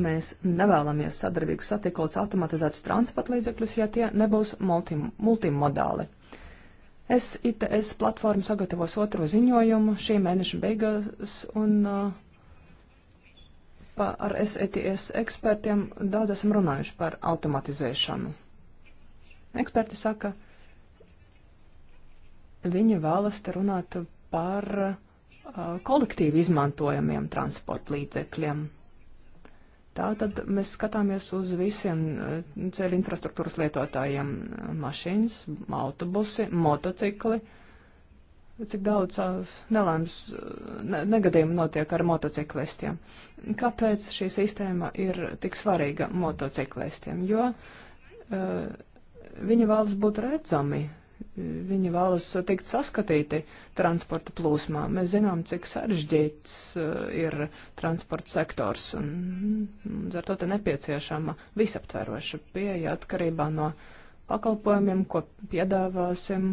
mēs nevēlamies sadarbīgus satiekos automatizētus transporta līdzekļus, ja tie nebūs multi, multimodāli. SITS platforma sagatavos otro ziņojumu šī mēneša beigās un uh, pa, ar SETS e ekspertiem daudz esam runājuši par automatizēšanu. Eksperti saka, viņi vēlas te runāt par Uh, kolektīvi izmantojamiem transporta līdzekļiem. Tātad mēs skatāmies uz visiem uh, ceļu infrastruktūras lietotājiem - mašīnas, autobusi, motocikli. Cik daudz uh, nelēms ne, negadījumu notiek ar motociklistiem. Kāpēc šī sistēma ir tik svarīga motociklistiem? Jo uh, viņi vēlas būt redzami Viņi vēlas tikt saskatīti transporta plūsmā. Mēs zinām, cik sarežģīts eh, ir transporta sektors, un ar to te nepieciešama visaptveroša pieeja atkarībā no pakalpojumiem, ko piedāvāsim,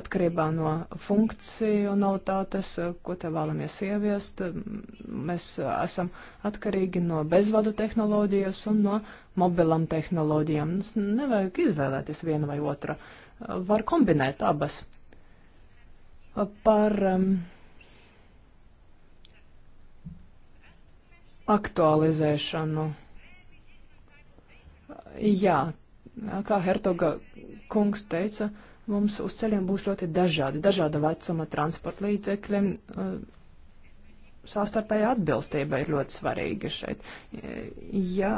atkarībā no funkcionalitātes, eh, ko te vēlamies ieviest. Mēs esam atkarīgi no bezvadu tehnoloģijas un no mobilām tehnoloģijām. Mums nevajag izvēlēties vienu vai otru var kombinēt abas. Par um, aktualizēšanu. Jā, kā Hertoga kungs teica, mums uz ceļiem būs ļoti dažādi, dažāda vecuma transporta līdzekļi. Uh, Sāstarpēja atbilstība ir ļoti svarīga šeit. Ja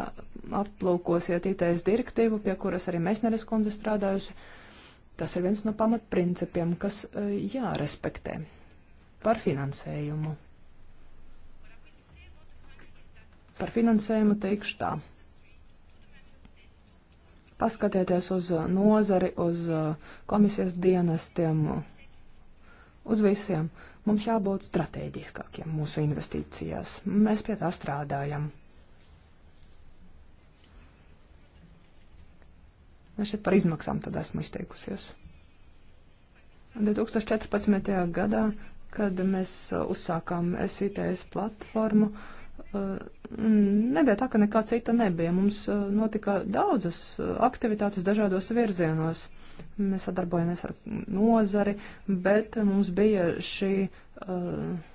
aplūkosiet ITS direktīvu, pie kuras arī Mesneres kundze strādājusi, uh, Tas ir viens no pamatprincipiem, kas e, jārespektē par finansējumu. Par finansējumu teikšu tā. Paskatieties uz e, nozari, uz e, komisijas dienestiem, uz visiem. Mums jābūt strateģiskākiem mūsu investīcijās. Mēs pie tā strādājam. Es šeit par izmaksām tad esmu izteikusies. 2014. gadā, kad mēs uh, uzsākām SITS platformu, uh, nebija tā, ka nekā cita nebija. Mums uh, notika daudzas aktivitātes dažādos virzienos. Mēs sadarbojamies ar nozari, bet mums bija šī. Uh,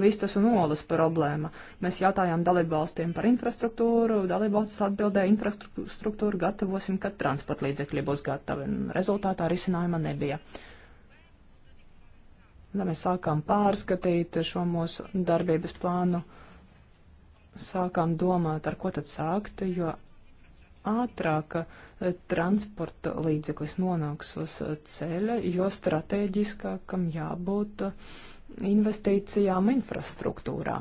vistas un olas problēma. Mēs jautājām dalībvalstīm par infrastruktūru, dalībvalstis atbildēja infrastruktūru gatavosim, kad transporta līdzekļi būs gatavi, un rezultātā risinājuma nebija. Tā mēs sākām pārskatīt šo mūsu darbības plānu, sākām domāt, ar ko tad sākt, jo ātrāk transporta līdzeklis nonāks uz ceļa, jo strateģiskākam jābūt uh, investīcijām infrastruktūrā,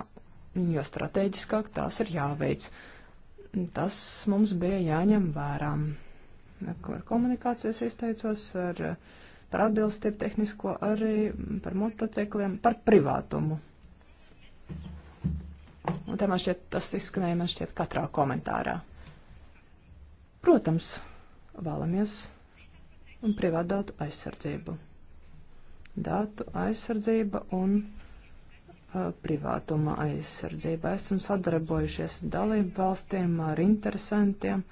jo strateģiskāk tās ir jāveic. Tas mums bija jāņem vērā. Ar komunikācijas izteicos, ar, par atbilstību tehnisko, arī par motocikliem, par privātumu. Un tā man šķiet, tas izskanēja man šķiet katrā komentārā. Protams, vēlamies un privātātu aizsardzību datu aizsardzība un uh, privātuma aizsardzība. Esam sadarbojušies dalību valstīm ar interesantiem,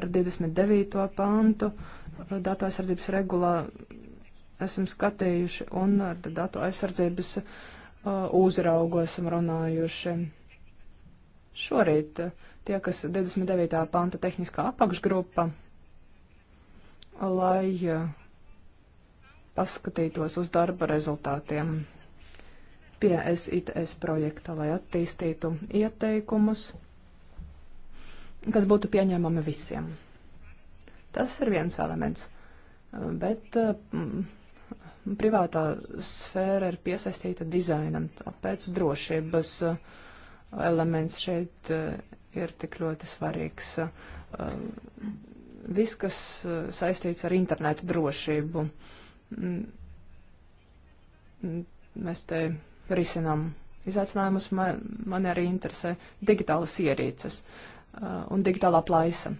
ar 29. pāntu uh, datu aizsardzības regulā esam skatījuši un ar datu aizsardzības uh, uzraugu esam runājuši. Šorīt tie, kas 29. panta tehniskā apakšgrupa, lai uh, paskatītos uz darba rezultātiem pie SITS projekta, lai attīstītu ieteikumus, kas būtu pieņemami visiem. Tas ir viens elements, bet mm, privātā sfēra ir piesaistīta dizainam, tāpēc drošības uh, elements šeit uh, ir tik ļoti svarīgs. Uh, viss, kas saistīts ar internetu drošību. Uh, Mm, mēs te risinām izaicinājumus. Man, man arī interesē digitālas ierīces uh, un digitālā plaisa.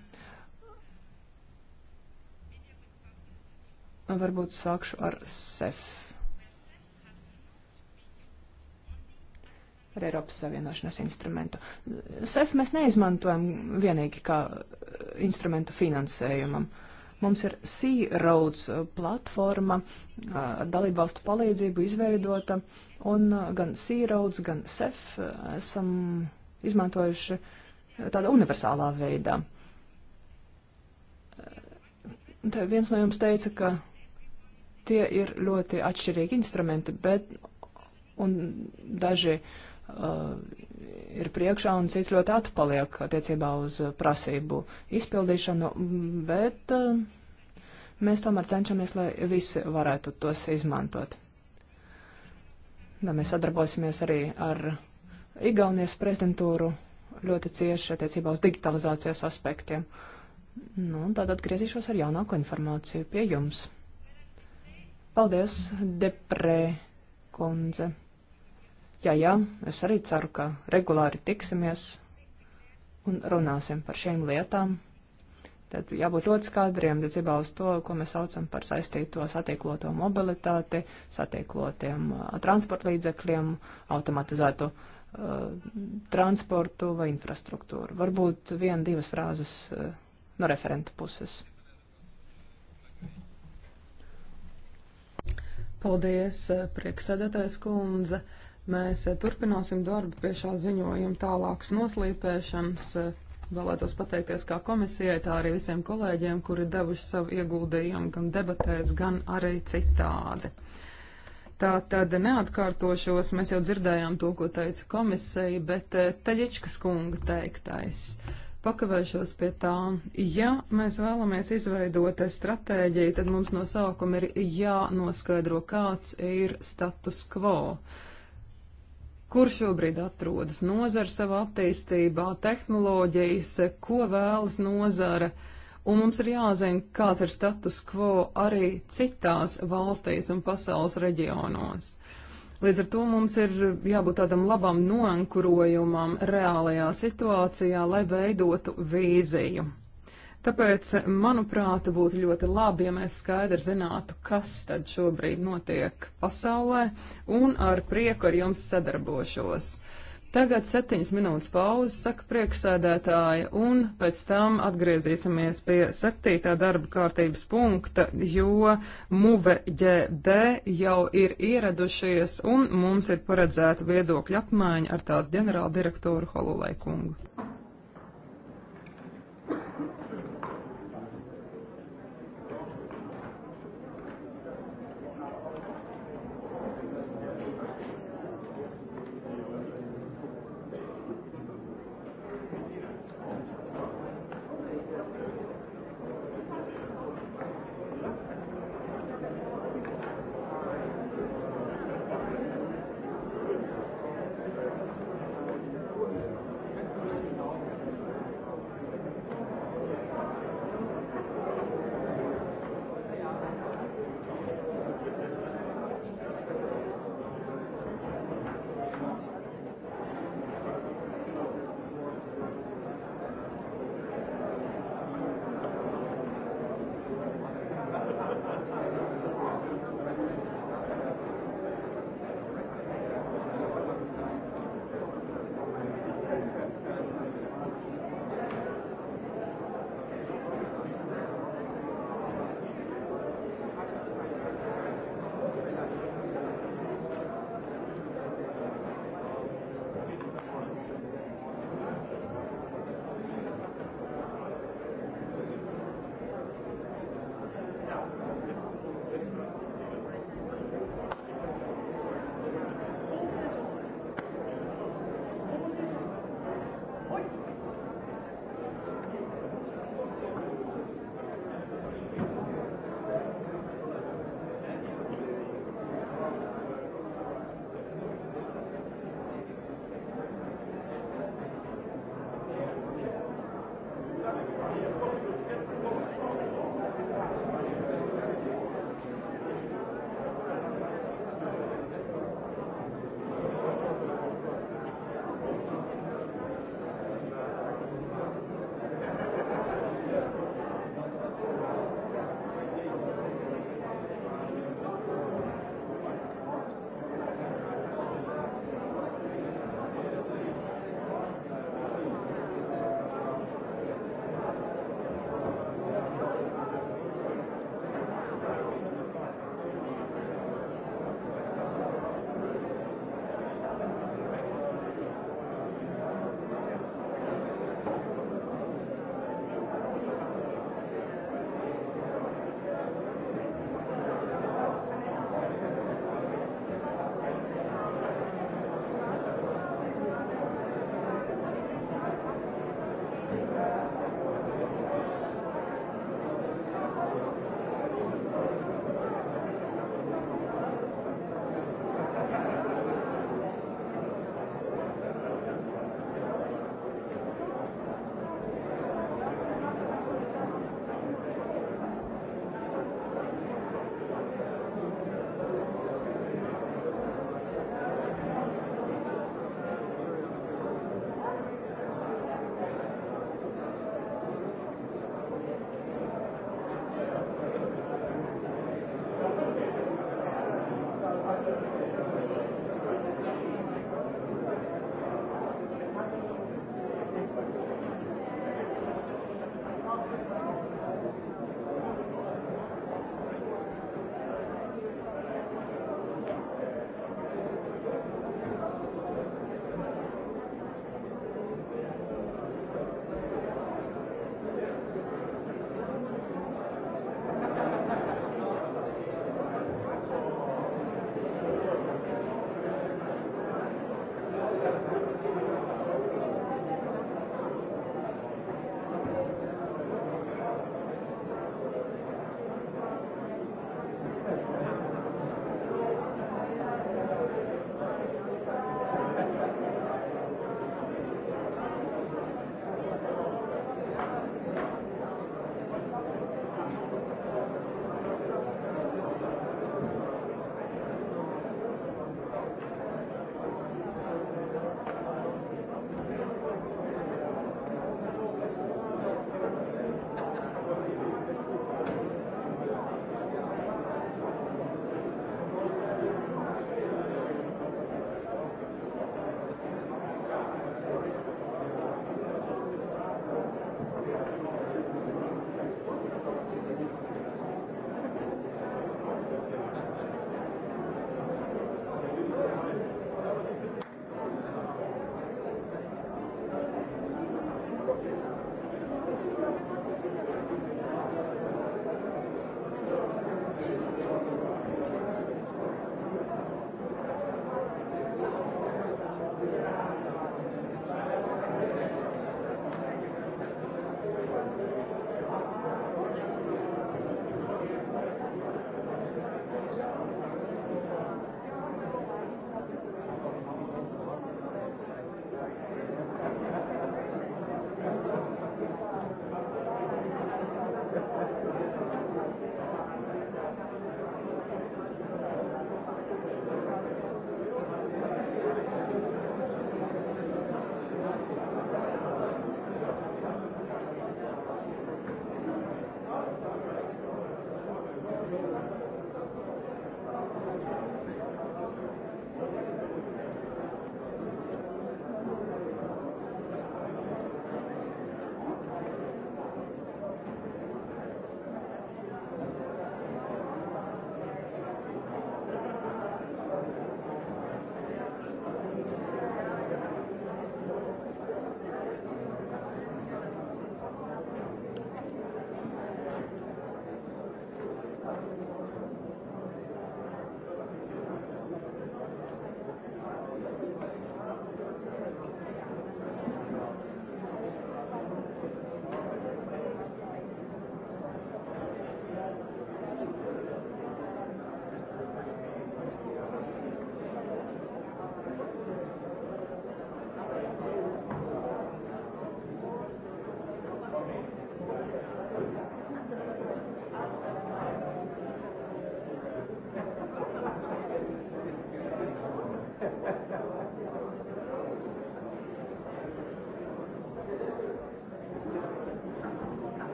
Varbūt sākšu ar SEF. Ar Eiropas Savienošanas instrumentu. SEF mēs neizmantojam vienīgi kā instrumentu finansējumam. Uh, Mums ir Sea Roads uh, platforma, uh, dalību valstu palīdzību izveidota, un uh, gan Sea Roads, gan SEF esam izmantojuši tādā universālā veidā. Te viens no jums teica, ka tie ir ļoti atšķirīgi instrumenti, bet un daži uh, uh, ir priekšā un cits ļoti atpaliek attiecībā uz prasību izpildīšanu, bet uh, mēs tomēr cenšamies, lai visi varētu tos izmantot. Da, mēs sadarbosimies arī ar Igaunijas prezidentūru ļoti cieši attiecībā uz digitalizācijas aspektiem. Nu, tad atgriezīšos ar jaunāko informāciju pie jums. Paldies, Depre kundze. Jā, jā, es arī ceru, ka regulāri tiksimies un runāsim par šīm lietām. Tad jābūt ļoti skaidriem attiecībā uz to, ko mēs saucam par saistīto satiekloto mobilitāti, satieklotiem uh, transporta līdzekļiem, automatizētu uh, transportu vai infrastruktūru. Varbūt viena, divas frāzes uh, no referenta puses. Paldies, uh, prieksēdētājs kundze. Uh, Mēs eh, turpināsim darbu pie šā ziņojuma tālākas noslīpēšanas. Eh, vēlētos pateikties kā komisijai, tā arī visiem kolēģiem, kuri devuši savu ieguldījumu gan debatēs, gan arī citādi. Tā tad neatkārtošos, mēs jau dzirdējām to, ko teica komisija, bet eh, Taļičkas kunga teiktais. Pakavēšos pie tā, ja mēs vēlamies izveidot stratēģiju, tad mums no sākuma ir jānoskaidro, kāds ir status quo. Uh, kur šobrīd atrodas nozara savā attīstībā, tehnoloģijas, ko vēlas nozara, un mums ir jāzina, kāds ir status quo arī citās valstīs un pasaules reģionos. Līdz ar to mums ir jābūt tādam labam noankurojumam reālajā situācijā, lai veidotu vīziju. Tāpēc, manuprāt, būtu ļoti labi, ja mēs skaidri zinātu, kas tad šobrīd notiek pasaulē, un ar prieku ar jums sadarbošos. Tagad septiņas minūtes pauzes, saka priekšsēdētāja, un pēc tam atgriezīsimies pie septītā darba kārtības punkta, jo MUVE ģD jau ir ieradušies, un mums ir paredzēta viedokļa apmaiņa ar tās ģenerāldirektoru Holulaikungu.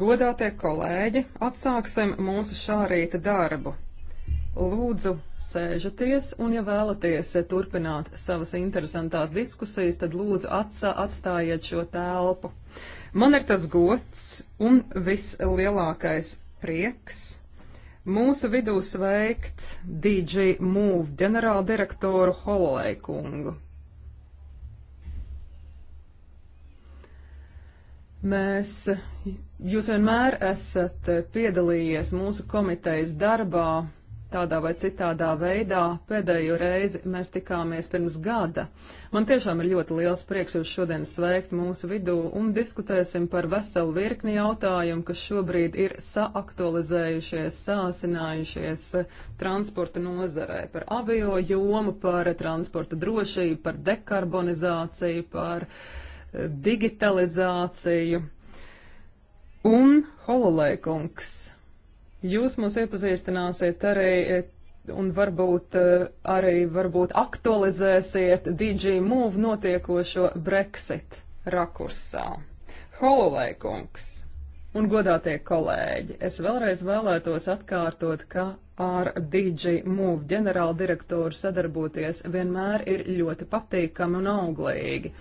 Godātie kolēģi, atsāksim mūsu šā rīta darbu. Lūdzu, sēžaties, un ja vēlaties turpināt savas interesantās diskusijas, tad lūdzu atsā, atstājiet šo telpu. Man ir tas gods un vislielākais prieks mūsu vidū sveikt DJ Move ģenerāldirektoru Hololaikungu. Mēs, jūs vienmēr esat piedalījies mūsu komitejas darbā tādā vai citādā veidā. Pēdējo reizi mēs tikāmies pirms gada. Man tiešām ir ļoti liels prieks jūs šodien sveikt mūsu vidū un diskutēsim par veselu virkni jautājumu, kas šobrīd ir saaktualizējušies, sāsinājušies transporta nozarē, par avio jomu, par transporta drošību, par dekarbonizāciju, par uh, digitalizāciju. Un Hololēkungs, jūs mūs iepazīstināsiet arī un varbūt eh, arī varbūt aktualizēsiet DG Move notiekošo Brexit rakursā. Hololēkungs un godātie kolēģi, es vēlreiz vēlētos atkārtot, ka ar DJ Move ģenerāldirektoru sadarboties vienmēr ir ļoti patīkami un auglīgi.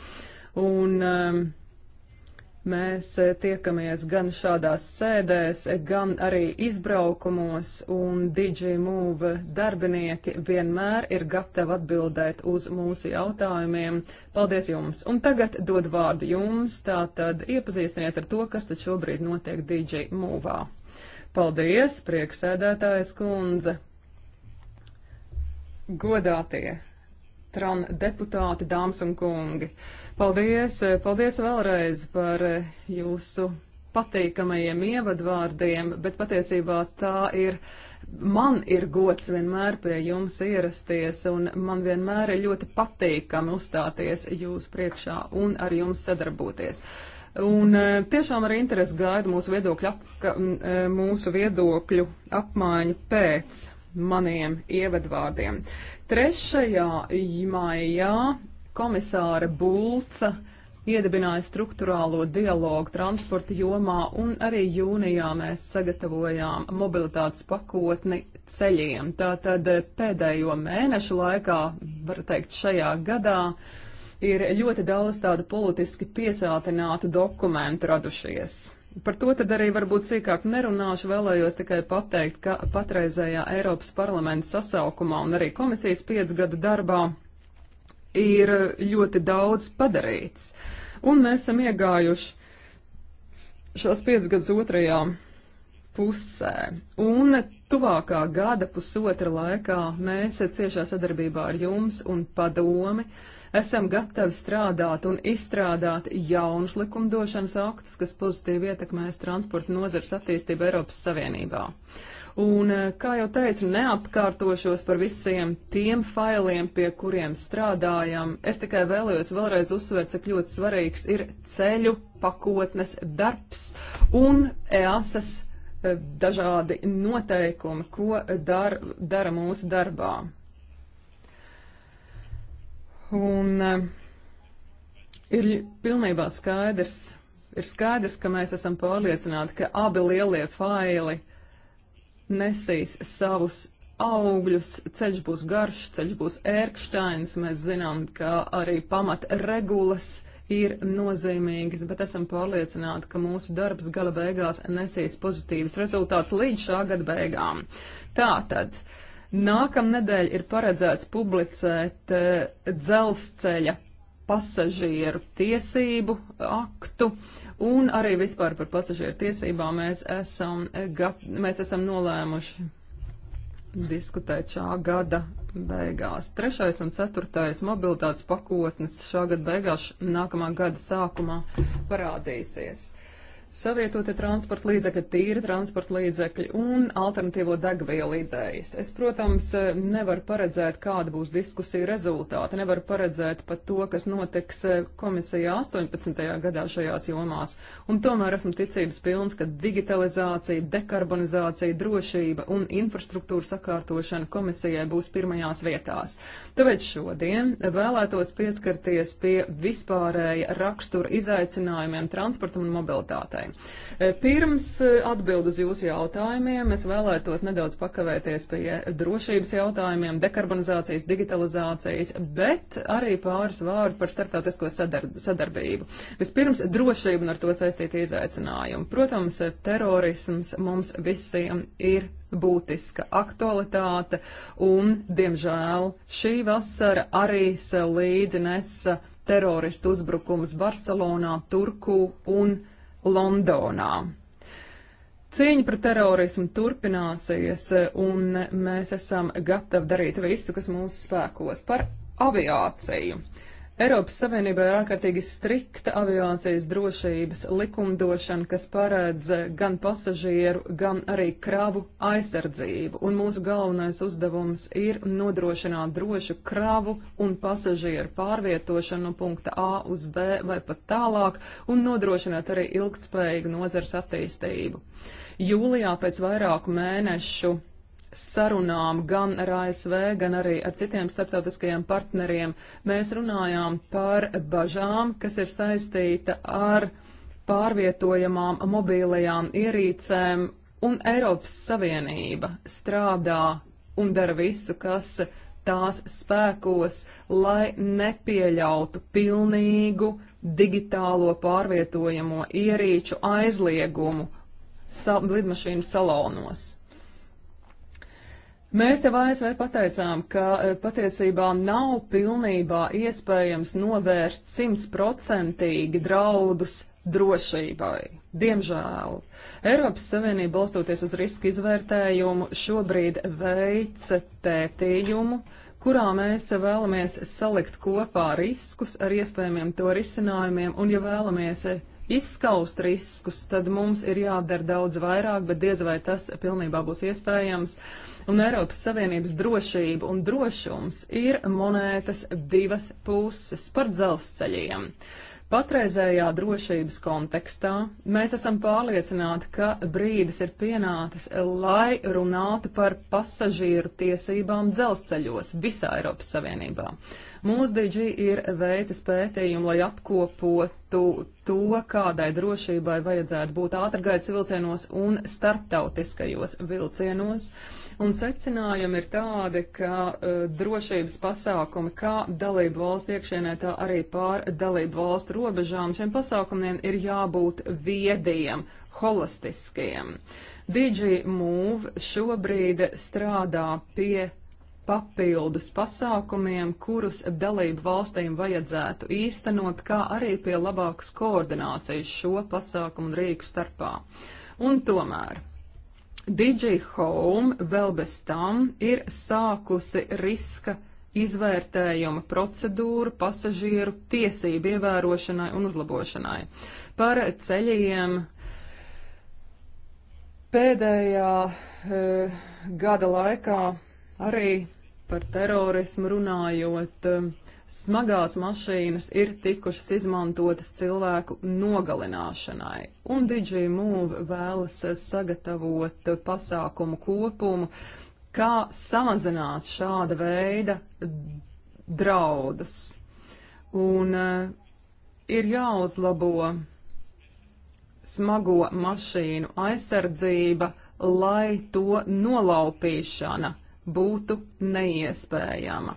Un um, mēs tiekamies gan šādās sēdēs, gan arī izbraukumos, un DigiMove darbinieki vienmēr ir gatavi atbildēt uz mūsu jautājumiem. Paldies jums! Un tagad dod vārdu jums, tātad iepazīstiniet ar to, kas tad šobrīd notiek DigiMove. Paldies, prieksēdētājas kundze! Godātie tron deputāti, dāmas un kungi. Paldies, paldies vēlreiz par jūsu patīkamajiem ievadvārdiem, bet patiesībā tā ir. Man ir gods vienmēr pie jums ierasties, un man vienmēr ir ļoti patīkami uzstāties jūsu priekšā un ar jums sadarboties. Un e, tiešām ar interesi gaidu mūsu viedokļu, apka, e, mūsu viedokļu apmaiņu pēc maniem ievadvārdiem. 3. maijā komisāra Bulca iedibināja struktūrālo dialogu transporta jomā, un arī jūnijā mēs sagatavojām mobilitātes pakotni ceļiem. Tātad pēdējo mēnešu laikā, var teikt, šajā gadā ir ļoti daudz tādu politiski piesātinātu dokumentu radušies. Par to tad arī varbūt sīkāk nerunāšu, vēlējos tikai pateikt, ka patreizējā Eiropas parlamenta sasaukumā un arī komisijas piecgada darbā ir ļoti daudz padarīts. Un mēs esam iegājuši šās piecgadas otrajā pusē. Un Tuvākā gada pusotra laikā mēs ciešā sadarbībā ar jums un padomi esam gatavi strādāt un izstrādāt jaunus likumdošanas aktus, kas pozitīvi ietekmēs transporta nozars attīstību Eiropas Savienībā. Un, eh, kā jau teicu, neatkārtošos par visiem tiem failiem, pie kuriem strādājam. Es tikai vēlējos vēlreiz uzsvērt, cik ļoti svarīgs ir ceļu pakotnes darbs un EASAS dažādi noteikumi, ko dar, dara mūsu darbā. Un eh, ir pilnībā skaidrs, ir skaidrs, ka mēs esam pārliecināti, ka abi lielie faili nesīs savus augļus, ceļš būs garš, ceļš būs ērkšķains, mēs zinām, ka arī pamat regulas ir nozīmīgas, bet esam pārliecināti, ka mūsu darbs gala beigās nesīs pozitīvus rezultātus līdz šā gada beigām. Tātad. Nākamnedēļ ir paredzēts publicēt e, dzelzceļa pasažieru tiesību aktu, un arī vispār par pasažieru tiesībām mēs esam, e, ga, mēs esam nolēmuši diskutēt šā gada beigās. Trešais un ceturtais mobilitātes pakotnes šā gada beigās, nākamā gada sākumā parādīsies. Savietota transporta līdzekļa, tīra transporta līdzekļa un alternatīvo degvielu idejas. Es, protams, nevaru paredzēt, kāda būs diskusija rezultāti, nevaru paredzēt pat to, kas notiks eh, komisijā 18. gadā šajās jomās. Un tomēr esmu ticības pilns, ka digitalizācija, dekarbonizācija, drošība un infrastruktūra sakārtošana komisijai būs pirmajās vietās. Tāpēc šodien vēlētos pieskarties pie vispārēja rakstura izaicinājumiem transportam un mobilitātei debatai. Eh, pirms eh, atbild uz jūsu jautājumiem, es vēlētos nedaudz pakavēties pie drošības jautājumiem, dekarbonizācijas, digitalizācijas, bet arī pāris vārdu par starptautisko sadarb sadarbību. Vispirms drošība un ar to saistīti izaicinājumi. Protams, terorisms mums visiem ir būtiska aktualitāte, un, diemžēl, šī vasara arī sev līdzi nesa teroristu uzbrukums Barcelonā, Turku un Londonā. Cīņa pret terorismu turpināsies, un mēs esam gatavi darīt visu, kas mūsu spēkos par aviāciju. Eiropas Savienībā ir ārkārtīgi strikta aviācijas drošības likumdošana, kas paredz gan pasažieru, gan arī kravu aizsardzību, un mūsu galvenais uzdevums ir nodrošināt drošu kravu un pasažieru pārvietošanu no punkta A uz B vai pat tālāk, un nodrošināt arī ilgtspējīgu nozars attīstību. Jūlijā pēc vairāku mēnešu sarunām gan ar ASV, gan arī ar citiem starptautiskajiem partneriem, mēs runājām par bažām, kas ir saistīta ar pārvietojamām mobīlajām ierīcēm, un Eiropas Savienība strādā un dara visu, kas tās spēkos, lai nepieļautu pilnīgu digitālo pārvietojamo ierīču aizliegumu sa lidmašīnu salonos. Mēs jau ASV pateicām, ka e, patiesībā nav pilnībā iespējams novērst simtprocentīgi draudus drošībai. Diemžēl Eiropas Savienība balstoties uz riska izvērtējumu šobrīd veic pētījumu, kurā mēs vēlamies salikt kopā riskus ar iespējamiem to risinājumiem un, ja vēlamies izskaust riskus, tad mums ir jādara daudz vairāk, bet diez vai tas pilnībā būs iespējams. Uh, Un Eiropas Savienības drošība un drošums ir monētas divas puses par dzelzceļiem. Patreizējā drošības kontekstā mēs esam pārliecināti, ka brīdis ir pienācis, lai runātu par pasažieru tiesībām dzelzceļos visā Eiropas Savienībā. Mūsu DG ir veicis pētījumu, lai apkopotu to, kādai drošībai vajadzētu būt ātrgaitas vilcienos un starptautiskajos vilcienos. Uh, Un secinājumi ir tādi, ka uh, drošības pasākumi kā dalību valstu iekšienē, tā arī pār dalību valstu robežām šiem pasākumiem ir jābūt viediem, holistiskiem. DJ Move šobrīd strādā pie papildus pasākumiem, kurus dalību valstīm vajadzētu īstenot, kā arī pie labākas koordinācijas šo pasākumu un rīku starpā. Un tomēr Digi Home vēl bez tam ir sākusi riska izvērtējuma procedūru pasažieru tiesību ievērošanai un uzlabošanai. Par ceļiem pēdējā e, gada laikā arī par terorismu runājot. E, smagās mašīnas ir tikušas izmantotas cilvēku nogalināšanai, un DigiMove vēlas sagatavot pasākumu kopumu, kā samazināt šāda veida draudus. Un uh, ir jāuzlabo smago mašīnu aizsardzība, lai to nolaupīšana būtu neiespējama.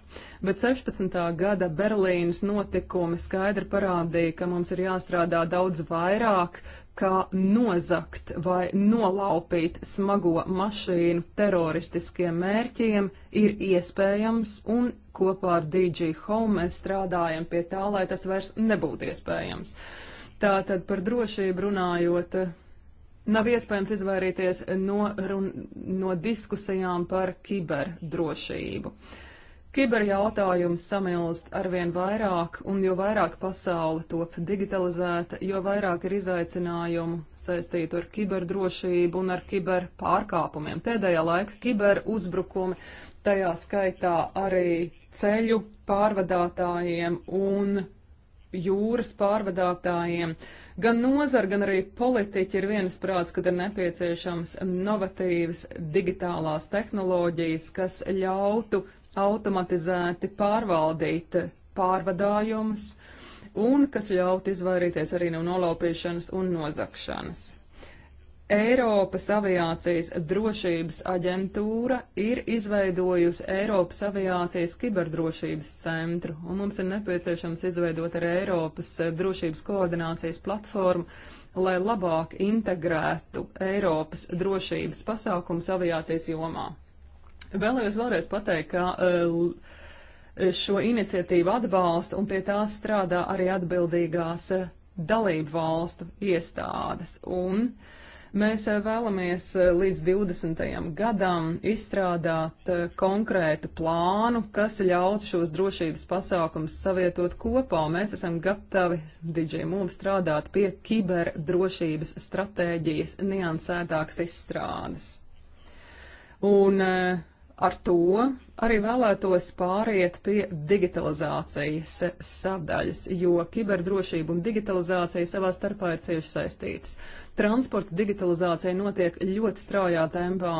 Bet 16. gada Berlīnas notikumi skaidri parādīja, ka mums ir jāstrādā daudz vairāk, kā nozakt vai nolaupīt smago mašīnu teroristiskiem mērķiem ir iespējams, un kopā ar DG Home mēs strādājam pie tā, lai tas vairs nebūtu iespējams. Tātad par drošību runājot, nav iespējams izvairīties no, run, no diskusijām par kiberdrošību. Kiberjautājums samilst arvien vairāk, un jo vairāk pasaule top digitalizēta, jo vairāk ir izaicinājumu saistītu ar kiberdrošību un ar kiberpārkāpumiem. Pēdējā laika kiberuzbrukumi, tajā skaitā arī ceļu pārvadātājiem un jūras pārvadātājiem. Gan nozar, gan arī politiķi ir viensprāts, ka ir nepieciešams novatīvas digitālās tehnoloģijas, kas ļautu automatizēti pārvaldīt pārvadājumus un kas ļautu izvairīties arī no nolaupīšanas un nozakšanas. Eiropas aviācijas drošības aģentūra ir izveidojusi Eiropas aviācijas kiberdrošības centru, un mums ir nepieciešams izveidot ar Eiropas eh, drošības koordinācijas platformu, lai labāk integrētu Eiropas drošības pasākums aviācijas jomā. Vēlējos vēlreiz pateikt, ka eh, šo iniciatīvu atbalsta un pie tās strādā arī atbildīgās eh, dalību valstu iestādes. Un, uh, Mēs eh, vēlamies eh, līdz 20. gadam izstrādāt eh, konkrētu plānu, kas ļautu šos drošības pasākums savietot kopā. Mēs esam gatavi DigiMove strādāt pie kiberdrošības stratēģijas niansētākas izstrādes. Un ar to arī vēlētos pāriet pie digitalizācijas sadaļas, jo kiberdrošība un digitalizācija savā starpā ir cieši saistītas. Transporta digitalizācija notiek ļoti straujā tempā,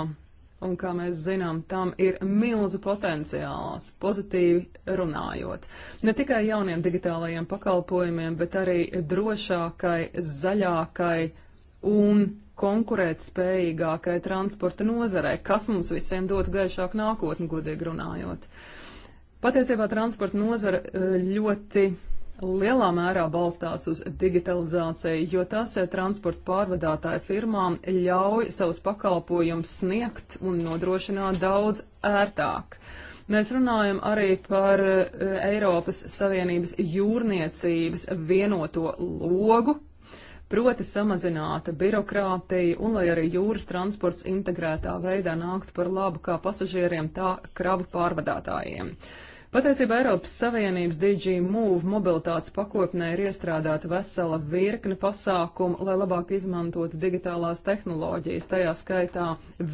un, kā mēs zinām, tam ir milzu potenciāls, pozitīvi runājot. Ne tikai jauniem digitālajiem pakalpojumiem, bet arī drošākai, zaļākai un konkurētspējīgākai transporta nozarei, kas mums visiem dot gaišāku nākotni, godīgi runājot. Patiesībā transporta nozara eh, ļoti lielā mērā balstās uz digitalizāciju, jo tas eh, transporta pārvadātāju firmām ļauj savus pakalpojumus sniegt un nodrošināt daudz ērtāk. Mēs runājam arī par eh, Eiropas Savienības jūrniecības vienoto logu, proti samazināta birokrātija un lai arī jūras transports integrētā veidā nāktu par labu kā pasažieriem, tā kravu pārvadātājiem. Uh, Patiesībā Eiropas Savienības DG Move mobilitātes pakotnē ir iestrādāta vesela virkne pasākumu, lai labāk izmantotu digitālās tehnoloģijas, tajā skaitā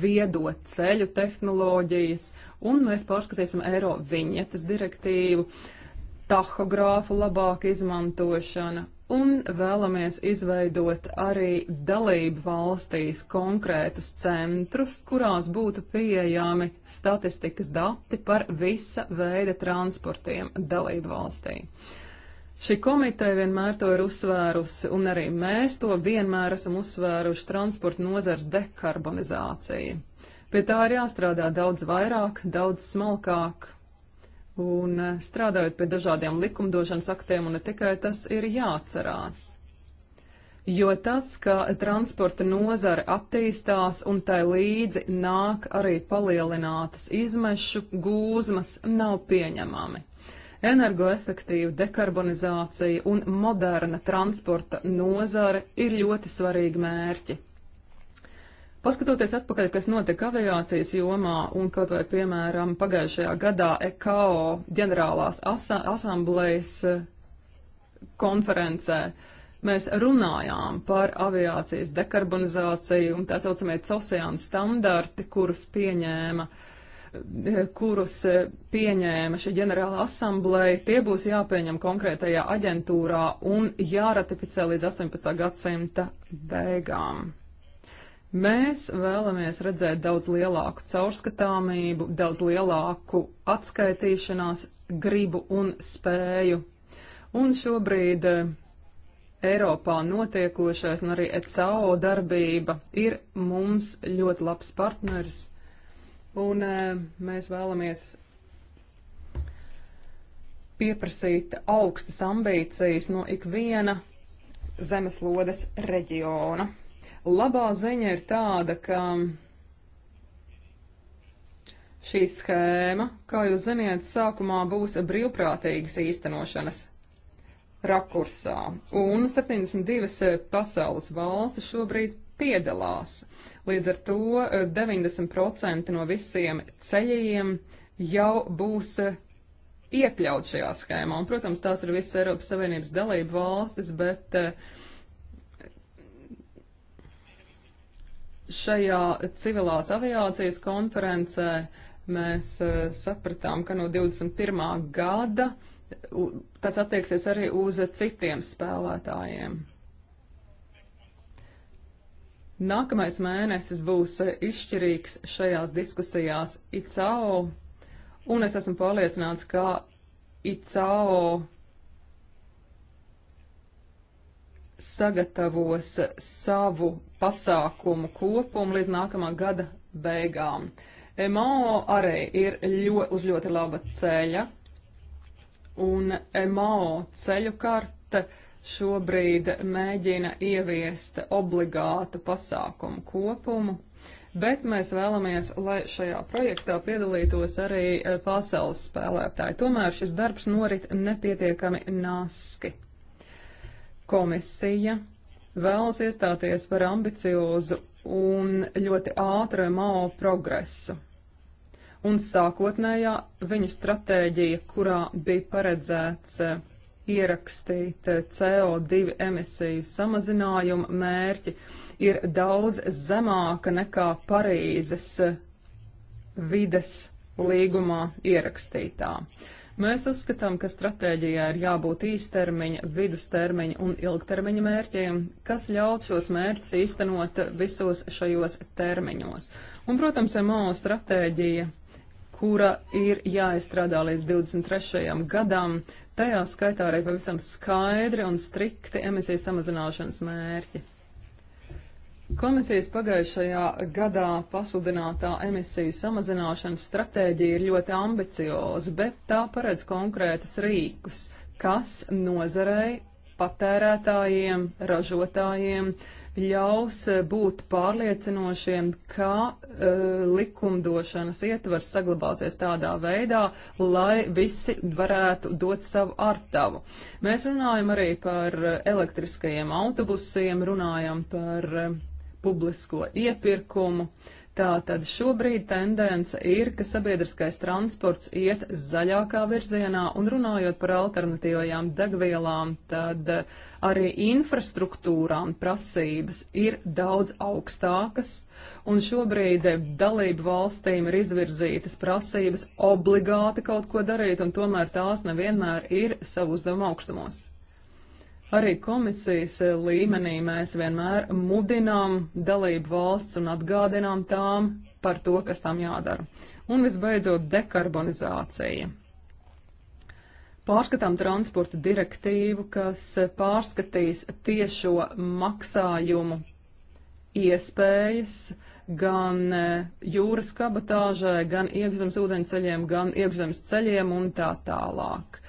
viedo ceļu tehnoloģijas, un mēs pārskatīsim Eiro viņetes direktīvu tahogrāfu labāka izmantošana un vēlamies izveidot arī dalību valstīs konkrētus centrus, kurās būtu pieejami statistikas dati par visa veida transportiem dalību valstī. Šī komiteja vienmēr to ir uzsvērusi, un arī mēs to vienmēr esam uzsvēruši transporta nozars dekarbonizāciju. Pie tā ir jāstrādā daudz vairāk, daudz smalkāk, Un eh, strādājot pie dažādiem likumdošanas aktiem, un ne tikai tas ir jāatcerās. Jo tas, ka transporta nozare attīstās un tai līdzi nāk arī palielinātas izmešu gūzmas, nav pieņemami. Energoefektīva dekarbonizācija un moderna transporta nozare ir ļoti svarīgi mērķi. Paskatoties atpakaļ, kas notika aviācijas jomā un kaut vai, piemēram, pagājušajā gadā EKO ģenerālās asa asamblejas eh, konferencē, mēs runājām par aviācijas dekarbonizāciju un tā saucamie sociāni standarti, kurus pieņēma eh, kurus eh, pieņēma šī ģenerāla asambleja, tie būs jāpieņem konkrētajā aģentūrā un jāratificē līdz 18. gadsimta beigām. Mēs vēlamies redzēt daudz lielāku caurskatāmību, daudz lielāku atskaitīšanās gribu un spēju. Un šobrīd eh, Eiropā notiekošais un arī ECAO darbība ir mums ļoti labs partneris. Un eh, mēs vēlamies pieprasīt augstas ambīcijas no ikviena zemeslodes reģiona. Labā ziņa ir tāda, ka šī schēma, kā jūs ziniet, sākumā būs brīvprātīgas īstenošanas rakursā, un 72 eh, pasaules valstis šobrīd piedalās. Līdz ar to 90% eh, no visiem ceļiem jau būs eh, iekļaut šajā schēmā. Un, protams, tās ir visas Eiropas Savienības dalība valstis, bet uh, Šajā civilās aviācijas konferencē mēs uh, sapratām, ka no 21. gada tas attieksies arī uz citiem spēlētājiem. Nākamais mēnesis būs e, izšķirīgs šajās diskusijās ICAO, un es esmu pārliecināts, ka ICAO sagatavos savu pasākumu kopumu līdz nākamā gada beigām. MO arī ir ļo, uz ļoti laba ceļa, un MO ceļu karte šobrīd mēģina ieviest obligātu pasākumu kopumu, bet mēs vēlamies, lai šajā projektā piedalītos arī eh, pasaules spēlētāji. Tomēr šis darbs norit nepietiekami naski komisija vēlas iestāties par ambiciozu un ļoti ātru MAO progresu. Un sākotnējā viņa stratēģija, kurā bija paredzēts eh, ierakstīt eh, CO2 emisiju samazinājumu mērķi, ir daudz zemāka nekā Parīzes eh, vides līgumā ierakstītā. Mēs uzskatām, ka stratēģijā ir jābūt īstermiņa, vidustermiņa un ilgtermiņa mērķiem, kas ļaut šos mērķus īstenot visos šajos termiņos. Un, protams, MO stratēģija kura ir jāizstrādā līdz 23. gadam, tajā skaitā arī pavisam skaidri un strikti emisiju samazināšanas mērķi. Komisijas pagājušajā gadā pasludinātā emisiju samazināšanas stratēģija ir ļoti ambicioza, bet tā paredz konkrētus rīkus, kas nozarei, patērētājiem, ražotājiem ļaus būt pārliecinošiem, ka e, likumdošanas ietvars saglabāsies tādā veidā, lai visi varētu dot savu artavu. Mēs runājam arī par elektriskajiem autobusiem, runājam par e, publisko iepirkumu. Tātad šobrīd tendence ir, ka sabiedriskais transports iet zaļākā virzienā, un runājot par alternatīvajām degvielām, tad arī infrastruktūrām prasības ir daudz augstākas, un šobrīd dalību valstīm ir izvirzītas prasības obligāti kaut ko darīt, un tomēr tās nevienmēr ir savu uzdevumu augstumos. Arī komisijas eh, līmenī mēs vienmēr mudinām dalību valsts un atgādinām tām par to, kas tam jādara. Un visbeidzot, dekarbonizācija. Pārskatām transporta direktīvu, kas pārskatīs tiešo maksājumu iespējas gan eh, jūras kabatāžai, gan iekšzemes ūdeņceļiem, gan iekšzemes ceļiem un tā tālāk.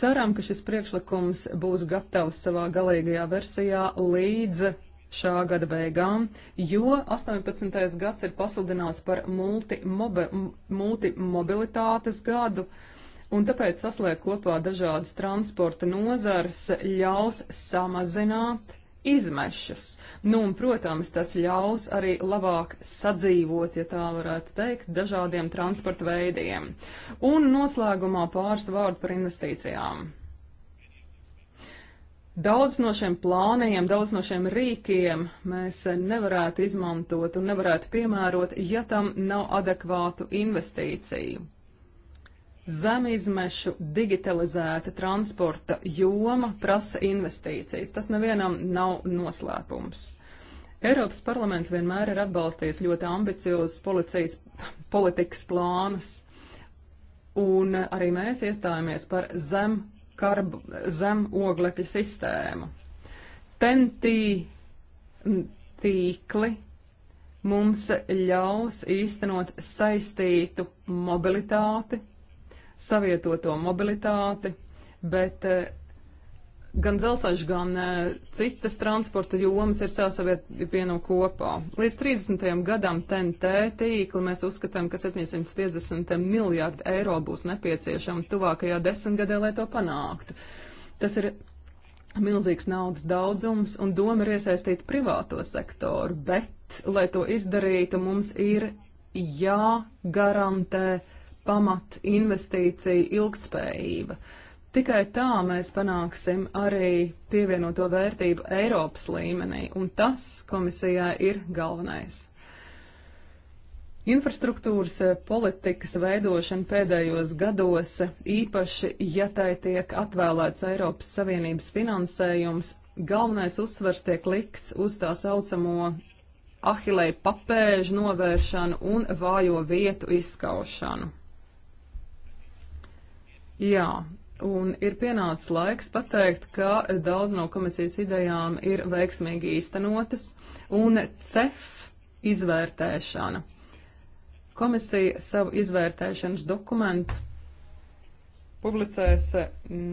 Ceram, ka šis priekšlikums būs gatavs savā galīgajā versijā līdz šā gada beigām, jo 18. gads ir pasludināts par multimobilitātes multi gadu, un tāpēc saslēgt kopā dažādas transporta nozars ļaus samazināt izmešus. Nu, un, protams, tas ļaus arī labāk sadzīvot, ja tā varētu teikt, dažādiem transporta veidiem. Un noslēgumā pāris vārdu par investīcijām. Daudz no šiem plāniem, daudz no šiem rīkiem mēs nevarētu izmantot un nevarētu piemērot, ja tam nav adekvātu investīciju. Zemizmešu digitalizēta transporta joma prasa investīcijas. Tas nevienam nav noslēpums. Eiropas parlaments vienmēr ir atbalstījis ļoti ambiciozus policijas politikas plānus, un arī mēs iestājāmies par zem, karb, zem oglekļa sistēmu. Tentī tīkli mums ļaus īstenot saistītu mobilitāti savietoto mobilitāti, bet eh, gan dzelzceļš, gan eh, citas transporta jomas ir sasavietojami kopā. Līdz 30. gadam TNT tīkli mēs uzskatām, ka 750 miljārdi eiro būs nepieciešama tuvākajā desmitgadē, lai to panāktu. Tas ir milzīgs naudas daudzums, un doma ir iesaistīt privāto sektoru, bet, lai to izdarītu, mums ir jāgarantē. Ja pamat investīcija ilgtspējība. Tikai tā mēs panāksim arī pievienoto vērtību Eiropas līmenī, un tas komisijā ir galvenais. Infrastruktūras eh, politikas veidošana pēdējos gados, eh, īpaši, ja tai tiek atvēlēts Eiropas Savienības finansējums, galvenais uzsvers tiek likts uz tā saucamo ahilēju papēžu novēršanu un vājo vietu izskaušanu. Jā, un ir pienācis laiks pateikt, ka daudz no komisijas idejām ir veiksmīgi īstenotas, un CEF izvērtēšana. Komisija savu izvērtēšanas dokumentu publicēs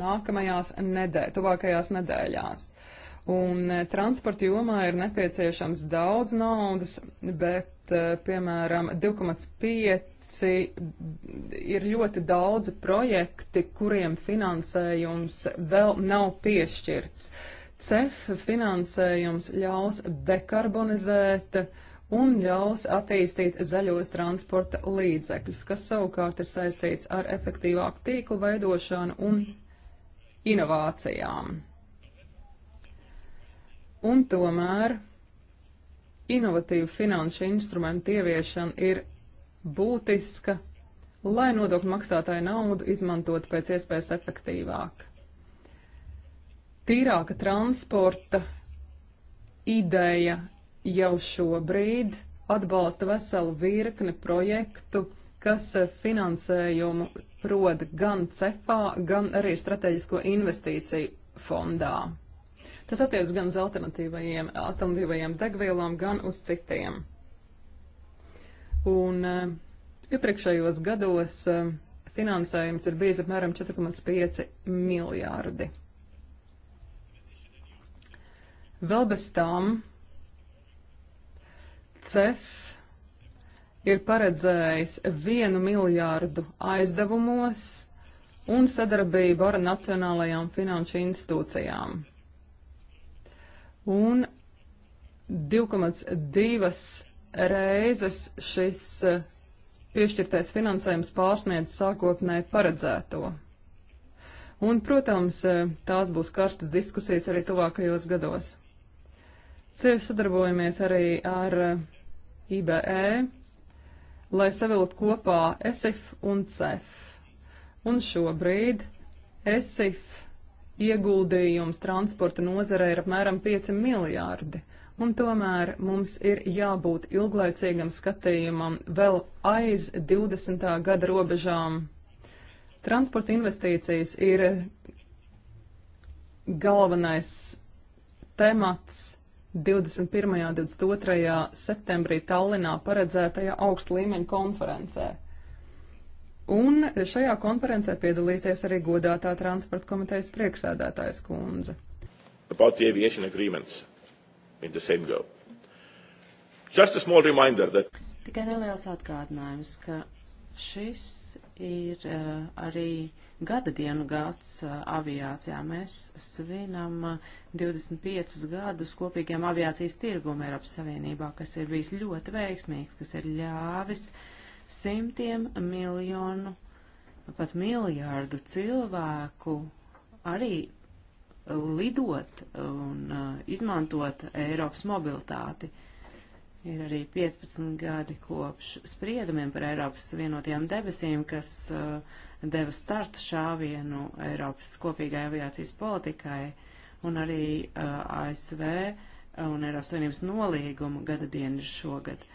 nākamajās nedēļ, tuvākajās nedēļās. Un e, transporta jomā ir nepieciešams daudz naudas, bet, e, piemēram, 2,5 ir ļoti daudzi projekti, kuriem finansējums vēl nav piešķirts. CEF finansējums ļaus dekarbonizēt un ļaus attīstīt zaļos transporta līdzekļus, kas savukārt ir saistīts ar efektīvāku tīklu veidošanu un inovācijām un tomēr inovatīvu finanšu instrumentu ieviešana ir būtiska, lai nodokļu maksātāju naudu izmantot pēc iespējas efektīvāk. Tīrāka transporta ideja jau šobrīd atbalsta veselu virkni projektu, kas finansējumu rod gan CEFā, gan arī strateģisko investīciju fondā. Tas attiec gan uz alternatīvajiem, alternatīvajiem degvielām, gan uz citiem. Un eh, iepriekšējos gados eh, finansējums ir bijis apmēram 4,5 miljārdi. Vēl bez tam CEF ir paredzējis vienu miljārdu aizdevumos un sadarbību ar nacionālajām finanšu institūcijām un 2,2 reizes šis eh, piešķirtais finansējums pārsniedz sākotnēji paredzēto. Un, protams, eh, tās būs karstas diskusijas arī tuvākajos gados. Cieši sadarbojamies arī ar eh, IBE, lai savilkt kopā ESIF un CEF. Un šobrīd ESIF ieguldījums transporta nozarē ir apmēram 5 miljārdi. Un tomēr mums ir jābūt ilglaicīgam skatījumam vēl aiz 20. gada robežām. Transporta investīcijas ir galvenais temats 21. un 22. septembrī Tallinā paredzētajā augsta līmeņa konferencē. Un šajā konferencē piedalīsies arī godātā transporta komitejas priekšsēdētājs kundze. About the aviation agreements in the same go. Just a small reminder that. Tikai neliels atgādinājums, ka šis ir uh, arī gada dienu gads uh, aviācijā. Mēs svinam uh, eh, 25 gadus kopīgiem aviācijas tirgumu Eiropas Savienībā, kas ir bijis ļoti veiksmīgs, kas ir ļāvis uh, simtiem miljonu, pat miljārdu cilvēku arī lidot un uh, izmantot Eiropas mobilitāti. Ir arī 15 gadi kopš spriedumiem par Eiropas vienotajām debesīm, kas uh, deva startu šāvienu Eiropas kopīgai aviācijas politikai un arī uh, ASV un Eiropas Savienības nolīguma gada dienu šogad.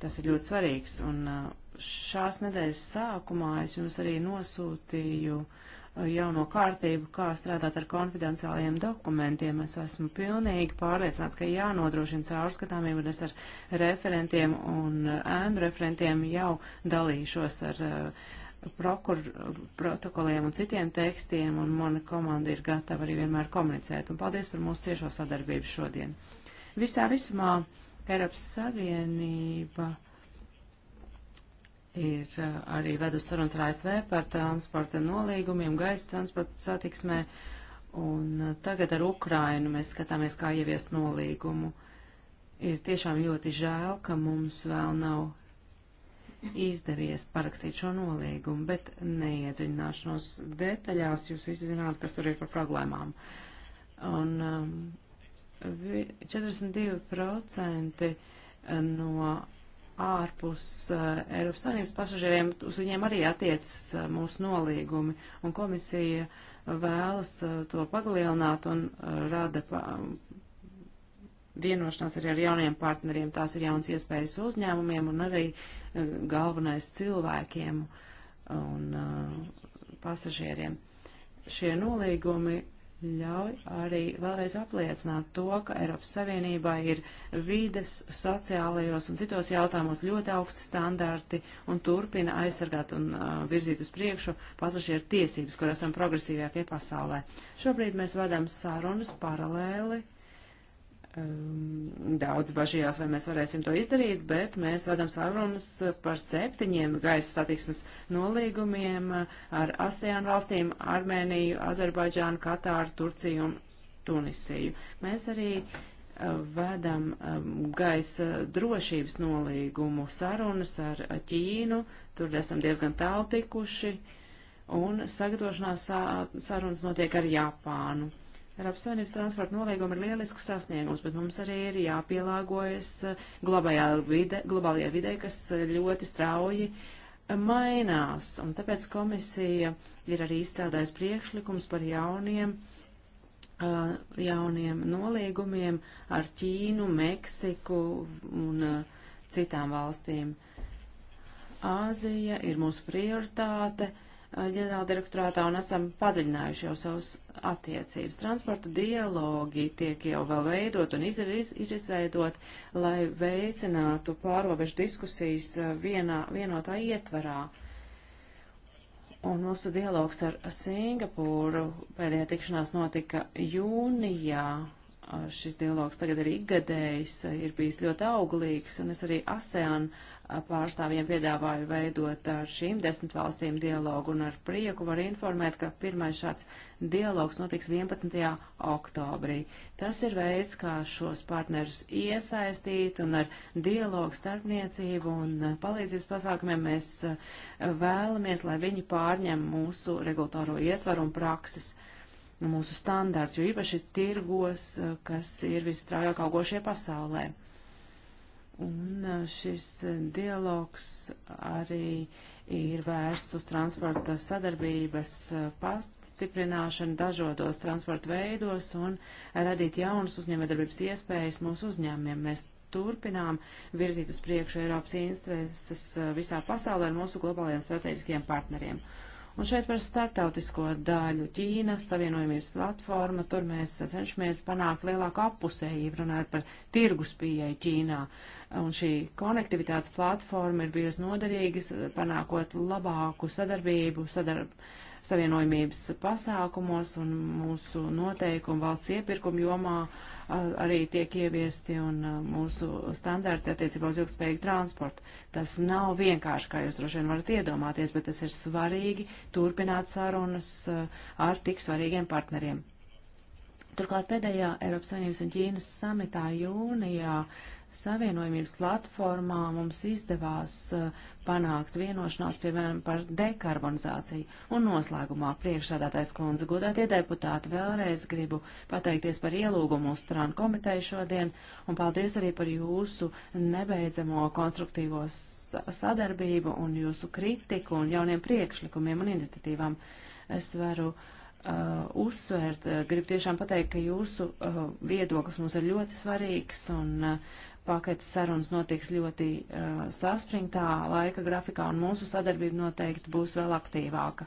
Tas ir ļoti svarīgs. Un uh, šās nedēļas sākumā es jums arī nosūtīju uh, jauno kārtību, kā strādāt ar konfidenciālajiem dokumentiem. Es esmu pilnīgi pārliecināts, ka jānodrošina caurskatāmību, un es ar referentiem un uh, ēnu referentiem jau dalīšos ar uh, prokur, protokoliem un citiem tekstiem, un mana komanda ir gatava arī vienmēr komunicēt. Un paldies par mūsu ciešo sadarbību šodien. Visā visumā Eiropas Savienība ir uh, arī vedus sarunas ar ASV par transporta nolīgumiem, gaisa transporta satiksmē, un uh, tagad ar Ukrainu mēs skatāmies, kā ieviest nolīgumu. Ir tiešām ļoti žēl, ka mums vēl nav izdevies parakstīt šo nolīgumu, bet neiedziļināšanos detaļās jūs visi zināt, kas tur ir par problēmām. Un um, 42% eh, no ārpus eh, Eiropas Savienības pasažieriem, uz viņiem arī attiecas eh, mūsu nolīgumi, un komisija vēlas to paglielināt un rada pa, vienošanās arī ar jauniem partneriem. Tās ir jauns iespējas uzņēmumiem un arī galvenais cilvēkiem un pasažieriem. Šie nolīgumi ļauj arī vēlreiz apliecināt to, ka Eiropas Savienībā ir vides, sociālajos un citos jautājumos ļoti augsti standarti un turpina aizsargāt un uh, virzīt uz priekšu pasažieru tiesības, kur esam progresīvākie pasaulē. Šobrīd mēs vedam sarunas paralēli uh, um, daudz bažījās, vai mēs varēsim to izdarīt, bet mēs vedam sarunas par septiņiem gaisa satiksmes nolīgumiem ar ASEAN valstīm - Armēniju, Azerbaidžānu, Katāru, Turciju un Tunisiju. Mēs arī uh, vedam um, gaisa drošības nolīgumu sarunas ar Ķīnu, tur esam diezgan tālu tikuši. Un sagatavošanās sā, sarunas notiek ar Japānu. Eiropas Savienības transporta nolīguma ir lielisks sasniegums, bet mums arī ir jāpielāgojas eh, vide, globālajai videi, kas eh, ļoti strauji eh, mainās. Un tāpēc komisija ir arī izstrādājusi priekšlikums par jauniem, jauniem nolīgumiem ar Ķīnu, Meksiku un citām valstīm. Āzija ir mūsu prioritāte. Uh, ģenerāldirektorātā un esam padziļinājuši jau savus attiecības. Transporta dialogi tiek jau vēl veidot un ir iz, iz, izveidot, lai veicinātu pārobežu diskusijas uh, vienā, vienotā ietverā. Un mūsu dialogs ar Singapūru pēdējā tikšanās notika jūnijā. Uh, šis dialogs tagad ir ikgadējs, uh, ir bijis ļoti auglīgs, un es arī ASEANu pārstāvjiem piedāvāju veidot ar šīm desmit valstīm dialogu un ar prieku var informēt, ka pirmais šāds dialogs notiks 11. oktobrī. Tas ir veids, kā šos partnerus iesaistīt un ar dialogu starpniecību un palīdzības pasākumiem mēs eh, vēlamies, lai viņi pārņem mūsu regulatoro ietvaru un prakses mūsu standārts, jo īpaši tirgos, eh, kas ir visstraujāk augošie pasaulē. Un šis dialogs arī ir vērsts uz transporta sadarbības pastiprināšanu dažādos transporta veidos un radīt jaunas uzņēmējdarbības iespējas mūsu uzņēmumiem. Mēs turpinām virzīt uz priekšu Eiropas intereses visā pasaulē ar mūsu globālajiem strateģiskajiem partneriem. Uh, Un šeit par startautisko daļu Ķīna, savienojumības platforma, tur mēs cenšamies panākt lielāku appusējību, runājot par tirgus pieeju Ķīnā. Un šī konektivitātes platforma ir bijusi noderīga, panākot labāku sadarbību, sadarb savienojumības pasākumos un mūsu noteikumu valsts iepirkumu jomā uh, arī tiek ieviesti un mūsu standarti attiecībā uz ilgspējīgu transportu. Tas nav vienkārši, kā jūs droši vien varat iedomāties, bet tas ir svarīgi turpināt sarunas ar tik svarīgiem partneriem. Turklāt pēdējā Eiropas Savienības un Ķīnas samitā jūnijā uh, savienojumības platformā mums izdevās eh, panākt vienošanos, piemēram, par dekarbonizāciju. Un noslēgumā priekšsādātais kundze godātie deputāti vēlreiz gribu pateikties par ielūgumu uz Trānu komiteju šodien un paldies arī par jūsu nebeidzamo konstruktīvo sadarbību un jūsu kritiku un jauniem priekšlikumiem un iniciatīvām. Es varu Uh, uzsvērt, uh, gribu tiešām pateikt, ka jūsu uh, viedoklis mums ir ļoti svarīgs un paketes sarunas notiks ļoti uh, saspringtā laika grafikā, un mūsu sadarbība noteikti būs vēl aktīvāka.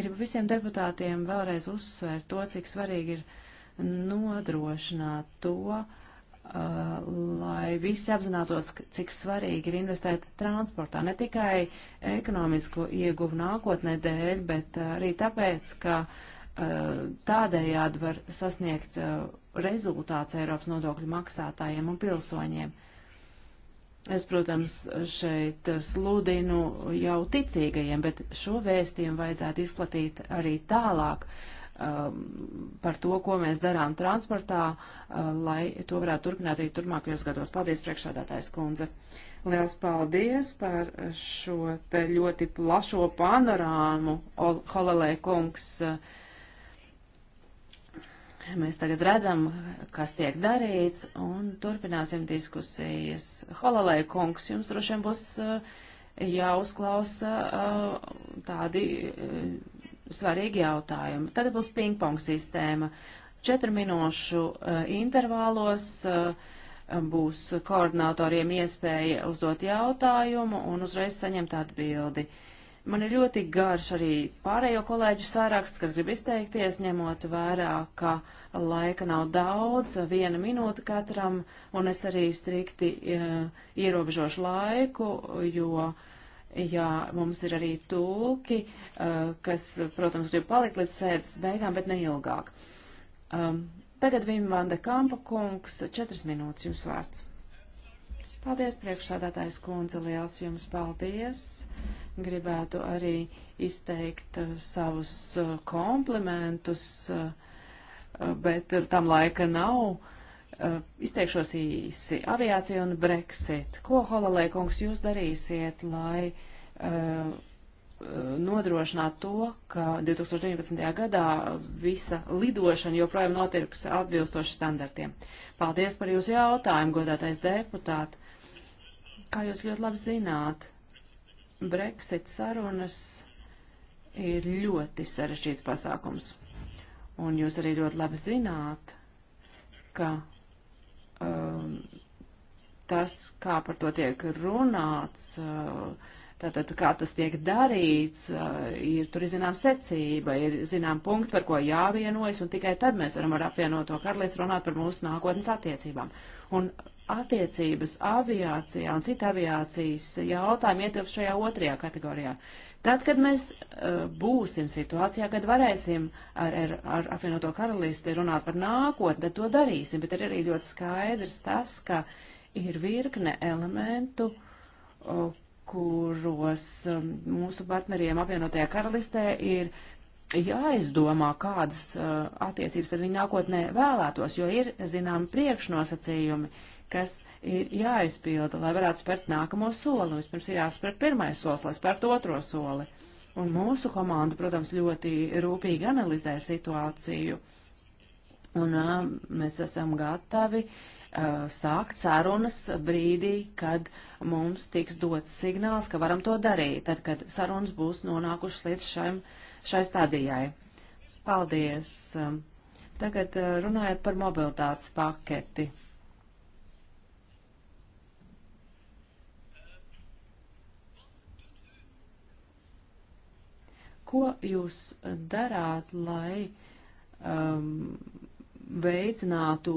Gribu visiem deputātiem vēlreiz uzsvērt to, cik svarīgi ir nodrošināt to, uh, lai visi apzinātos, cik svarīgi ir investēt transportā, ne tikai ekonomisko ieguvu nākotnē dēļ, bet arī tāpēc, ka uh, Eh, tādējādi var sasniegt eh, rezultāts Eiropas nodokļu maksātājiem un pilsoņiem. Es, protams, šeit sludinu jau ticīgajiem, bet šo vēstījumu vajadzētu izplatīt arī tālāk um, par to, ko mēs darām transportā, uh, lai to varētu turpināt arī turpmākajos gados. Paldies, priekšsādātājs kundze! Liels paldies par šo te ļoti plašo panorāmu, Holalē kungs! Uh, Mēs tagad redzam, kas tiek darīts, un turpināsim diskusijas. Holalē kungs, jums droši vien būs eh, jāuzklausa eh, tādi eh, svarīgi jautājumi. Tagad būs pingpong sistēma. Četru minūšu intervālos būs koordinatoriem iespēja uzdot jautājumu un uzreiz saņemt atbildi. Uh, Man ir ļoti garš arī pārējo kolēģu sāraksts, kas grib izteikties, ņemot vērā, ka laika nav daudz, viena minūte katram, un es arī strikti uh, ierobežošu laiku, jo. Jā, mums ir arī tulki, uh, kas, protams, grib palikt līdz sēdes beigām, bet neilgāk. Um, tagad Vim Vanda Kampa kungs, četras minūtes jums vārds. Paldies, priekšsādātājs kundze, liels jums paldies. Gribētu arī izteikt uh, savus uh, komplimentus, uh, bet tam laika nav. Izteikšos īsi. Aviācija un Brexit. Ko, Holalē, kungs, jūs darīsiet, lai uh, nodrošināt to, ka 2019. gadā visa lidošana joprojām notiks atbilstoši standartiem. Paldies par jūsu jautājumu, godātais deputāti. Kā jūs ļoti labi zināt, Brexit sarunas ir ļoti sarežģīts pasākums. Un jūs arī ļoti labi zināt, ka um, tas, kā par to tiek runāts, uh, tātad kā tas tiek darīts, uh, ir tur ir zinām secība, ir zinām punkti, par ko jāvienojas, un tikai tad mēs varam ar apvienoto karalīs runāt par mūsu nākotnes attiecībām. Un attiecības aviācijā un cita aviācijas jautājumi ietilpst šajā otrajā kategorijā. Tad, kad mēs uh, būsim situācijā, kad varēsim ar, ar, ar apvienoto karalisti runāt par nākotni, tad to darīsim, bet ir arī ļoti skaidrs tas, ka ir virkne elementu, uh, kuros um, mūsu partneriem apvienotajā karalistē ir jāizdomā, kādas uh, attiecības tad viņi nākotnē vēlētos, jo ir, zinām, priekšnosacījumi. Uh, kas ir jāizpilda, lai varētu spērt nākamo soli. Vispirms ir jāspēr pirmais solis, lai spērtu otro soli. Un mūsu komanda, protams, ļoti rūpīgi analizē situāciju. Un uh, mēs esam gatavi uh, sākt sarunas brīdī, kad mums tiks dots signāls, ka varam to darīt, tad, kad sarunas būs nonākušas līdz šaim, šai stadijai. Paldies! Tagad runājot par mobilitātes paketi. Ko jūs darāt, lai um, veicinātu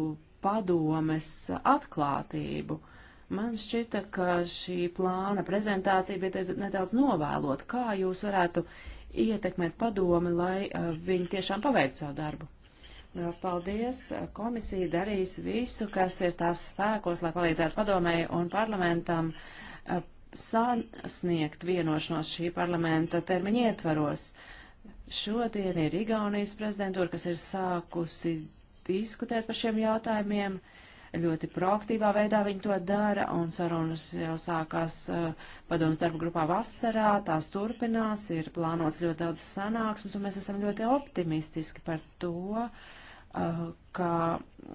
padomes atklātību? Man šķita, ka šī plāna prezentācija bija nedaudz novēlot. Kā jūs varētu ietekmēt padomi, lai uh, viņi tiešām paveiktu savu darbu? Liels paldies! Komisija darīs visu, kas ir tās spēkos, lai palīdzētu padomēji un parlamentam uh, sasniegt vienošanos šī parlamenta termiņa ietvaros. Šodien ir Igaunijas prezidentūra, kas ir sākusi diskutēt par šiem jautājumiem. Ļoti proaktīvā veidā viņi to dara, un sarunas jau sākās uh, eh, padomus darba grupā vasarā, tās turpinās, ir plānots ļoti daudz sanāksmes, un mēs esam ļoti optimistiski par to, uh, Eh, ka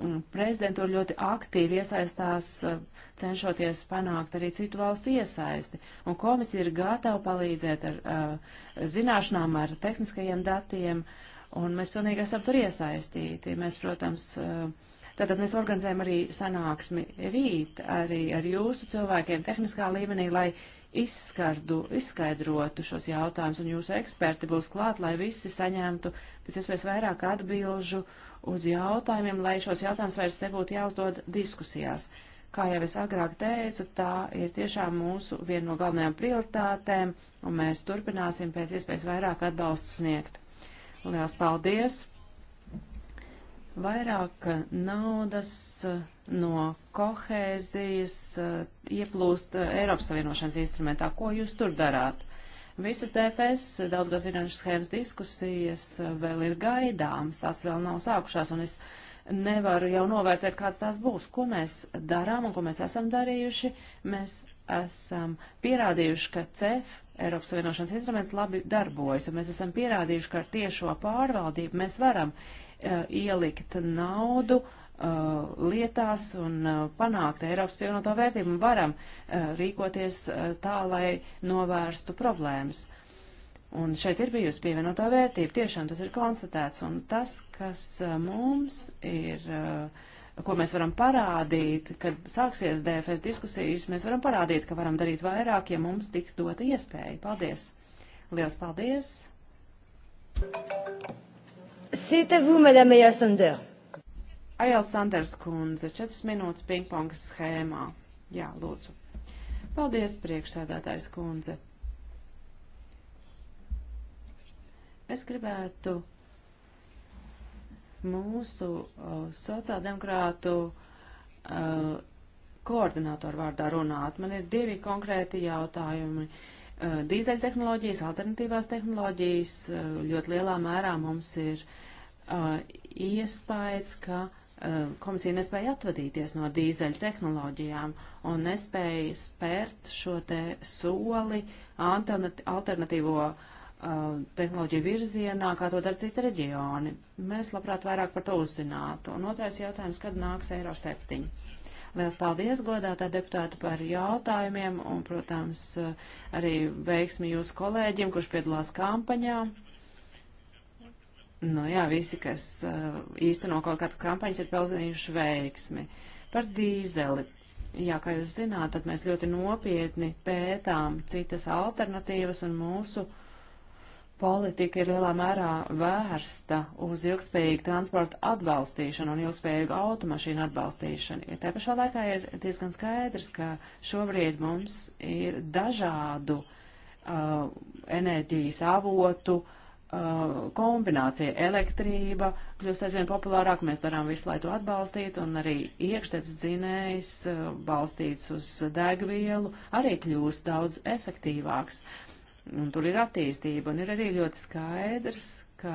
mm, prezidentūra ļoti aktīvi iesaistās, eh, cenšoties panākt arī citu valstu iesaisti. Un komisija ir gatava palīdzēt ar, ar eh, zināšanām, ar tehniskajiem datiem, un mēs pilnīgi esam tur iesaistīti. Mēs, protams, tātad mēs organizējam arī sanāksmi rīt, arī ar jūsu cilvēkiem tehniskā līmenī, lai izskardu, izskaidrotu šos jautājumus, un jūsu eksperti būs klāt, lai visi saņemtu pēc iespējas vairāk atbilžu uh, uz jautājumiem, lai šos jautājumus vairs nebūtu jāuzdod diskusijās. Kā jau es agrāk teicu, tā ir tiešām mūsu viena no galvenajām prioritātēm, un mēs turpināsim pēc iespējas vairāk atbalstu sniegt. Lielas paldies! Vairāk naudas uh, no kohēzijas uh, ieplūst uh, Eiropas Savienošanas instrumentā. Ko jūs tur darāt? Visas DFS daudzgad finanšu schēmas diskusijas vēl ir gaidāmas, tās vēl nav sākušās, un es nevaru jau novērtēt, kāds tās būs. Ko mēs darām un ko mēs esam darījuši? Mēs esam pierādījuši, ka CEF, Eiropas Savienošanas instruments, labi darbojas, un mēs esam pierādījuši, ka ar tiešo pārvaldību mēs varam uh, ielikt naudu uh, Uh, lietās un uh, panākt Eiropas pievienoto vērtību un varam uh, rīkoties tā, lai novērstu problēmas. Un šeit ir bijusi pievienotā vērtība, tiešām tas ir konstatēts, un tas, kas mums ir, ko mēs varam parādīt, kad sāksies DFS diskusijas, mēs varam parādīt, ka varam darīt vairāk, ja mums tiks dota iespēja. Paldies! Liels paldies! C'est à vous, Madame Eya Sander. Ajāls Sanders kundze, 4 minūtes pingpong schēmā. Jā, lūdzu. Paldies, priekšsēdētājs kundze. Es gribētu mūsu uh, sociāldemokrātu uh, koordinātoru vārdā runāt. Man ir divi konkrēti jautājumi. Uh, Dīzeļtehnoloģijas, alternatīvās tehnoloģijas uh, ļoti lielā mērā mums ir uh, iespējas, ka Um, komisija nespēja atvadīties no dīzeļa tehnoloģijām un nespēja spērt šo te soli alternatīvo uh, tehnoloģiju virzienā, kā to dara citi reģioni. Mēs labprāt vairāk par to uzzinātu. Un otrais jautājums, kad nāks Eiro 7? Liels paldies, godātā deputāta, par jautājumiem un, protams, uh, arī veiksmi jūsu kolēģim, kurš piedalās kampaņā nu jā, visi, kas uh, īsteno kaut kādu kampaņas, ir pelnījuši veiksmi. Par dīzeli. Jā, kā jūs zināt, tad mēs ļoti nopietni pētām citas alternatīvas un mūsu politika ir lielā mērā vērsta uz ilgspējīgu transportu atbalstīšanu un ilgspējīgu automašīnu atbalstīšanu. Ja te pašā laikā ir diezgan skaidrs, ka šobrīd mums ir dažādu uh, enerģijas avotu uh, Uh, kombinācija elektrība kļūst aizvien populārāk, mēs darām visu, lai to atbalstītu, un arī iekštec dzinējs uh, balstīts uz degvielu arī kļūst daudz efektīvāks. Un tur ir attīstība, un ir arī ļoti skaidrs, ka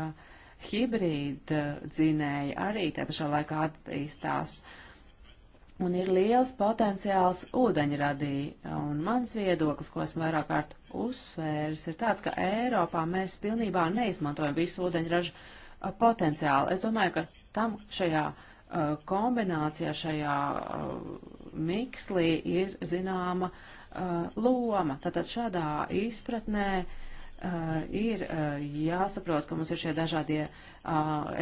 hibrīda dzinēja arī te pašā laikā attīstās. Uh, un ir liels potenciāls ūdeņradī. Un mans viedoklis, ko esmu vairāk kārt uzsvēris, ir tāds, ka Eiropā mēs pilnībā neizmantojam visu ūdeņražu uh, potenciālu. Es domāju, ka tam šajā uh, kombinācijā, šajā uh, mikslī ir zināma loma. Tātad šādā izpratnē ir jāsaprot, ka mums ir šie dažādie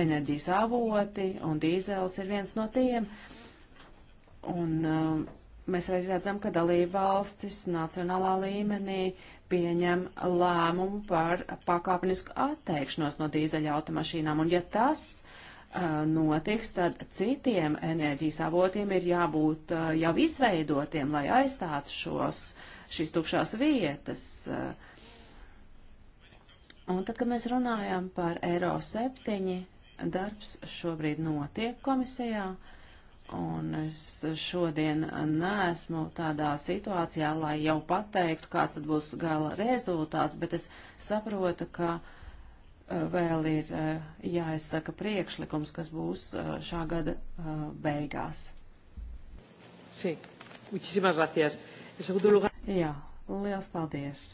enerģijas avoti, un dīzels ir viens no tiem. Uh, Un uh, mēs arī redzam, ka dalība valstis nacionālā līmenī pieņem lēmumu par pakāpenisku atteikšanos no dīzeļa automašīnām. Un ja tas uh, notiks, tad citiem enerģijas avotiem ir jābūt uh, jau izveidotiem, lai aizstātu šos, šīs tukšās vietas. Uh, un tad, kad mēs runājam par Eiro 7, darbs šobrīd notiek komisijā. Uh, Un es šodien neesmu tādā situācijā, lai jau pateiktu, kāds tad būs gala rezultāts, bet es saprotu, ka uh, vēl ir uh, jāizsaka priekšlikums, kas būs uh, šā gada beigās. Sí. Muchísimas gracias. En segundo lugar. Jā, liels paldies.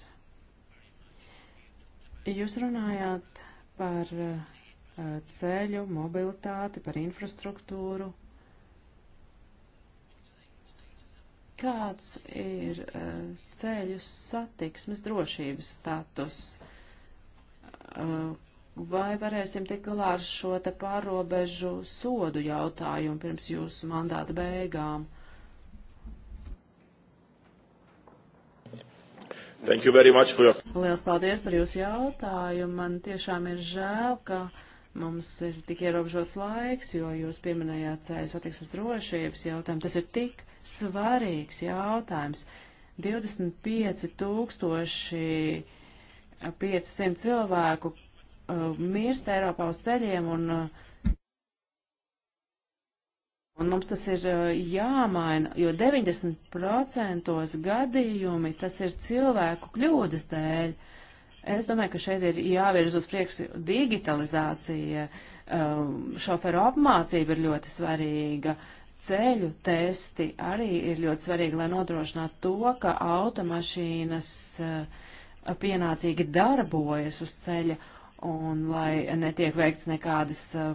Jūs runājāt par ceļu, mobilitāti, par infrastruktūru. Kāds ir e, ceļu satiksmes drošības status? E, vai varēsim tikt galā ar šo te pārobežu sodu jautājumu pirms jūsu mandāta beigām? Thank you very much for your... Liels paldies par jūsu jautājumu. Man tiešām ir žēl, ka mums ir tik ierobežots laiks, jo jūs pieminējāt ceļu satiksmes drošības jautājumu. Tas ir tik svarīgs jautājums. 25 tūkstoši 500 eh, cilvēku uh, mirst Eiropā uz ceļiem un, eh, un mums tas ir uh, jāmaina, jo 90% gadījumi tas ir cilvēku kļūdas dēļ. Es domāju, ka šeit ir jāvirz uz priekšu digitalizācija, uh, šoferu apmācība ir ļoti svarīga. Uh, ceļu testi arī ir ļoti svarīgi, lai nodrošinātu to, ka automašīnas eh, pienācīgi darbojas uz ceļa un lai netiek veikts nekādas eh,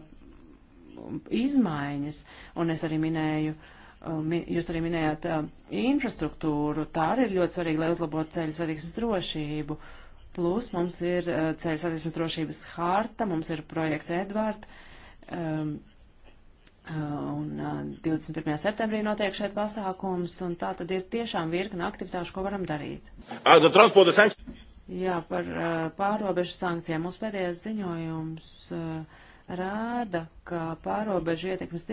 izmaiņas. Un es arī minēju, eh, jūs arī minējāt infrastruktūru, tā arī ir ļoti svarīga, lai uzlabotu ceļu satiksmes drošību. Plus mums ir ceļu satiksmes drošības harta, mums ir projekts Edvard. Um, Uh, un 21. Uh, septembrī notiek šeit pasākums, un tā tad ir tiešām virkna aktivitāšu, ko varam darīt. Ah, Jā, par uh, pārobežu sankcijām. Mūsu pēdējais ziņojums rāda, ka pārobežu ietekmes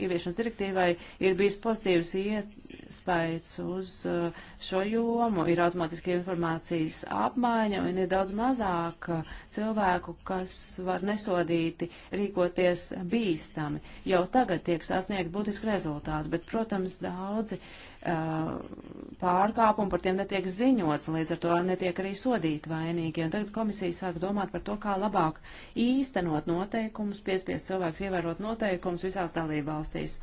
ieviešanas direktīvai ir bijis pozitīvs iespējas uz uh, šo jomu. Ir automātiski informācijas apmaiņa un ir daudz mazāk uh, cilvēku, kas var nesodīti rīkoties bīstami. Jau tagad tiek sasniegt būtiski rezultāti, bet, protams, daudzi Uh, pārkāpumi, par tiem netiek ziņots, un līdz ar to netiek arī sodīti vainīgi. Un tagad komisija sāk domāt par to, kā labāk īstenot noteikumus, piespiest cilvēkus ievērot noteikumus visās dalībvalstīs.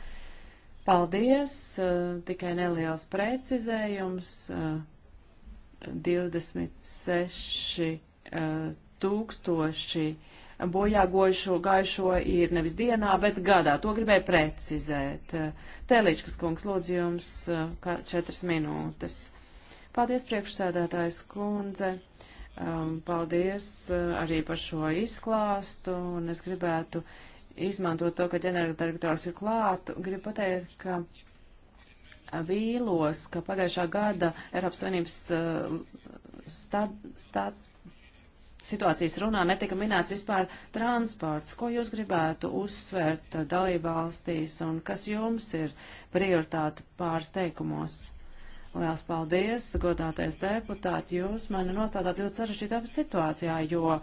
Paldies, uh, tikai neliels precizējums. 26 uh, tūkstoši uh, bojā gojušo gaišo ir nevis dienā, bet gadā. To gribēju precizēt. Tēličkas kungs, lūdzu jums uh, četras minūtes. Paldies, priekšsēdētājs kundze. Um, paldies uh, arī par šo izklāstu, un es gribētu izmantot to, ka ģenerāldirektors ir klāt. Gribu pateikt, ka vīlos, ka pagājušā gada Eiropas Savienības uh, stat, stat, situācijas runā netika minēts vispār transports. Ko jūs gribētu uzsvērt dalībvalstīs un kas jums ir prioritāte pāris teikumos? Liels paldies, godātais deputāti, jūs mani nostādāt ļoti sarežģītā situācijā, jo uh,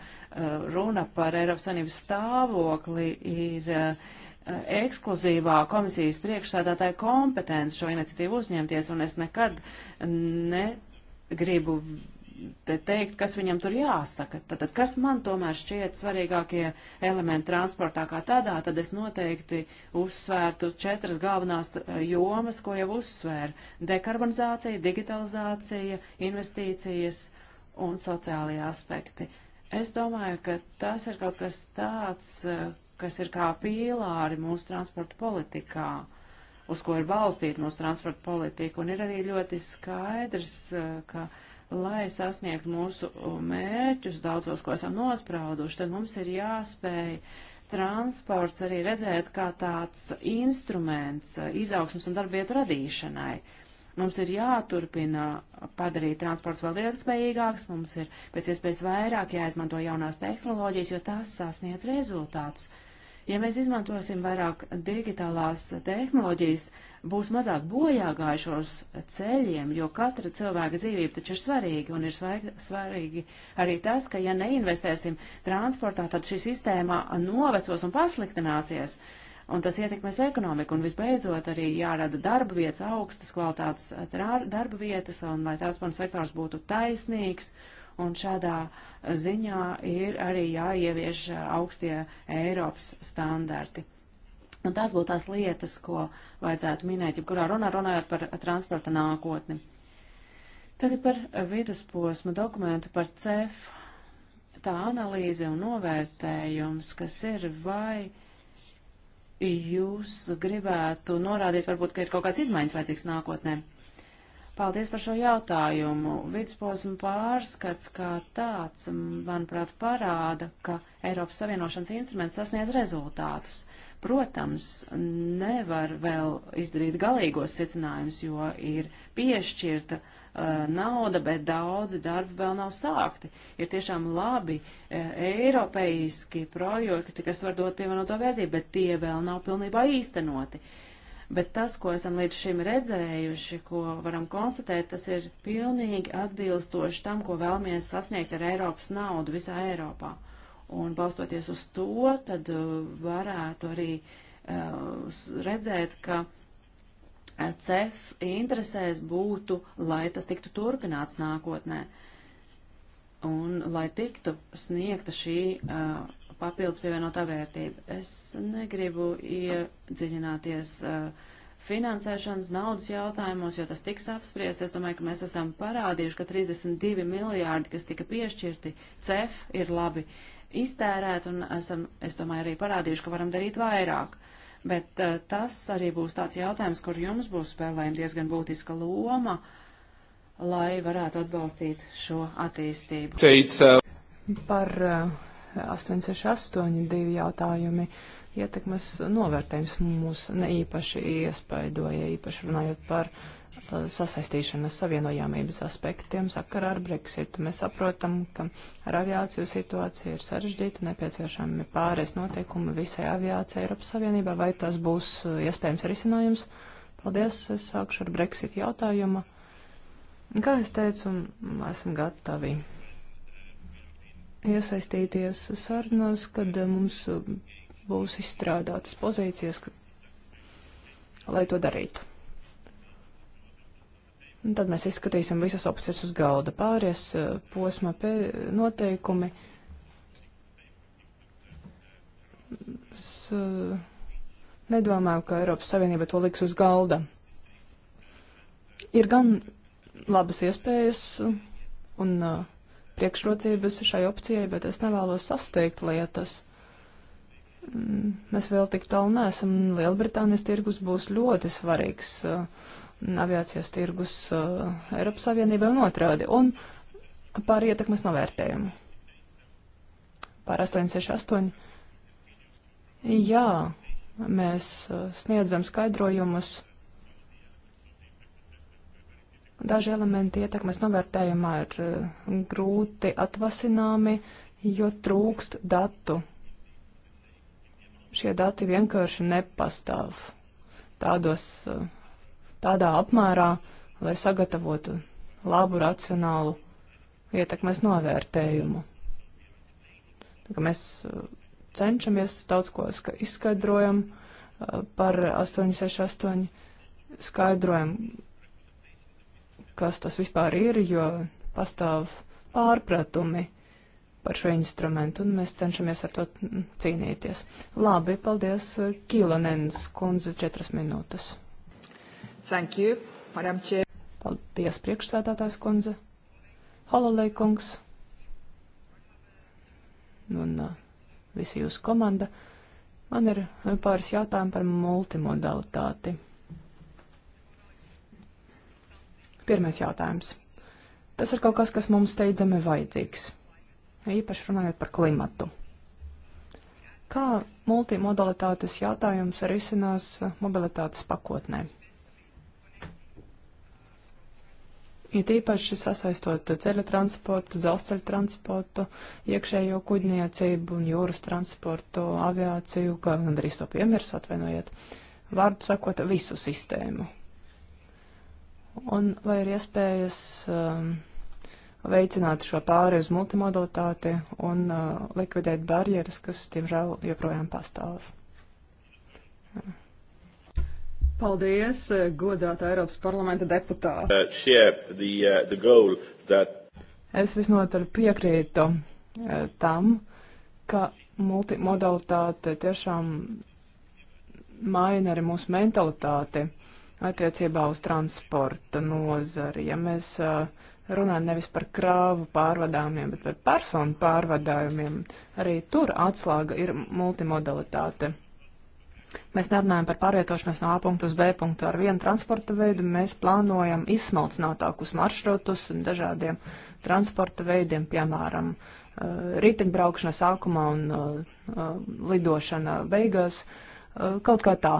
runa par Eiropas Savienības stāvokli ir uh, ekskluzīvā komisijas priekšsādātāja kompetence šo iniciatīvu uzņemties, un es nekad ne gribu te teikt, kas viņam tur jāsaka. Tātad, kas man tomēr šķiet svarīgākie elementi transportā kā tādā, tad es noteikti uzsvērtu četras galvenās eh, jomas, ko jau uzsvēru - dekarbonizācija, digitalizācija, investīcijas un sociālie aspekti. Es domāju, ka tas ir kaut kas tāds, eh, kas ir kā pīlāri mūsu transporta politikā uz ko ir balstīta mūsu transporta politika, un ir arī ļoti skaidrs, eh, ka uh, lai sasniegtu mūsu mērķus, daudzos, ko esam nosprauduši, tad mums ir jāspēj transports arī redzēt kā tāds instruments e, izaugsmas un darbietu radīšanai. Mums ir jāturpina padarīt transports vēl ilgspējīgāks, mums ir pēc iespējas vairāk jāizmanto jaunās tehnoloģijas, jo tās sasniedz rezultātus. Ja mēs izmantosim vairāk digitālās tehnoloģijas, būs mazāk bojāgājušos ceļiem, jo katra cilvēka dzīvība taču ir svarīga, un ir svarīgi arī tas, ka ja neinvestēsim transportā, tad šī sistēma novecos un pasliktināsies un tas ietekmēs ekonomiku. Un visbeidzot, arī jārada darba vietas, augstas kvalitātes darba vietas, un lai tās man sektors būtu taisnīgs un šādā ziņā ir arī jāievieš uh, augstie Eiropas standarti. Un tās būtu tās lietas, ko vajadzētu minēt, ja kurā runā runājot par transporta nākotni. Tagad par vidusposmu dokumentu par CEF. Tā analīze un novērtējums, kas ir vai jūs gribētu norādīt, varbūt, ka ir kaut kāds izmaiņas vajadzīgs nākotnē. Paldies par šo jautājumu. Vidusposma pārskats kā tāds, manuprāt, parāda, ka Eiropas Savienošanas instruments sasniedz rezultātus. Protams, nevar vēl izdarīt galīgos secinājumus, jo ir piešķirta uh, nauda, bet daudzi darbi vēl nav sākti. Ir tiešām labi uh, eiropeiski projekti, kas var dot pievienoto vērtību, bet tie vēl nav pilnībā īstenoti. Uh, Bet tas, ko esam līdz šim redzējuši, ko varam konstatēt, tas ir pilnīgi atbilstoši tam, ko vēlamies sasniegt ar Eiropas naudu visā Eiropā. Un balstoties uz to, tad uh, varētu arī uh, redzēt, ka uh, CEF interesēs būtu, lai tas tiktu turpināts nākotnē. Un lai tiktu sniegta šī uh, papildus pievienotā vērtība. Es negribu iedziļināties uh, finansēšanas naudas jautājumos, jo tas tiks apspriests. Es domāju, ka mēs esam parādījuši, ka 32 miljārdi, kas tika piešķirti CEF, ir labi iztērēt, un esam, es domāju, arī parādījuši, ka varam darīt vairāk. Bet uh, tas arī būs tāds jautājums, kur jums būs spēlējama diezgan būtiska loma, lai varētu atbalstīt šo attīstību. Cita. Uh, Par uh, 868 divi jautājumi. Ietekmes novērtējums mūs ne īpaši iespaidoja, īpaši runājot par uh, sasaistīšanas savienojāmības aspektiem sakarā ar Brexitu. Mēs saprotam, ka ar aviāciju situācija ir sarežģīta, nepieciešami pāris noteikumi visai aviācijai Eiropas Savienībā, vai tas būs uh, iespējams risinājums. Paldies, es sākšu ar Brexit jautājumu. Kā es teicu, esam gatavi iesaistīties sarunās, kad eh, mums eh, būs izstrādātas pozīcijas, ka, lai to darītu. Un tad mēs izskatīsim visas opcijas uz galda pāries eh, posma noteikumi. Es nedomāju, ka Eiropas Savienība to liks uz galda. Ir gan labas iespējas un uh, priekšrocības šai opcijai, bet es nevēlos sasteigt lietas. Mm, mēs vēl tik tālu neesam. Lielbritānijas tirgus būs ļoti svarīgs eh, aviācijas tirgus eh, Eiropas Savienībai un otrādi. Un par ietekmes novērtējumu. Par 868. Jā, mēs eh, sniedzam skaidrojumus Daži elementi ietekmes novērtējumā ir eh, grūti atvasināmi, jo trūkst datu. Šie dati vienkārši nepastāv tādos, eh, tādā apmērā, lai sagatavotu labu, racionālu ietekmes novērtējumu. Tā, mēs eh, cenšamies daudz ko izskaidrojam par 868, skaidrojam, kas tas vispār ir, jo pastāv pārpratumi par šo instrumentu, un mēs cenšamies ar to cīnīties. Labi, paldies, eh, Kīlanens kundze, četras minūtes. Thank you, Madam Chair. Paldies, priekšsēdātājs kundze. Hololei kungs. Un uh, eh, visi jūsu komanda. Man ir eh, pāris jautājumi par multimodalitāti. Pirmais jautājums. Tas ir kaut kas, kas mums steidzami vajadzīgs, īpaši runājot par klimatu. Kā multimodalitātes jautājums arī izcinās mobilitātes pakotnē? Ir ja īpaši sasaistot ceļa transportu, dzelzceļa transportu, iekšējo kuģniecību un jūras transportu, aviāciju, kā gandrīz to piemirs, atvainojiet, vārdu sakot, visu sistēmu. Un vai ir iespējas um, veicināt šo pāri uz multimodalitāti un uh, likvidēt barjeras, kas, diemžēl, joprojām pastāv? Paldies, godāta Eiropas parlamenta deputāta. Uh, uh that... Es visnotaļ piekrītu uh, tam, ka multimodalitāte tiešām maina arī mūsu mentalitāti. Uh, attiecībā uz transporta nozari. Ja mēs runājam nevis par krāvu pārvadājumiem, bet par personu pārvadājumiem, arī tur atslēga ir multimodalitāte. Mēs nerunājam par pārvietošanos no A punktu uz B punktu ar vienu transporta veidu, mēs plānojam izsmalcinātākus maršrutus un dažādiem transporta veidiem, piemēram, riteņbraukšana sākumā un lidošana beigās, kaut kā tā.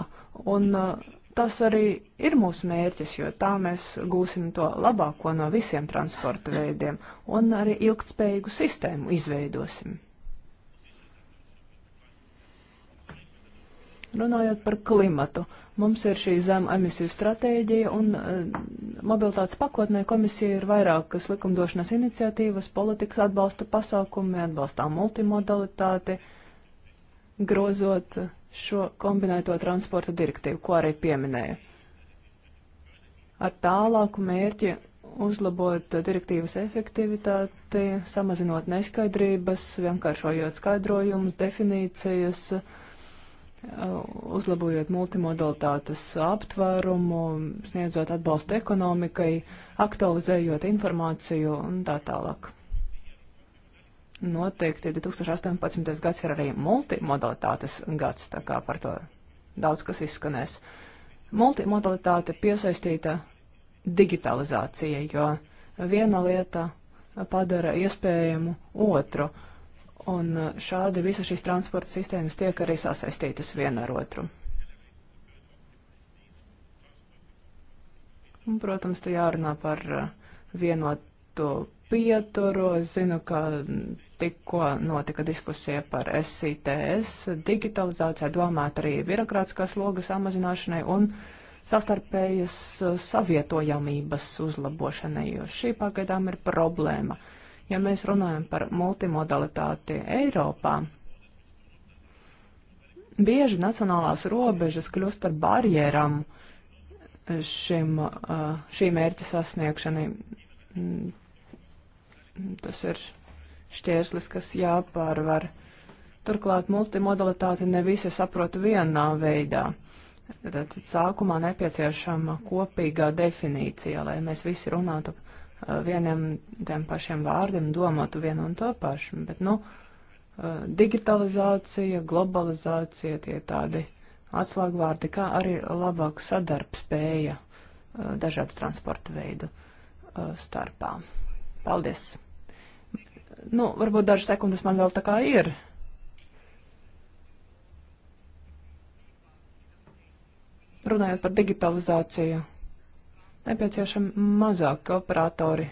Un uh, Tas arī ir mūsu mērķis, jo tā mēs gūsim to labāko no visiem transporta veidiem un arī ilgtspējīgu sistēmu izveidosim. Runājot par klimatu, mums ir šī zema emisiju stratēģija un uh, mobilitātes pakotnē komisija ir vairākas likumdošanas iniciatīvas, politikas atbalsta pasākumi, atbalstā multimodalitāti. Uh, grozot šo kombinēto transporta direktīvu, ko arī pieminēja. Ar tālāku mērķi uzlabot direktīvas efektivitāti, samazinot neskaidrības, vienkāršojot skaidrojumus, definīcijas, uzlabojot multimodalitātes aptvērumu, sniedzot atbalstu ekonomikai, aktualizējot informāciju un tā tālāk noteikti 2018. gads ir arī multimodalitātes gads, tā kā par to daudz kas izskanēs. Multimodalitāte piesaistīta digitalizācijai, jo viena lieta padara iespējamu otru, un šādi visa šīs transporta sistēmas tiek arī sasaistītas viena ar otru. Un, protams, te jārunā par vienotu pieturu. Es zinu, ka tikko notika diskusija par SITS, digitalizācijā domāt arī birokrātiskās logas samazināšanai un savstarpējas uh, savietojamības uzlabošanai, jo šī pagaidām ir problēma. Ja mēs runājam par multimodalitāti Eiropā, bieži nacionālās robežas kļūst par barjerām uh, šim, uh, šī mērķa sasniegšanai mm, Tas ir šķērslis, kas jāpārvar. Turklāt multimodalitāti ne visi saprot vienā veidā. Tad sākumā nepieciešama kopīgā definīcija, lai mēs visi runātu uh, vieniem tiem pašiem vārdiem, domātu vienu un to pašu. Bet, nu, uh, digitalizācija, globalizācija tie tādi atslēgvārdi, kā arī labāka sadarbspēja uh, dažādu transporta veidu starpā. Paldies! Nu, varbūt dažas sekundes man vēl tā kā ir. Runājot par digitalizāciju, nepieciešami mazāki operatori,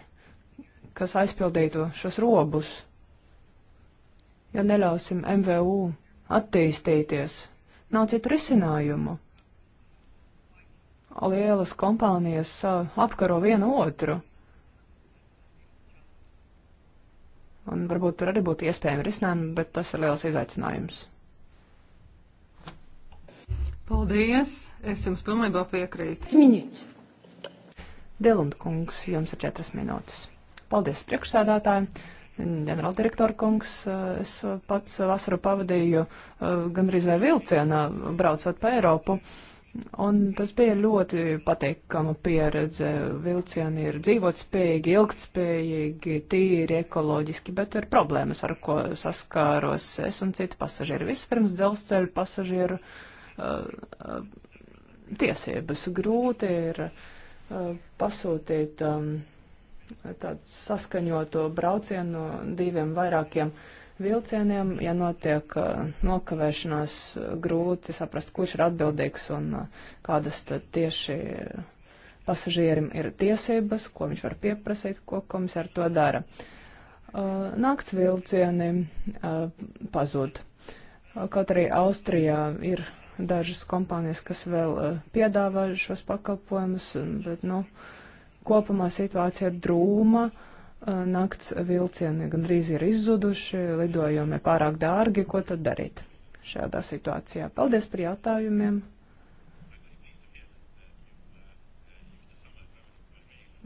kas aizpildītu šos robus, ja neļausim MVU attīstīties. Nav citu risinājumu. Lielas kompānijas uh, apkaro vienu otru. Un varbūt tur arī būtu iespējami risinājumi, bet tas ir liels izaicinājums. Paldies! Es jums pilnībā piekrītu. Minūtes. Dilund kungs, jums ir četras minūtes. Paldies priekšsēdātājiem! ģenerāldirektora kungs, es pats vasaru pavadīju eh, gandrīz vai vilcienā, braucot pa Eiropu. Uh, Un tas bija ļoti patīkama pieredze. Vilcieni ir dzīvotspējīgi, ilgtspējīgi, tīri, ekoloģiski, bet ir problēmas, ar ko saskāros es un citi pasažieri. Vispirms dzelzceļa pasažieru uh, uh tiesības grūti ir uh, pasūtīt um, tādu saskaņoto braucienu diviem vairākiem uh, vilcieniem, ja notiek uh, nokavēšanās, uh, grūti saprast, kurš ir atbildīgs un uh, kādas tieši pasažierim ir tiesības, ko viņš var pieprasīt, ko komisāri to dara. Nakts vilcieni pazūd. Kaut arī Austrijā ir dažas kompānijas, kas vēl piedāvā šos pakalpojumus, bet, nu, kopumā situācija ir drūma. Uh, nakts vilcieni gandrīz ir izzuduši, lidojumi pārāk dārgi, ko tad darīt šādā situācijā? Paldies par jautājumiem.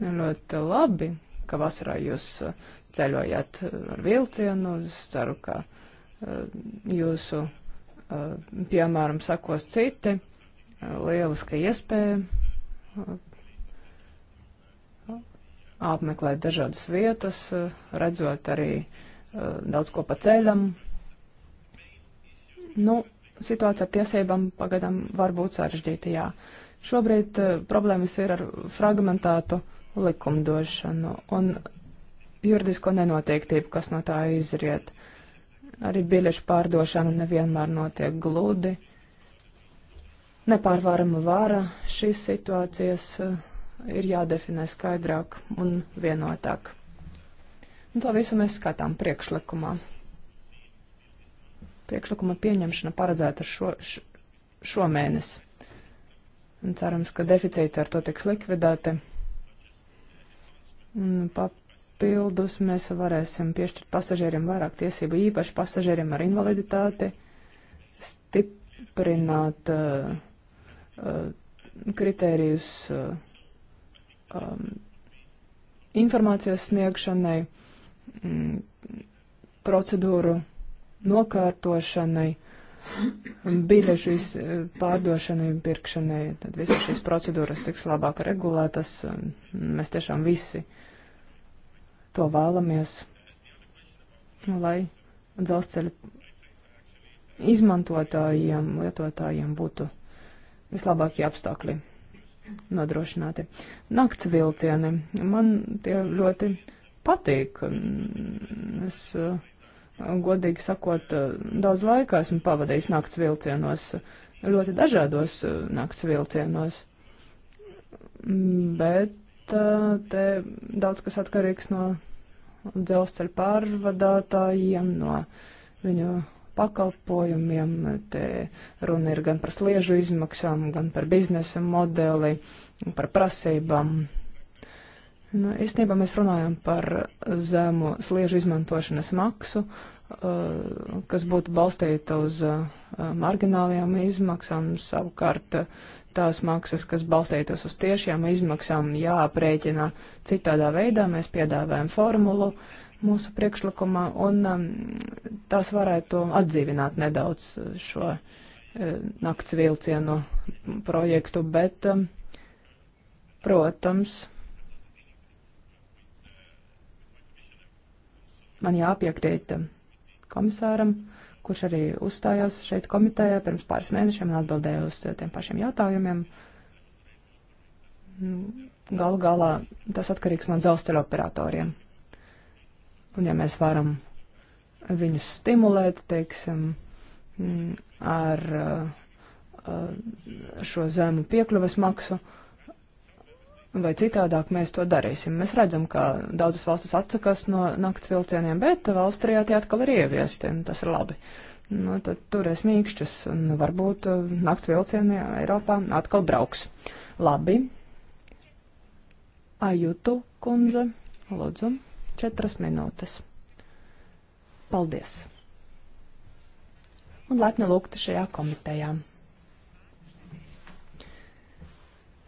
Ļoti labi, ka vasarā jūs eh, ceļojat eh, ar vilcienu. Es ceru, ka eh, jūsu, piemēram, sakos citi. Lieliska iespēja apmeklēt dažādas vietas, redzot arī eh, daudz ko pa ceļam. Nu, situācija ar tiesībām pagaidām var būt sarežģīta, jā. Šobrīd eh, problēmas ir ar fragmentātu likumdošanu un juridisko nenoteiktību, kas no tā izriet. Arī biļešu pārdošana nevienmēr notiek gludi. Nepārvarama vara šīs situācijas uh, ir jādefinē skaidrāk un vienotāk. Un nu, to visu mēs skatām priekšlikumā. Priekšlikuma pieņemšana paredzēta šo, šomēnes. Un cerams, ka deficīti ar to tiks likvidēti. Un papildus mēs varēsim piešķirt pasažieriem vairāk tiesību, īpaši pasažieriem ar invaliditāti, stiprināt uh, uh, kritērijus. Uh, um, informācijas sniegšanai, mm, procedūru nokārtošanai, biļešu pārdošanai, pirkšanai. Tad visas šīs procedūras tiks labāk regulētas. Mēs tiešām visi to vēlamies, lai dzelzceļa izmantotājiem, lietotājiem būtu vislabākie apstākļi nodrošināti. Nakts vilcieni. Man tie ļoti patīk. Es, uh, godīgi sakot, uh, daudz laika esmu pavadījis nakts vilcienos, ļoti dažādos uh, nakts vilcienos. Bet te daudz kas atkarīgs no dzelzceļa pārvadātājiem, no viņu pakalpojumiem. Te runa ir gan par sliežu izmaksām, gan par biznesa modeli, par prasībām. Nu, īstenībā mēs runājam par zemu sliežu izmantošanas maksu, eh, kas būtu balstīta uz eh, marginālajām izmaksām, savukārt eh, tās maksas, kas balstītas uz tiešām izmaksām, jāaprēķina citādā veidā. Mēs piedāvājam formulu, uh, mūsu priekšlikumā, un um, tās varētu atdzīvināt nedaudz uh, šo uh, nakts vilcienu projektu, bet, um, protams, man jāpiekrīt um, komisāram, kurš arī uzstājās šeit komitejā pirms pāris mēnešiem un atbildēja uz uh, tiem pašiem jautājumiem. Mm, Galu galā tas atkarīgs no dzelzceļa operatoriem. Un ja mēs varam viņus stimulēt, teiksim, ar eh, šo zemu piekļuves maksu, vai citādāk mēs to darīsim. Mēs redzam, ka daudzas valstis atsakās no nakts vilcieniem, bet Austrijā tie atkal ir ieviesti, un tas ir labi. Nu, tad turēs mīkšķus, un varbūt eh, nakts vilcieni Eiropā atkal brauks. Labi. Ajutu kundze, lūdzu četras minūtes. Paldies! Un lepni lūgti šajā komitejā.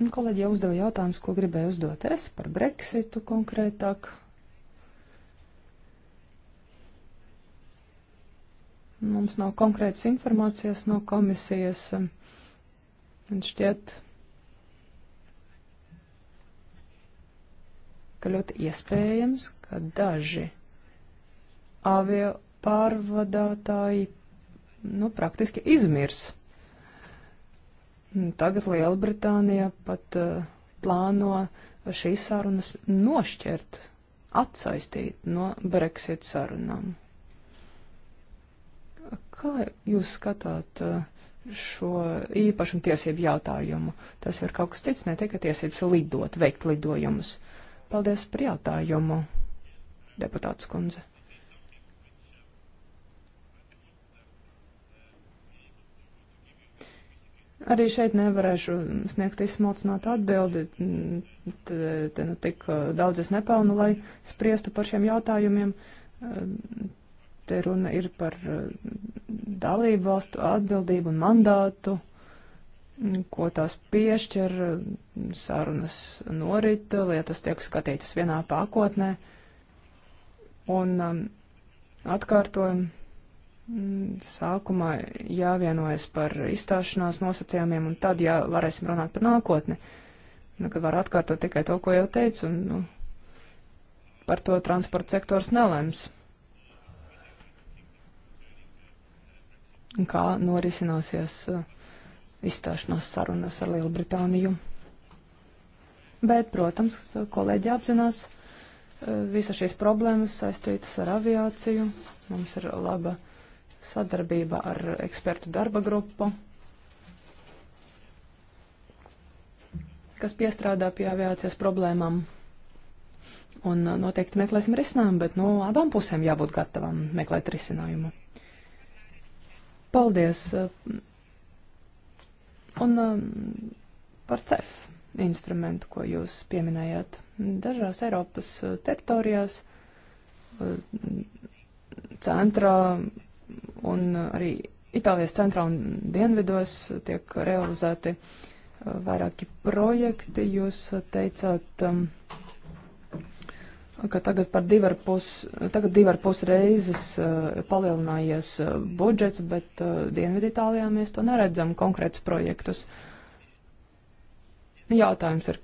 Un kolēģi jau uzdeva jautājumus, ko gribēju uzdot es par Brexitu konkrētāk. Mums nav konkrētas informācijas no komisijas. Un šķiet, ka ļoti iespējams, ka daži avio pārvadātāji nu, praktiski izmirs. Tagad Lielbritānija pat uh, plāno šīs sarunas nošķert, atsaistīt no Brexit sarunām. Kā jūs skatāt uh, šo īpašumu tiesību jautājumu? Tas ir kaut kas cits, ne tikai tiesības lidot, veikt lidojumus. Uh, Paldies par jautājumu, deputāts kundze. Arī šeit nevarēšu sniegt izsmalcinātu atbildi, te nu tik uh, daudz es nepelnu, lai spriestu par šiem jautājumiem. Um, te runa ir par uh, dalību valstu atbildību un mandātu ko tās piešķir, sarunas norit, lietas tiek skatītas vienā pakotnē. Un um, atkārtojam, sākumā jāvienojas par izstāšanās nosacījumiem, un tad, ja varēsim runāt par nākotni, nu, kad var atkārtot tikai to, ko jau teicu, un nu, par to transporta sektors nelēms. Kā norisināsies uh, izstāšanās sarunas ar Lielbritāniju. Bet, protams, kolēģi apzinās, eh, visa šīs problēmas saistītas ar aviāciju. Mums ir laba sadarbība ar ekspertu darba grupu, kas piestrādā pie aviācijas problēmām. Un eh, noteikti meklēsim risinājumu, bet no nu, abām pusēm jābūt gatavam meklēt risinājumu. Paldies! Eh, Un um, par CEF instrumentu, ko jūs pieminējāt. Dažās Eiropas uh, teritorijās, uh, centrā un uh, arī Itālijas centrā un dienvidos tiek realizēti vairāki projekti. Jūs teicāt, um, ka tagad par divar pus, tagad divar pus reizes uh, palielinājies uh, budžets, bet uh, eh, Dienviditālijā mēs to neredzam konkrētus projektus. Jautājums ir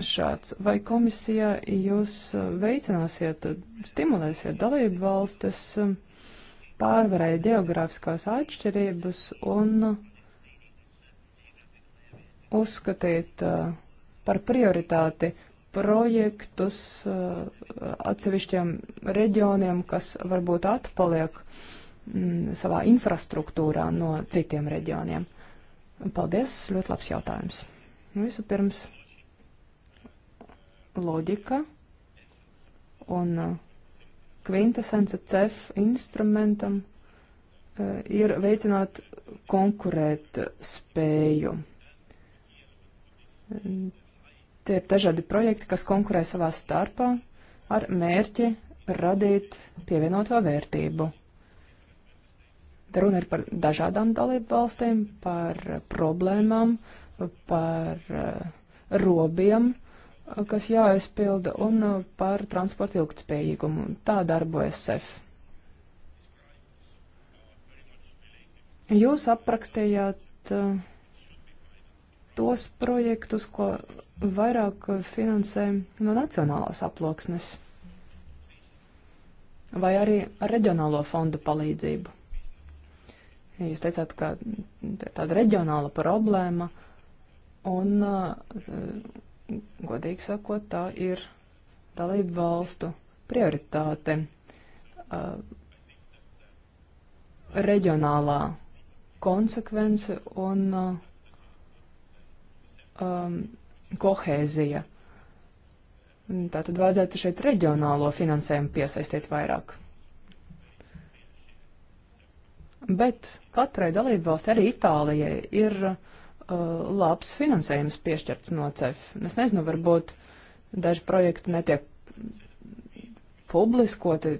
šāds. Vai komisijā jūs veicināsiet, stimulēsiet dalību valstis pārvarēt geogrāfiskās atšķirības un uzskatīt par prioritāti projektus eh, atsevišķiem reģioniem, kas varbūt atpaliek mm, savā infrastruktūrā no citiem reģioniem? Paldies, ļoti labs jautājums. Vispirms loģika un eh, kvintesence CEF instrumentam eh, ir veicināt konkurēt spēju Tie ir dažādi projekti, kas konkurē savā starpā ar mērķi radīt pievienoto vērtību. Te runa ir par dažādām dalību valstīm, par problēmām, par eh, robiem, eh, kas jāaizpilda, un eh, par transporta ilgtspējīgumu. Tā darbojas SEF. Jūs aprakstījāt tos projektus, ko vairāk eh, finansē no nacionālās aploksnes vai arī ar reģionālo fondu palīdzību. Jūs teicāt, ka tāda reģionāla problēma un, eh, godīgi sakot, tā ir dalību valstu prioritāte eh, reģionālā konsekvence un um, kohēzija. Tātad vajadzētu šeit reģionālo finansējumu piesaistīt vairāk. Bet katrai dalībvalsti, arī Itālijai, ir uh, labs finansējums piešķirts no CEF. Es nezinu, varbūt daži projekti netiek publiskoti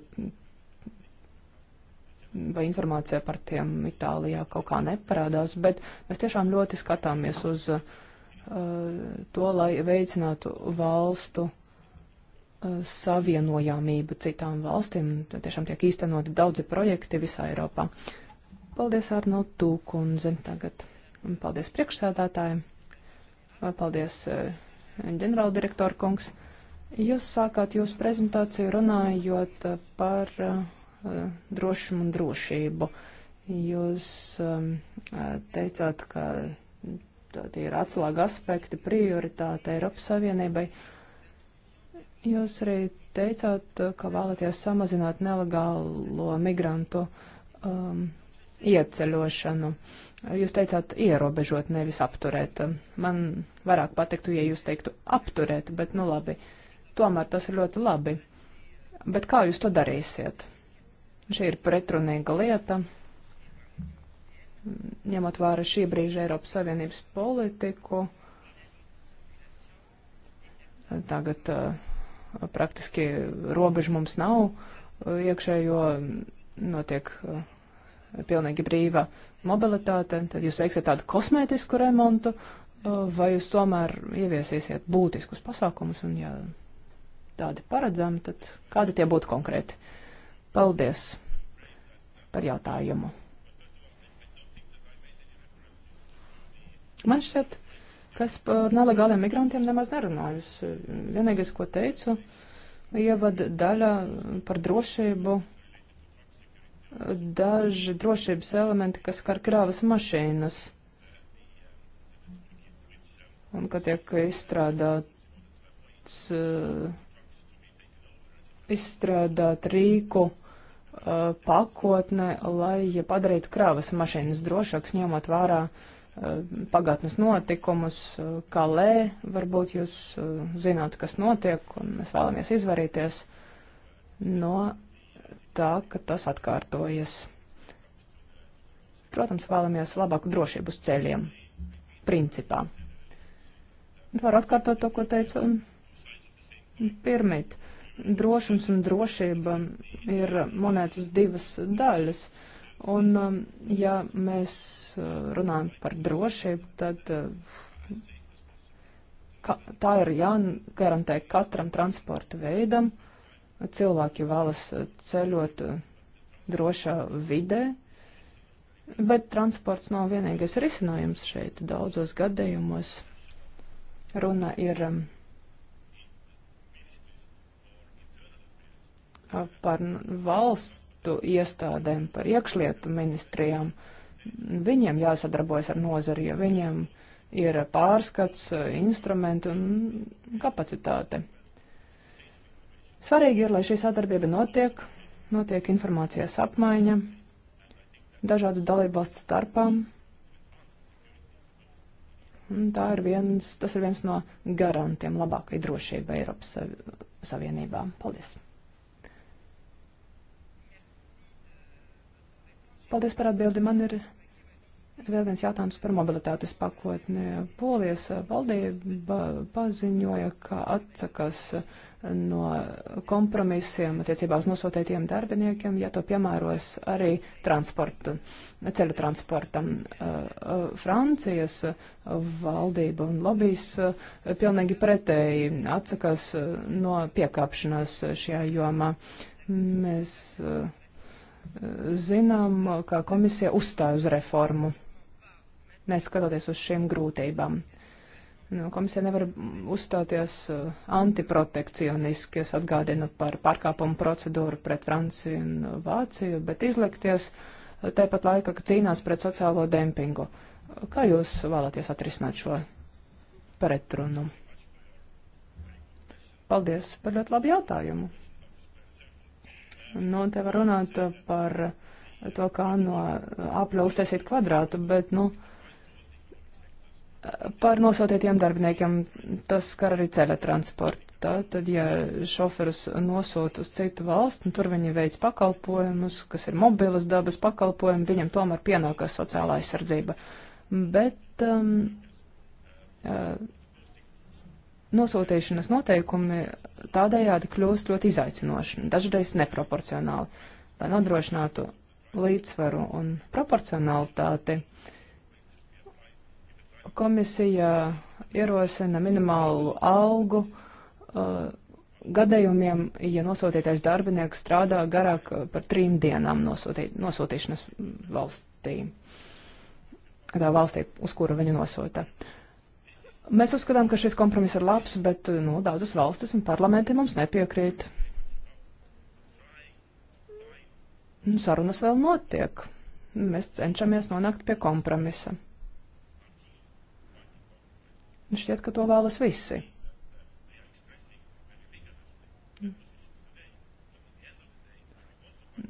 vai informācija par tiem Itālijā kaut kā neparādās, bet mēs tiešām ļoti skatāmies uz uh, Uh, to, lai veicinātu valstu uh, savienojamību citām valstīm. Tiešām tiek īstenoti daudzi projekti visā Eiropā. Paldies Arno Tūkundze tagad. Paldies priekšsēdētājiem. Paldies uh, ģenerāldirektoru kungs. Jūs sākāt jūsu prezentāciju runājot par drošumu un drošību. Jūs um, teicāt, ka Tie ir atslēga aspekti, prioritāte Eiropas Savienībai. Jūs arī teicāt, ka vēlaties samazināt nelegālo migrantu um, ieceļošanu. Jūs teicāt ierobežot, nevis apturēt. Man vairāk patiktu, ja jūs teiktu apturēt, bet nu labi. Tomēr tas ir ļoti labi. Bet kā jūs to darīsiet? Šī ir pretrunīga lieta ņemot vērā šī brīža Eiropas Savienības politiku. Tagad uh, praktiski robežu mums nav, uh, iekšējo notiek uh, pilnīgi brīva mobilitāte, tad jūs veiksiet tādu kosmētisku remontu, uh, vai jūs tomēr ieviesīsiet būtiskus pasākumus, un ja tādi paredzami, tad kādi tie būtu konkrēti? Paldies par jautājumu! Man šķiet, kas par nelegāliem migrantiem nemaz nerunājus. Vienīgais, ko teicu, ievada daļa par drošību, daži drošības elementi, kas skar krāvas mašīnas. Un, ka tiek izstrādāts, eh, izstrādāt rīku eh, pakotne, lai padarītu krāvas mašīnas drošāks, ņemot vērā uh, Eh, pagātnes notikumus, eh, kā lē, varbūt jūs eh, zināt, kas notiek, un mēs vēlamies izvarīties no tā, ka tas atkārtojas. Protams, vēlamies labāku drošību uz ceļiem, principā. Varu atkārtot to, ko teicu pirmīt. Drošums un drošība ir monētas divas daļas, un ja mēs runājam par drošību, tad eh, ka, tā ir jāgarantē katram transporta veidam. Cilvēki vēlas ceļot drošā vidē, bet transports nav vienīgais risinājums šeit. Daudzos gadījumos runa ir eh, par valstu iestādēm, par iekšlietu ministrijām. Uh, Viņiem jāsadarbojas ar nozari, jo viņiem ir pārskats, instrumenti un kapacitāte. Svarīgi ir, lai šī sadarbība notiek, notiek informācijas apmaiņa dažādu dalībvalstu starpām. Un tā ir viens, tas ir viens no garantiem labākai drošībai Eiropas Savienībā. Paldies! Paldies par atbildi. Man ir vēl viens jautājums par mobilitātes pakotni. Polijas valdība paziņoja, ka atsakas no kompromisiem attiecībā uz nosūtītiem darbiniekiem, ja to piemēros arī transportu, ceļu transportam. Uh, uh, Francijas valdība un lobbyis uh, pilnīgi pretēji atsakas no piekāpšanās šajā jomā. Mēs uh, zinām, ka komisija uzstāja uz reformu, neskatoties uz šīm grūtībām. Nu, komisija nevar uzstāties uh, antiprotekcioniski, es atgādinu par pārkāpumu procedūru pret Franciju un Vāciju, bet izlikties uh, tāpat laika, ka cīnās pret sociālo dempingu. Kā jūs vēlaties atrisināt šo pretrunu? Paldies par ļoti labu jautājumu! Nu, te var runāt par to, kā no apļa uztaisīt kvadrātu, bet, nu, par nosūtītiem darbiniekiem tas skar arī ceļa transportu. Tā, tad, ja šoferus nosūta uz citu valstu, tur viņi veic pakalpojumus, kas ir mobilas dabas pakalpojumi, viņam tomēr pienākas sociālā aizsardzība. Bet um, uh, nosūtīšanas noteikumi tādējādi kļūst ļoti izaicinoši, dažreiz neproporcionāli. Lai nodrošinātu līdzsvaru un proporcionalitāti, komisija ierosina minimālu algu uh, gadījumiem, ja nosūtītais darbinieks strādā garāk par trim dienām nosūtī, nosūtīšanas valstī, tā valstī, uz kuru viņu nosūta. Uh, Mēs uzskatām, ka šis kompromiss ir labs, bet nu, daudzas valstis un parlamenti mums nepiekrīt. Nu, sarunas vēl notiek. Mēs cenšamies nonākt pie kompromisa. Un šķiet, ka to vēlas visi.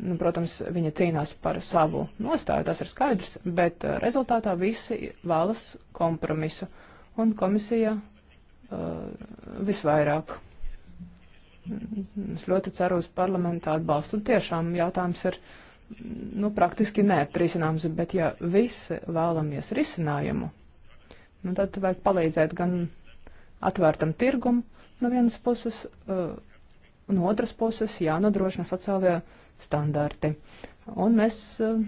Nu, protams, viņi cīnās par savu nostāju, tas ir skaidrs, bet eh, rezultātā visi vēlas kompromisu. Uh, un komisija uh, visvairāk. Es ļoti ceru uz parlamentu atbalstu. Tiešām jautājums ir nu, praktiski neatrisināms, bet ja visi vēlamies risinājumu, nu, tad vajag palīdzēt gan atvērtam tirgum no vienas puses, uh, un otras puses jānodrošina sociālajie standarti. Un mēs uh,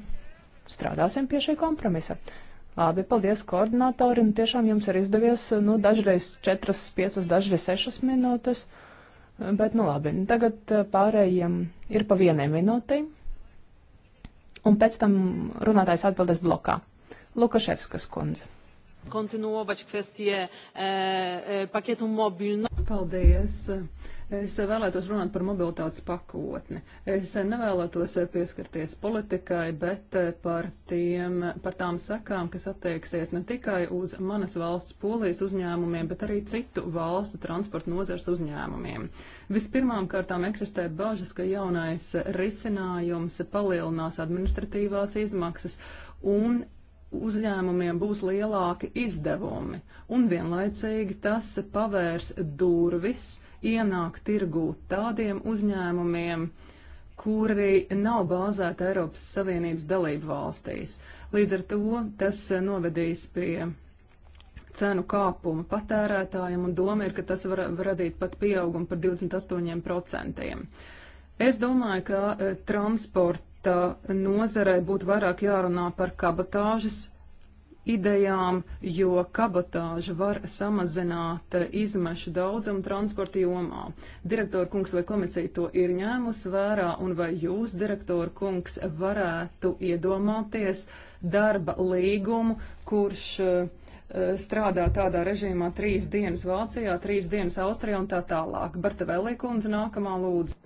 strādāsim pie šī kompromisa. Uh, Labi, paldies koordinatorim. Tiešām jums ir izdevies, nu, dažreiz četras, piecas, dažreiz sešas minūtes. Bet, nu, labi, tagad eh, pārējiem ir pa vienai minūtei. Un pēc tam runātājs atbildēs blokā. Lukaševskas kundze. Kontinuować kwestię e, e, eh, eh, pakietu mobilności. Paldies! Es vēlētos runāt par mobilitātes pakotni. Es nevēlētos pieskarties politikai, bet par, tiem, par tām sakām, kas attieksies ne tikai uz manas valsts polijas uzņēmumiem, bet arī citu valstu transporta nozars uzņēmumiem. Vispirmām kārtām eksistē bažas, ka jaunais risinājums palielinās administratīvās izmaksas un uzņēmumiem būs lielāki izdevumi, un vienlaicīgi tas pavērs durvis ienākt tirgū tādiem uzņēmumiem, kuri nav bāzēti Eiropas Savienības dalību valstīs. Līdz ar to tas novedīs pie cenu kāpuma patērētājiem, un doma ir, ka tas var, var radīt pat pieaugumu par 28%. Es domāju, ka e, eh, transporta transporta nozarei būtu vairāk jārunā par kabatāžas idejām, jo kabatāža var samazināt izmešu daudzumu transporta jomā. Direktora kungs vai komisija to ir ņēmusi vērā, un vai jūs, direktora kungs, varētu iedomāties darba līgumu, kurš uh, strādā tādā režīmā trīs dienas Vācijā, trīs dienas Austrijā un tā tālāk. Bartavēlī kundze nākamā lūdzu.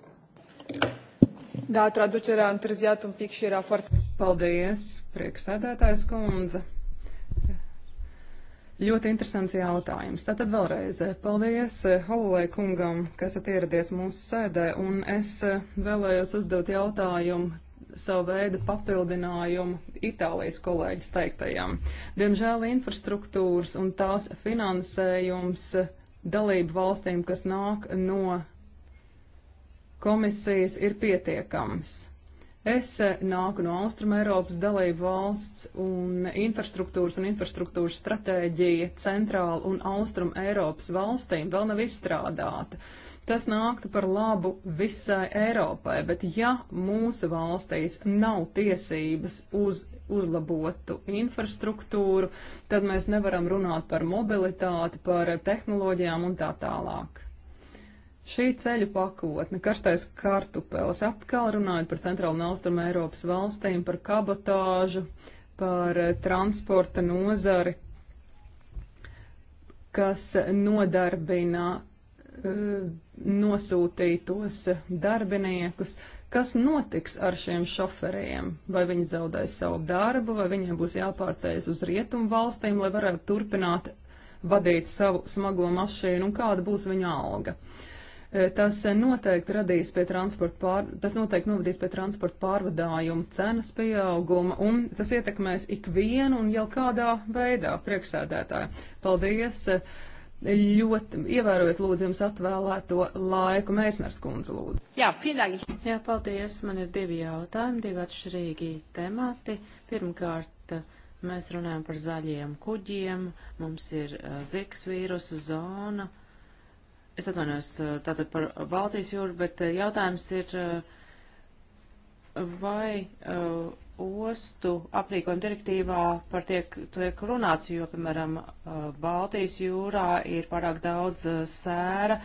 Da, traducerea a întârziat un pic și era foarte... Paldies, priekšsēdētājs kundze. Ļoti interesants jautājums. Tātad vēlreiz paldies eh, Hololē kungam, kas esat ieradies mūsu sēdē, un es eh, vēlējos uzdot jautājumu savu veidu papildinājumu Itālijas kolēģis teiktajam. Diemžēl infrastruktūras un tās finansējums eh, dalību valstīm, kas nāk no komisijas ir pietiekams. Es eh, nāku no Austrum Eiropas dalību valsts un infrastruktūras un infrastruktūras stratēģija centrāla un Austrum Eiropas valstīm vēl nav izstrādāta. Tas nāktu par labu visai Eiropai, bet ja mūsu valstīs nav tiesības uz uzlabotu infrastruktūru, tad mēs nevaram runāt par mobilitāti, par tehnoloģijām un tā tālāk. Šī ceļu pakotne, karstais kartupēlis, atkal runājot par centrālu un austrumu Eiropas valstīm, par kabotāžu, par eh, transporta nozari, kas nodarbina eh, nosūtītos darbiniekus, kas notiks ar šiem šoferiem. Vai viņi zaudēs savu darbu, vai viņiem būs jāpārceļas uz rietumu valstīm, lai varētu turpināt vadīt savu smago mašīnu, un kāda būs viņa alga. Uh, Eh, tas noteikti, radīs pie pār, tas noteikti novadīs pie transporta pārvadājuma cenas pieauguma, un tas ietekmēs ikvienu un jau kādā veidā priekšsēdētāju. Paldies! Eh, ļoti ievērojot lūdzu jums atvēlēto laiku. Mēsners kundze lūdzu. Jā, piedāgi. Jā, paldies. Man ir divi jautājumi, divi atšķirīgi temati. Pirmkārt, eh, mēs runājam par zaļiem kuģiem, mums ir uh, zikas vīrusu zona, uh, Es atvainojos tātad par Baltijas jūru, bet jautājums ir, vai uh, ostu aprīkojuma direktīvā par tiek, tiek runāts, jo, piemēram, Baltijas jūrā ir pārāk daudz sēra,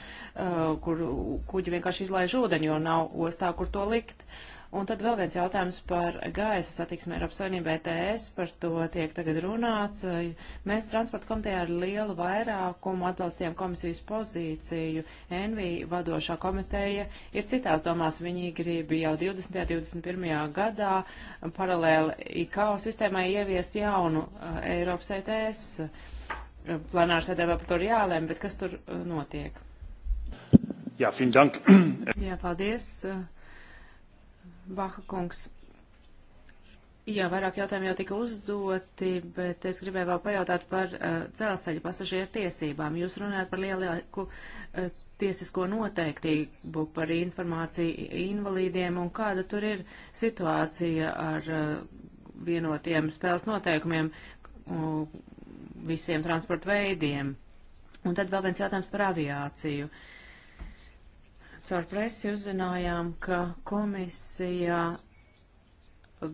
kur kuģi vienkārši izlaiž ūdeni, jo nav ostā, kur to likt. Uh, Un tad vēl viens jautājums par gaisa satiksmi Eiropas Savienībā ETS, par to tiek tagad runāts. Mēs transporta komitejā ar lielu vairākumu atbalstījām komisijas pozīciju. NV vadošā komiteja ir citās domās, viņi grib jau 20. 21. gadā paralēli IKO sistēmai ieviest jaunu uh, Eiropas ETS. Plenārs sēdē vēl par to ir jālēm, bet kas tur uh, notiek? Jā, vielen dank. Jā, paldies. Uh, Baha kungs. Jā, vairāk jautājumu jau tika uzdoti, bet es gribēju vēl pajautāt par uh, dzelzceļa pasažieru tiesībām. Jūs runājat par lielāku uh, tiesisko noteiktību, par informāciju invalīdiem un kāda tur ir situācija ar uh, vienotiem spēles noteikumiem uh, visiem transporta veidiem. Un tad vēl viens jautājums par aviāciju. Uh, Caur presi uzzinājām, ka komisija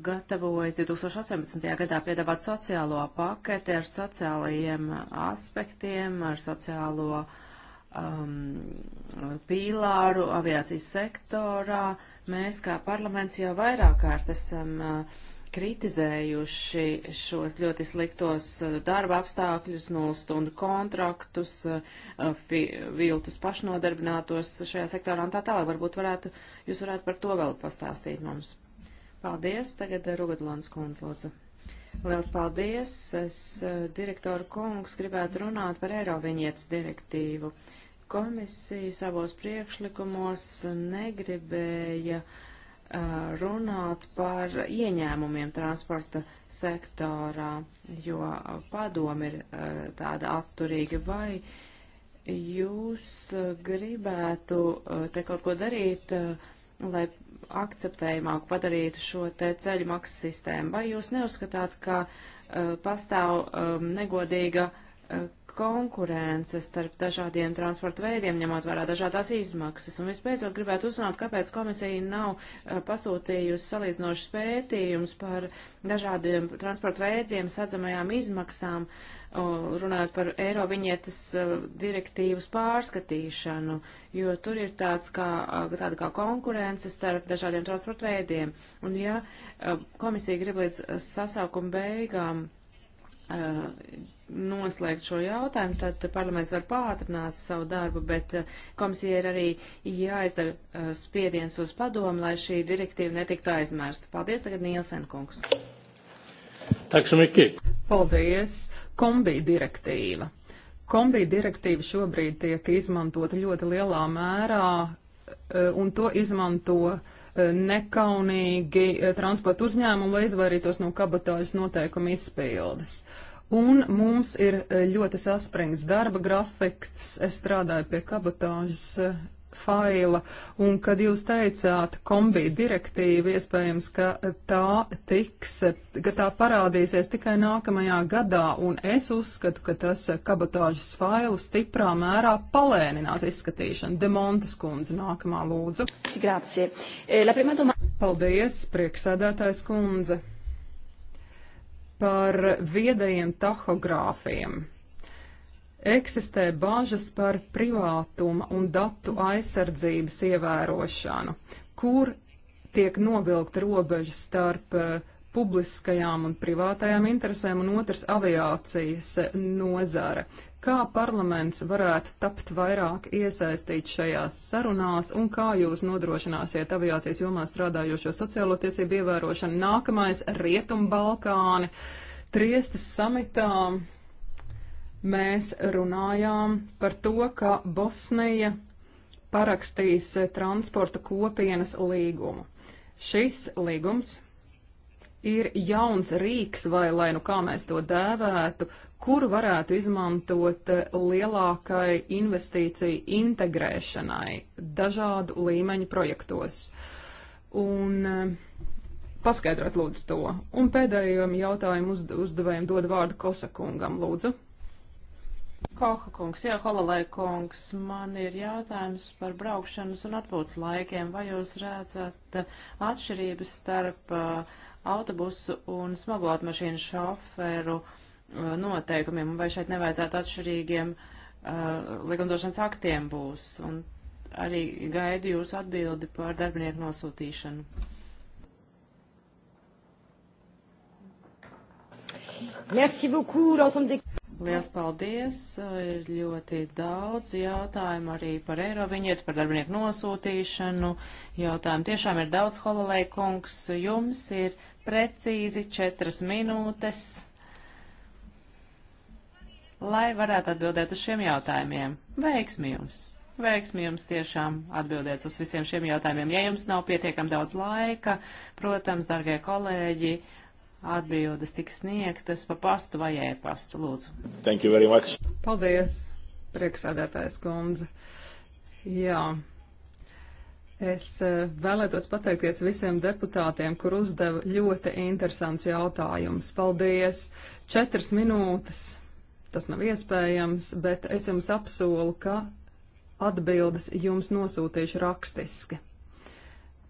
gatavojas 2018. gadā piedāvāt sociālo paketi ar sociālajiem aspektiem, ar sociālo um, pīlāru aviācijas sektorā. Mēs kā parlaments jau vairāk kārt esam uh, kritizējuši šos ļoti sliktos eh, darba apstākļus, nulstundu kontraktus, eh, viltus pašnodarbinātos šajā sektorā un tā tālāk. Varbūt varētu, jūs varētu par to vēl pastāstīt mums. Paldies. Tagad eh, Rugadlons kundze, lūdzu. Liels paldies. Es, direktoru kungs, gribētu runāt par Eiroviņietas direktīvu. Komisija savos priekšlikumos negribēja uh, Uh, runāt par ieņēmumiem transporta sektorā, jo padomi ir uh, tāda atturīga. Vai jūs uh, gribētu te kaut ko darīt, lai akceptējumāk padarītu šo te ceļu maksas sistēmu? Vai jūs neuzskatāt, ka pastāv um, negodīga konkurence starp dažādiem transporta veidiem, ņemot vērā dažādās izmaksas. Un vispēcot gribētu uzzināt, kāpēc komisija nav uh, pasūtījusi salīdzinošas pētījumus par dažādiem transporta veidiem, sadzamajām izmaksām, uh, runājot par eiro viņietas uh, direktīvas pārskatīšanu, jo tur ir tāds kā, tāda kā konkurence starp dažādiem transporta veidiem. Un ja komisija grib līdz sasaukuma beigām noslēgt šo jautājumu, tad parlaments var pātrināt savu darbu, bet eh, komisija ir arī jāizdara eh, spiediens uz padomu, lai šī direktīva netiktu aizmirsta. Paldies tagad Nielsen kungs. Paldies. Kombi direktīva. Kombi direktīva šobrīd tiek izmantota ļoti lielā mērā, eh, un to izmanto nekaunīgi transporta uzņēmumu, lai izvairītos no kabatāžas noteikumu izpildes. Uh, Un mums ir e, ļoti saspringts darba grafiks. Es strādāju pie kabatāžas e, faila, un kad jūs teicāt kombi direktīvu, iespējams, ka e, tā tiks, ka tā parādīsies tikai nākamajā gadā, un es uzskatu, ka tas kabatāžas failu stiprā mērā palēninās izskatīšanu. Demontas kundze nākamā lūdzu. Paldies, prieksēdētājs kundze par viedajiem tahogrāfiem. Eksistē bažas par privātuma un datu aizsardzības ievērošanu, kur tiek novilkt robeža starp eh, publiskajām un privātajām interesēm, un otrs aviācijas eh, nozara. Kā parlaments varētu tapt vairāk iesaistīts šajās sarunās un kā jūs nodrošināsiet aviācijas jomā strādājošo sociālo tiesību ievērošanu nākamais Rietumbalkāni Triestas samitā? Mēs runājām par to, ka Bosnija parakstīs transporta kopienas līgumu. Šis līgums ir jauns rīks, vai lai nu kā mēs to dēvētu, kuru varētu izmantot eh, lielākai investīciju integrēšanai dažādu līmeņu projektos. Un eh, paskaidrot lūdzu to. Un pēdējiem jautājumu uz, uzdevējiem dod vārdu Kosakungam, lūdzu. Koha kungs, jā, Holalai kungs, man ir jautājums par braukšanas un atpūtas laikiem. Vai jūs redzat eh, atšķirības starp uh, autobusu un smago automašīnu šoferu uh, Uh, noteikumiem, vai šeit nevajadzētu atšķirīgiem uh, likumdošanas aktiem būs. Un arī gaidu jūsu atbildi par darbinieku nosūtīšanu. Merci beaucoup, l'ensemble des... Liels paldies, uh, ir ļoti daudz jautājumu arī par eiro viņietu, par darbinieku nosūtīšanu. Jautājumu tiešām ir daudz, Hololei kungs, jums ir precīzi četras minūtes lai varētu atbildēt uz šiem jautājumiem. Veiksmi jums! Veiksmi jums tiešām atbildēt uz visiem šiem jautājumiem. Ja jums nav pietiekam daudz laika, protams, dargie kolēģi, atbildes tiks sniegtas pa pastu vai ēpastu, lūdzu. Thank you very much. Paldies, prieksādātājs kundze. Jā. Es e, vēlētos pateikties visiem deputātiem, kur uzdeva ļoti interesants jautājums. Paldies! Četras minūtes tas nav iespējams, bet es jums apsolu, ka atbildes jums nosūtīšu rakstiski.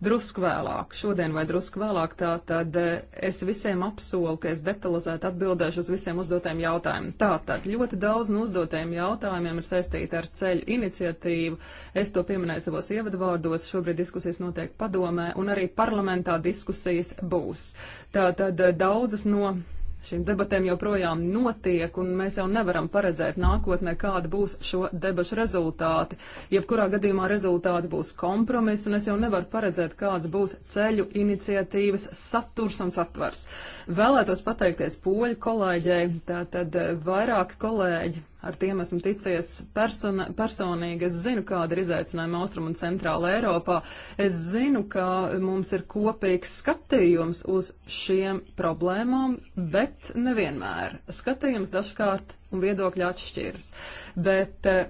Drusku vēlāk, šodien vai drusku vēlāk, tā tad eh, es visiem apsolu, ka es detalizēti atbildēšu uz visiem uzdotajiem jautājumiem. Tātad ļoti daudz no uzdotajiem jautājumiem ir saistīti ar ceļu iniciatīvu. Es to pieminēju savos ievadvārdos, šobrīd diskusijas notiek padomē un arī parlamentā diskusijas būs. Tātad eh, daudzas no šīm debatēm joprojām notiek, un mēs jau nevaram paredzēt nākotnē, kāda būs šo debašu rezultāti. Jebkurā gadījumā rezultāti būs kompromiss, un es jau nevaru paredzēt, kāds būs ceļu iniciatīvas saturs un satvers. Vēlētos pateikties poļu kolēģei, tātad vairāki kolēģi ar tiem esmu ticies persona, personīgi. Es zinu, kāda ir izaicinājuma Austrum un Centrāla Eiropā. Es zinu, ka mums ir kopīgs skatījums uz šiem problēmām, bet nevienmēr. Skatījums dažkārt un viedokļi atšķiras. Bet eh,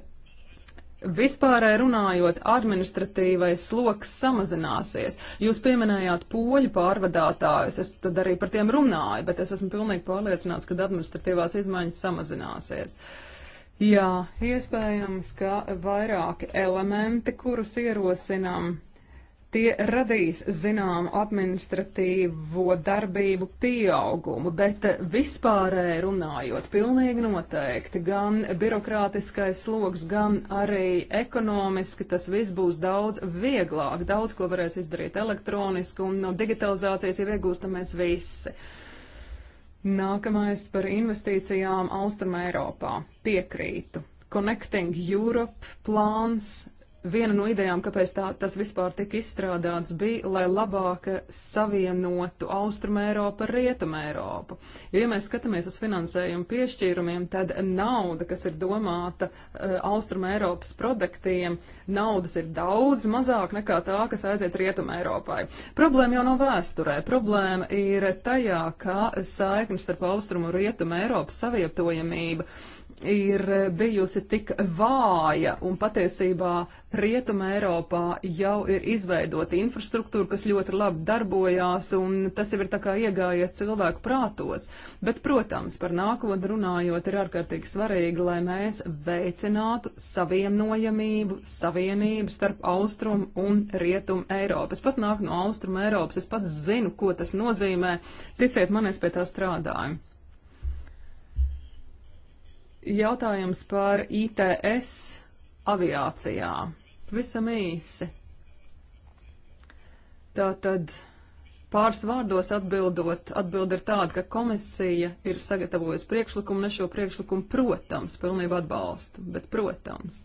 Vispārēji runājot, administratīvais sloks samazināsies. Jūs pieminējāt poļu pārvadātājus, es tad arī par tiem runāju, bet es esmu pilnīgi pārliecināts, ka administratīvās izmaiņas samazināsies. Uh, Jā, iespējams, ka vairāki elementi, kurus ierosinām, tie radīs zināmu administratīvo darbību pieaugumu, bet vispārēji runājot, pilnīgi noteikti gan birokrātiskais sloks, gan arī ekonomiski tas viss būs daudz vieglāk, daudz ko varēs izdarīt elektroniski un no digitalizācijas jau iegūstamies visi. Uh, Nākamais par investīcijām Austrum Eiropā. Piekrītu. Connecting Europe plāns viena no idejām, kāpēc tā, tas vispār tika izstrādāts, bija, lai labāk savienotu Austrum Eiropu ar Rietum Eiropu. Jo, ja mēs skatāmies uz finansējumu piešķīrumiem, tad nauda, kas ir domāta uh, Austrum Eiropas produktiem, naudas ir daudz mazāk nekā tā, kas aiziet Rietum Eiropai. Problēma jau nav vēsturē. Problēma ir tajā, kā saiknes starp Austrumu un Rietum Eiropas savietojamība. Uh, ir bijusi tik vāja, un patiesībā Rietuma Eiropā jau ir izveidota infrastruktūra, kas ļoti labi darbojās, un tas jau ir tā kā iegājies cilvēku prātos. Bet, protams, par nākotnē runājot, ir ārkārtīgi svarīgi, lai mēs veicinātu savienojamību, savienību starp Austrumu un Rietumu Eiropu. Es pats nāku no Austrumu Eiropas, es pats zinu, ko tas nozīmē. Ticiet man, es pie tā strādāju. Jautājums par ITS aviācijā. Visam īsi. Tātad pāris vārdos atbildot, atbild ir tāda, ka komisija ir sagatavojusi priekšlikumu, ne šo priekšlikumu, protams, pilnībā atbalstu, bet protams.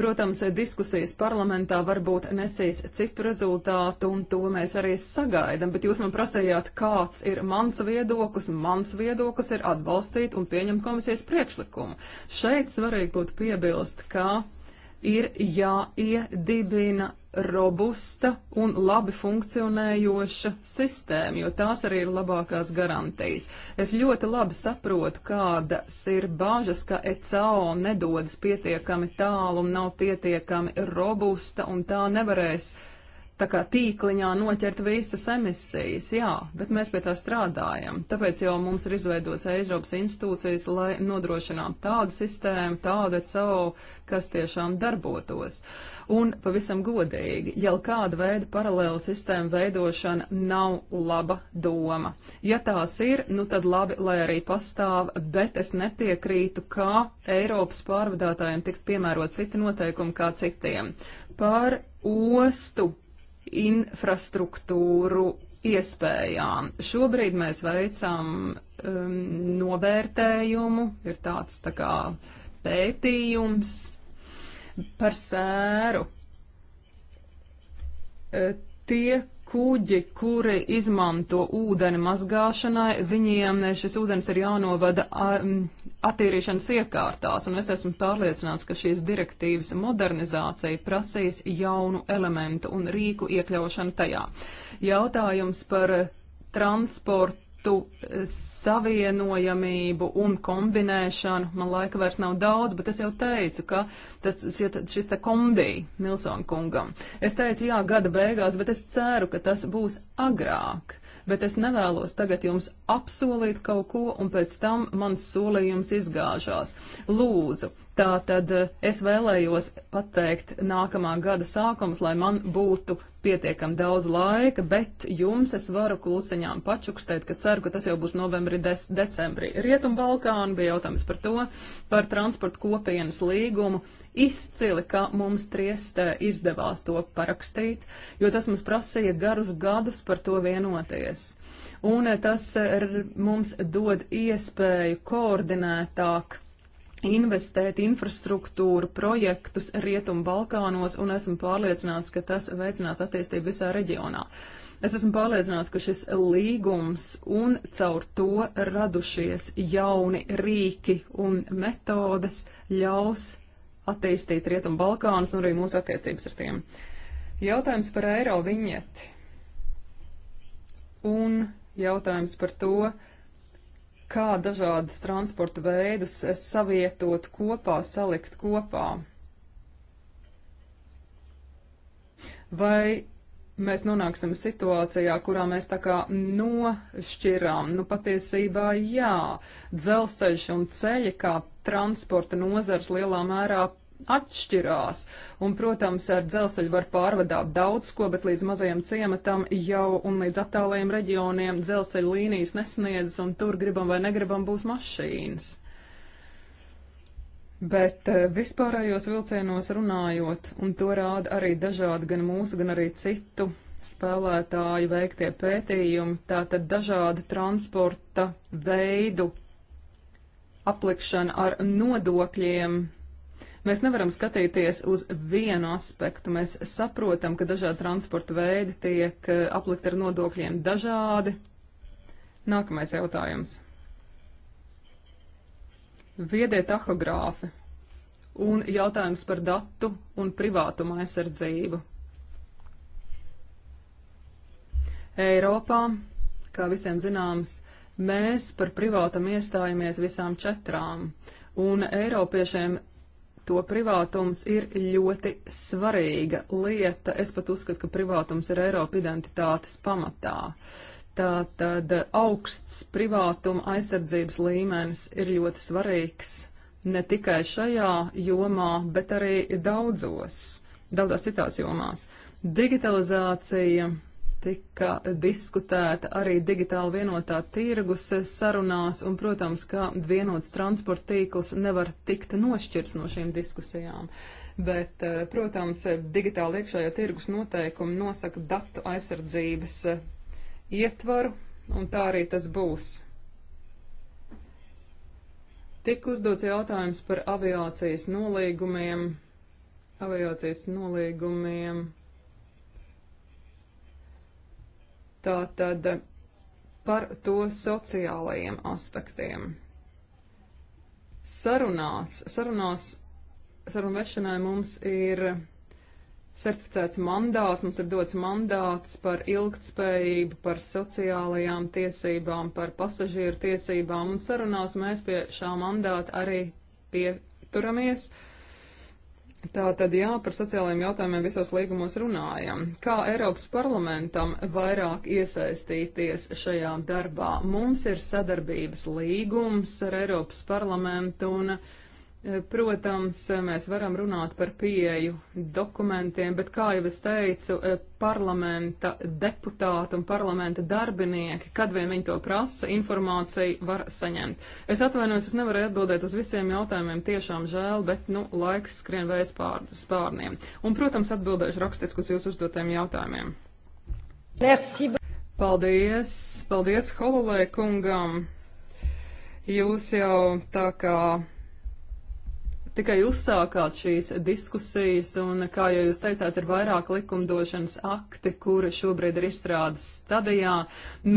Protams, diskusijas parlamentā varbūt nesīs citu rezultātu, un to mēs arī sagaidam, bet jūs man prasējāt, kāds ir mans viedoklis. Mans viedoklis ir atbalstīt un pieņemt komisijas priekšlikumu. Šeit svarīgi būtu piebilst, ka ir jāiedibina robusta un labi funkcionējoša sistēma, jo tās arī ir labākās garantijas. Es ļoti labi saprotu, kādas ir bāžas, ka ECO nedodas pietiekami tālu un nav pietiekami robusta, un tā nevarēs uh, tā kā tīkliņā noķert visas emisijas, jā, bet mēs pie tā strādājam. Tāpēc jau mums ir izveidots Eiropas institūcijas, lai nodrošinātu tādu sistēmu, tādu ECO, kas tiešām darbotos. Un pavisam godīgi, jau kāda veida paralēla sistēma veidošana nav laba doma. Ja tās ir, nu tad labi, lai arī pastāv, bet es nepiekrītu, kā Eiropas pārvadātājiem tikt piemērot citi noteikumi kā citiem. Par ostu infrastruktūru iespējām. Šobrīd mēs veicam um, novērtējumu, ir tāds tā kā pētījums par sēru. E, tie kuģi, kuri izmanto ūdeni mazgāšanai, viņiem šis ūdens ir jānovada um, attīrīšanas iekārtās, un es esmu pārliecināts, ka šīs direktīvas modernizācija prasīs jaunu elementu un rīku iekļaušanu tajā. Jautājums par transportu eh, savienojamību un kombinēšanu. Man laika vairs nav daudz, bet es jau teicu, ka tas, šis te kombi Nilsona kungam. Es teicu, jā, gada beigās, bet es ceru, ka tas būs agrāk bet es nevēlos tagad jums apsolīt kaut ko, un pēc tam mans solījums izgāžās. Lūdzu, tā tad eh, es vēlējos pateikt nākamā gada sākums, lai man būtu pietiekam daudz laika, bet jums es varu klusiņām pačukstēt, ka ceru, ka tas jau būs novembrī, des, decembrī. Rietumbalkāni bija jautājums par to, par transportu kopienas līgumu. Izcili, ka mums triestē izdevās to parakstīt, jo tas mums prasīja garus gadus par to vienoties. Un tas mums dod iespēju koordinētāk investēt infrastruktūru projektus Rietumu Balkānos, un esmu pārliecināts, ka tas veicinās attīstību visā reģionā. Es esmu pārliecināts, ka šis līgums un caur to radušies jauni rīki un metodes ļaus attīstīt Rietumu Balkānus un arī mūsu attiecības ar tiem. Jautājums par eiro viņieti un jautājums par to, uh, kā dažādas transporta veidus savietot kopā, salikt kopā. Vai mēs nonāksim situācijā, kurā mēs tā kā nošķirām? Nu, patiesībā jā, dzelzceļš un ceļi kā transporta nozars lielā mērā atšķirās. Un, protams, ar dzelzceļu var pārvadāt daudz ko, bet līdz mazajam ciematam jau un līdz attālajiem reģioniem dzelzceļu līnijas nesniedz, un tur gribam vai negribam būs mašīnas. Bet eh, vispārējos vilcienos runājot, un to rāda arī dažādi gan mūsu, gan arī citu spēlētāju veiktie pētījumi, tātad dažādu transporta veidu aplikšana ar nodokļiem Mēs nevaram skatīties uz vienu aspektu. Mēs saprotam, ka dažādi transporta veidi tiek eh, aplikt ar nodokļiem dažādi. Nākamais jautājums. Viedie tahogrāfi un jautājums par datu un privātuma aizsardzību. Eiropā, kā visiem zināms, mēs par privātam iestājamies visām četrām, un Eiropiešiem to privātums ir ļoti svarīga lieta. Es pat uzskatu, ka privātums ir Eiropa identitātes pamatā. Tātad augsts privātuma aizsardzības līmenis ir ļoti svarīgs ne tikai šajā jomā, bet arī daudzos, daudzās citās jomās. Digitalizācija tika diskutēta arī digitāla vienotā tirgus sarunās, un, protams, ka vienots transporta tīkls nevar tikt nošķirts no šīm diskusijām. Bet, eh, protams, digitāla iekšējā tirgus noteikumi nosaka datu aizsardzības eh, ietvaru, un tā arī tas būs. Tik uzdots jautājums par aviācijas nolīgumiem, aviācijas nolīgumiem Tātad eh, par to sociālajiem aspektiem. Sarunās, sarunās, sarunvešanai mums ir certificēts mandāts, mums ir dots mandāts par ilgtspējību, par sociālajām tiesībām, par pasažieru tiesībām, un sarunās mēs pie šā mandāta arī pieturamies. Uh, Tā tad jā, par sociālajiem jautājumiem visos līgumos runājam. Kā Eiropas parlamentam vairāk iesaistīties šajā darbā? Mums ir sadarbības līgums ar Eiropas parlamentu un uh, Protams, mēs varam runāt par pieeju dokumentiem, bet, kā jau es teicu, eh, parlamenta deputāti un parlamenta darbinieki, kad vien viņi to prasa, informāciju var saņemt. Es atvainojos, es nevarēju atbildēt uz visiem jautājumiem, tiešām žēl, bet, nu, laiks skrien vējas pār, spārniem. Un, protams, atbildēšu rakstiski uz jūsu uzdotiem jautājumiem. Merci. Paldies, paldies Hololē kungam. Jūs jau tā kā tikai uzsākāt šīs diskusijas, un, kā jau jūs teicāt, ir vairāk likumdošanas akti, kuri šobrīd ir izstrādes stadijā.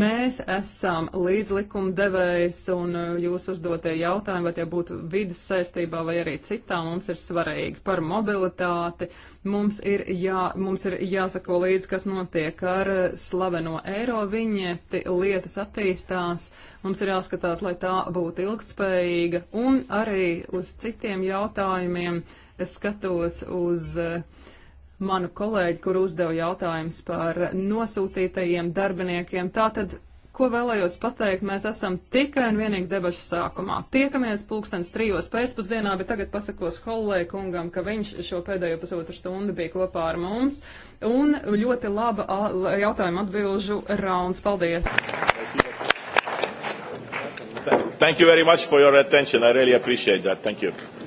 Mēs esam līdzlikumdevējs, un uh, jūs uzdotie jautājumi, vai tie būtu vidas saistībā vai arī citā, mums ir svarīgi par mobilitāti, Mums ir, jā, mums ir jāsako līdzi, kas notiek ar eh, slaveno eiro viņieti, lietas attīstās, mums ir jāskatās, lai tā būtu ilgspējīga, un arī uz citiem jautājumiem es skatos uz eh, manu kolēģi, kur uzdev jautājums par nosūtītajiem darbiniekiem. Tātad Ko vēlējos pateikt, mēs esam tikai un vienīgi debašu sākumā. Tiekamies pulkstens trijos pēcpusdienā, bet tagad pasakos Hollē kungam, ka viņš šo pēdējo pusotru stundu bija kopā ar mums. Un ļoti laba jautājuma atbilžu rauns. Paldies! Thank you very much for your attention. I really appreciate that. Thank you.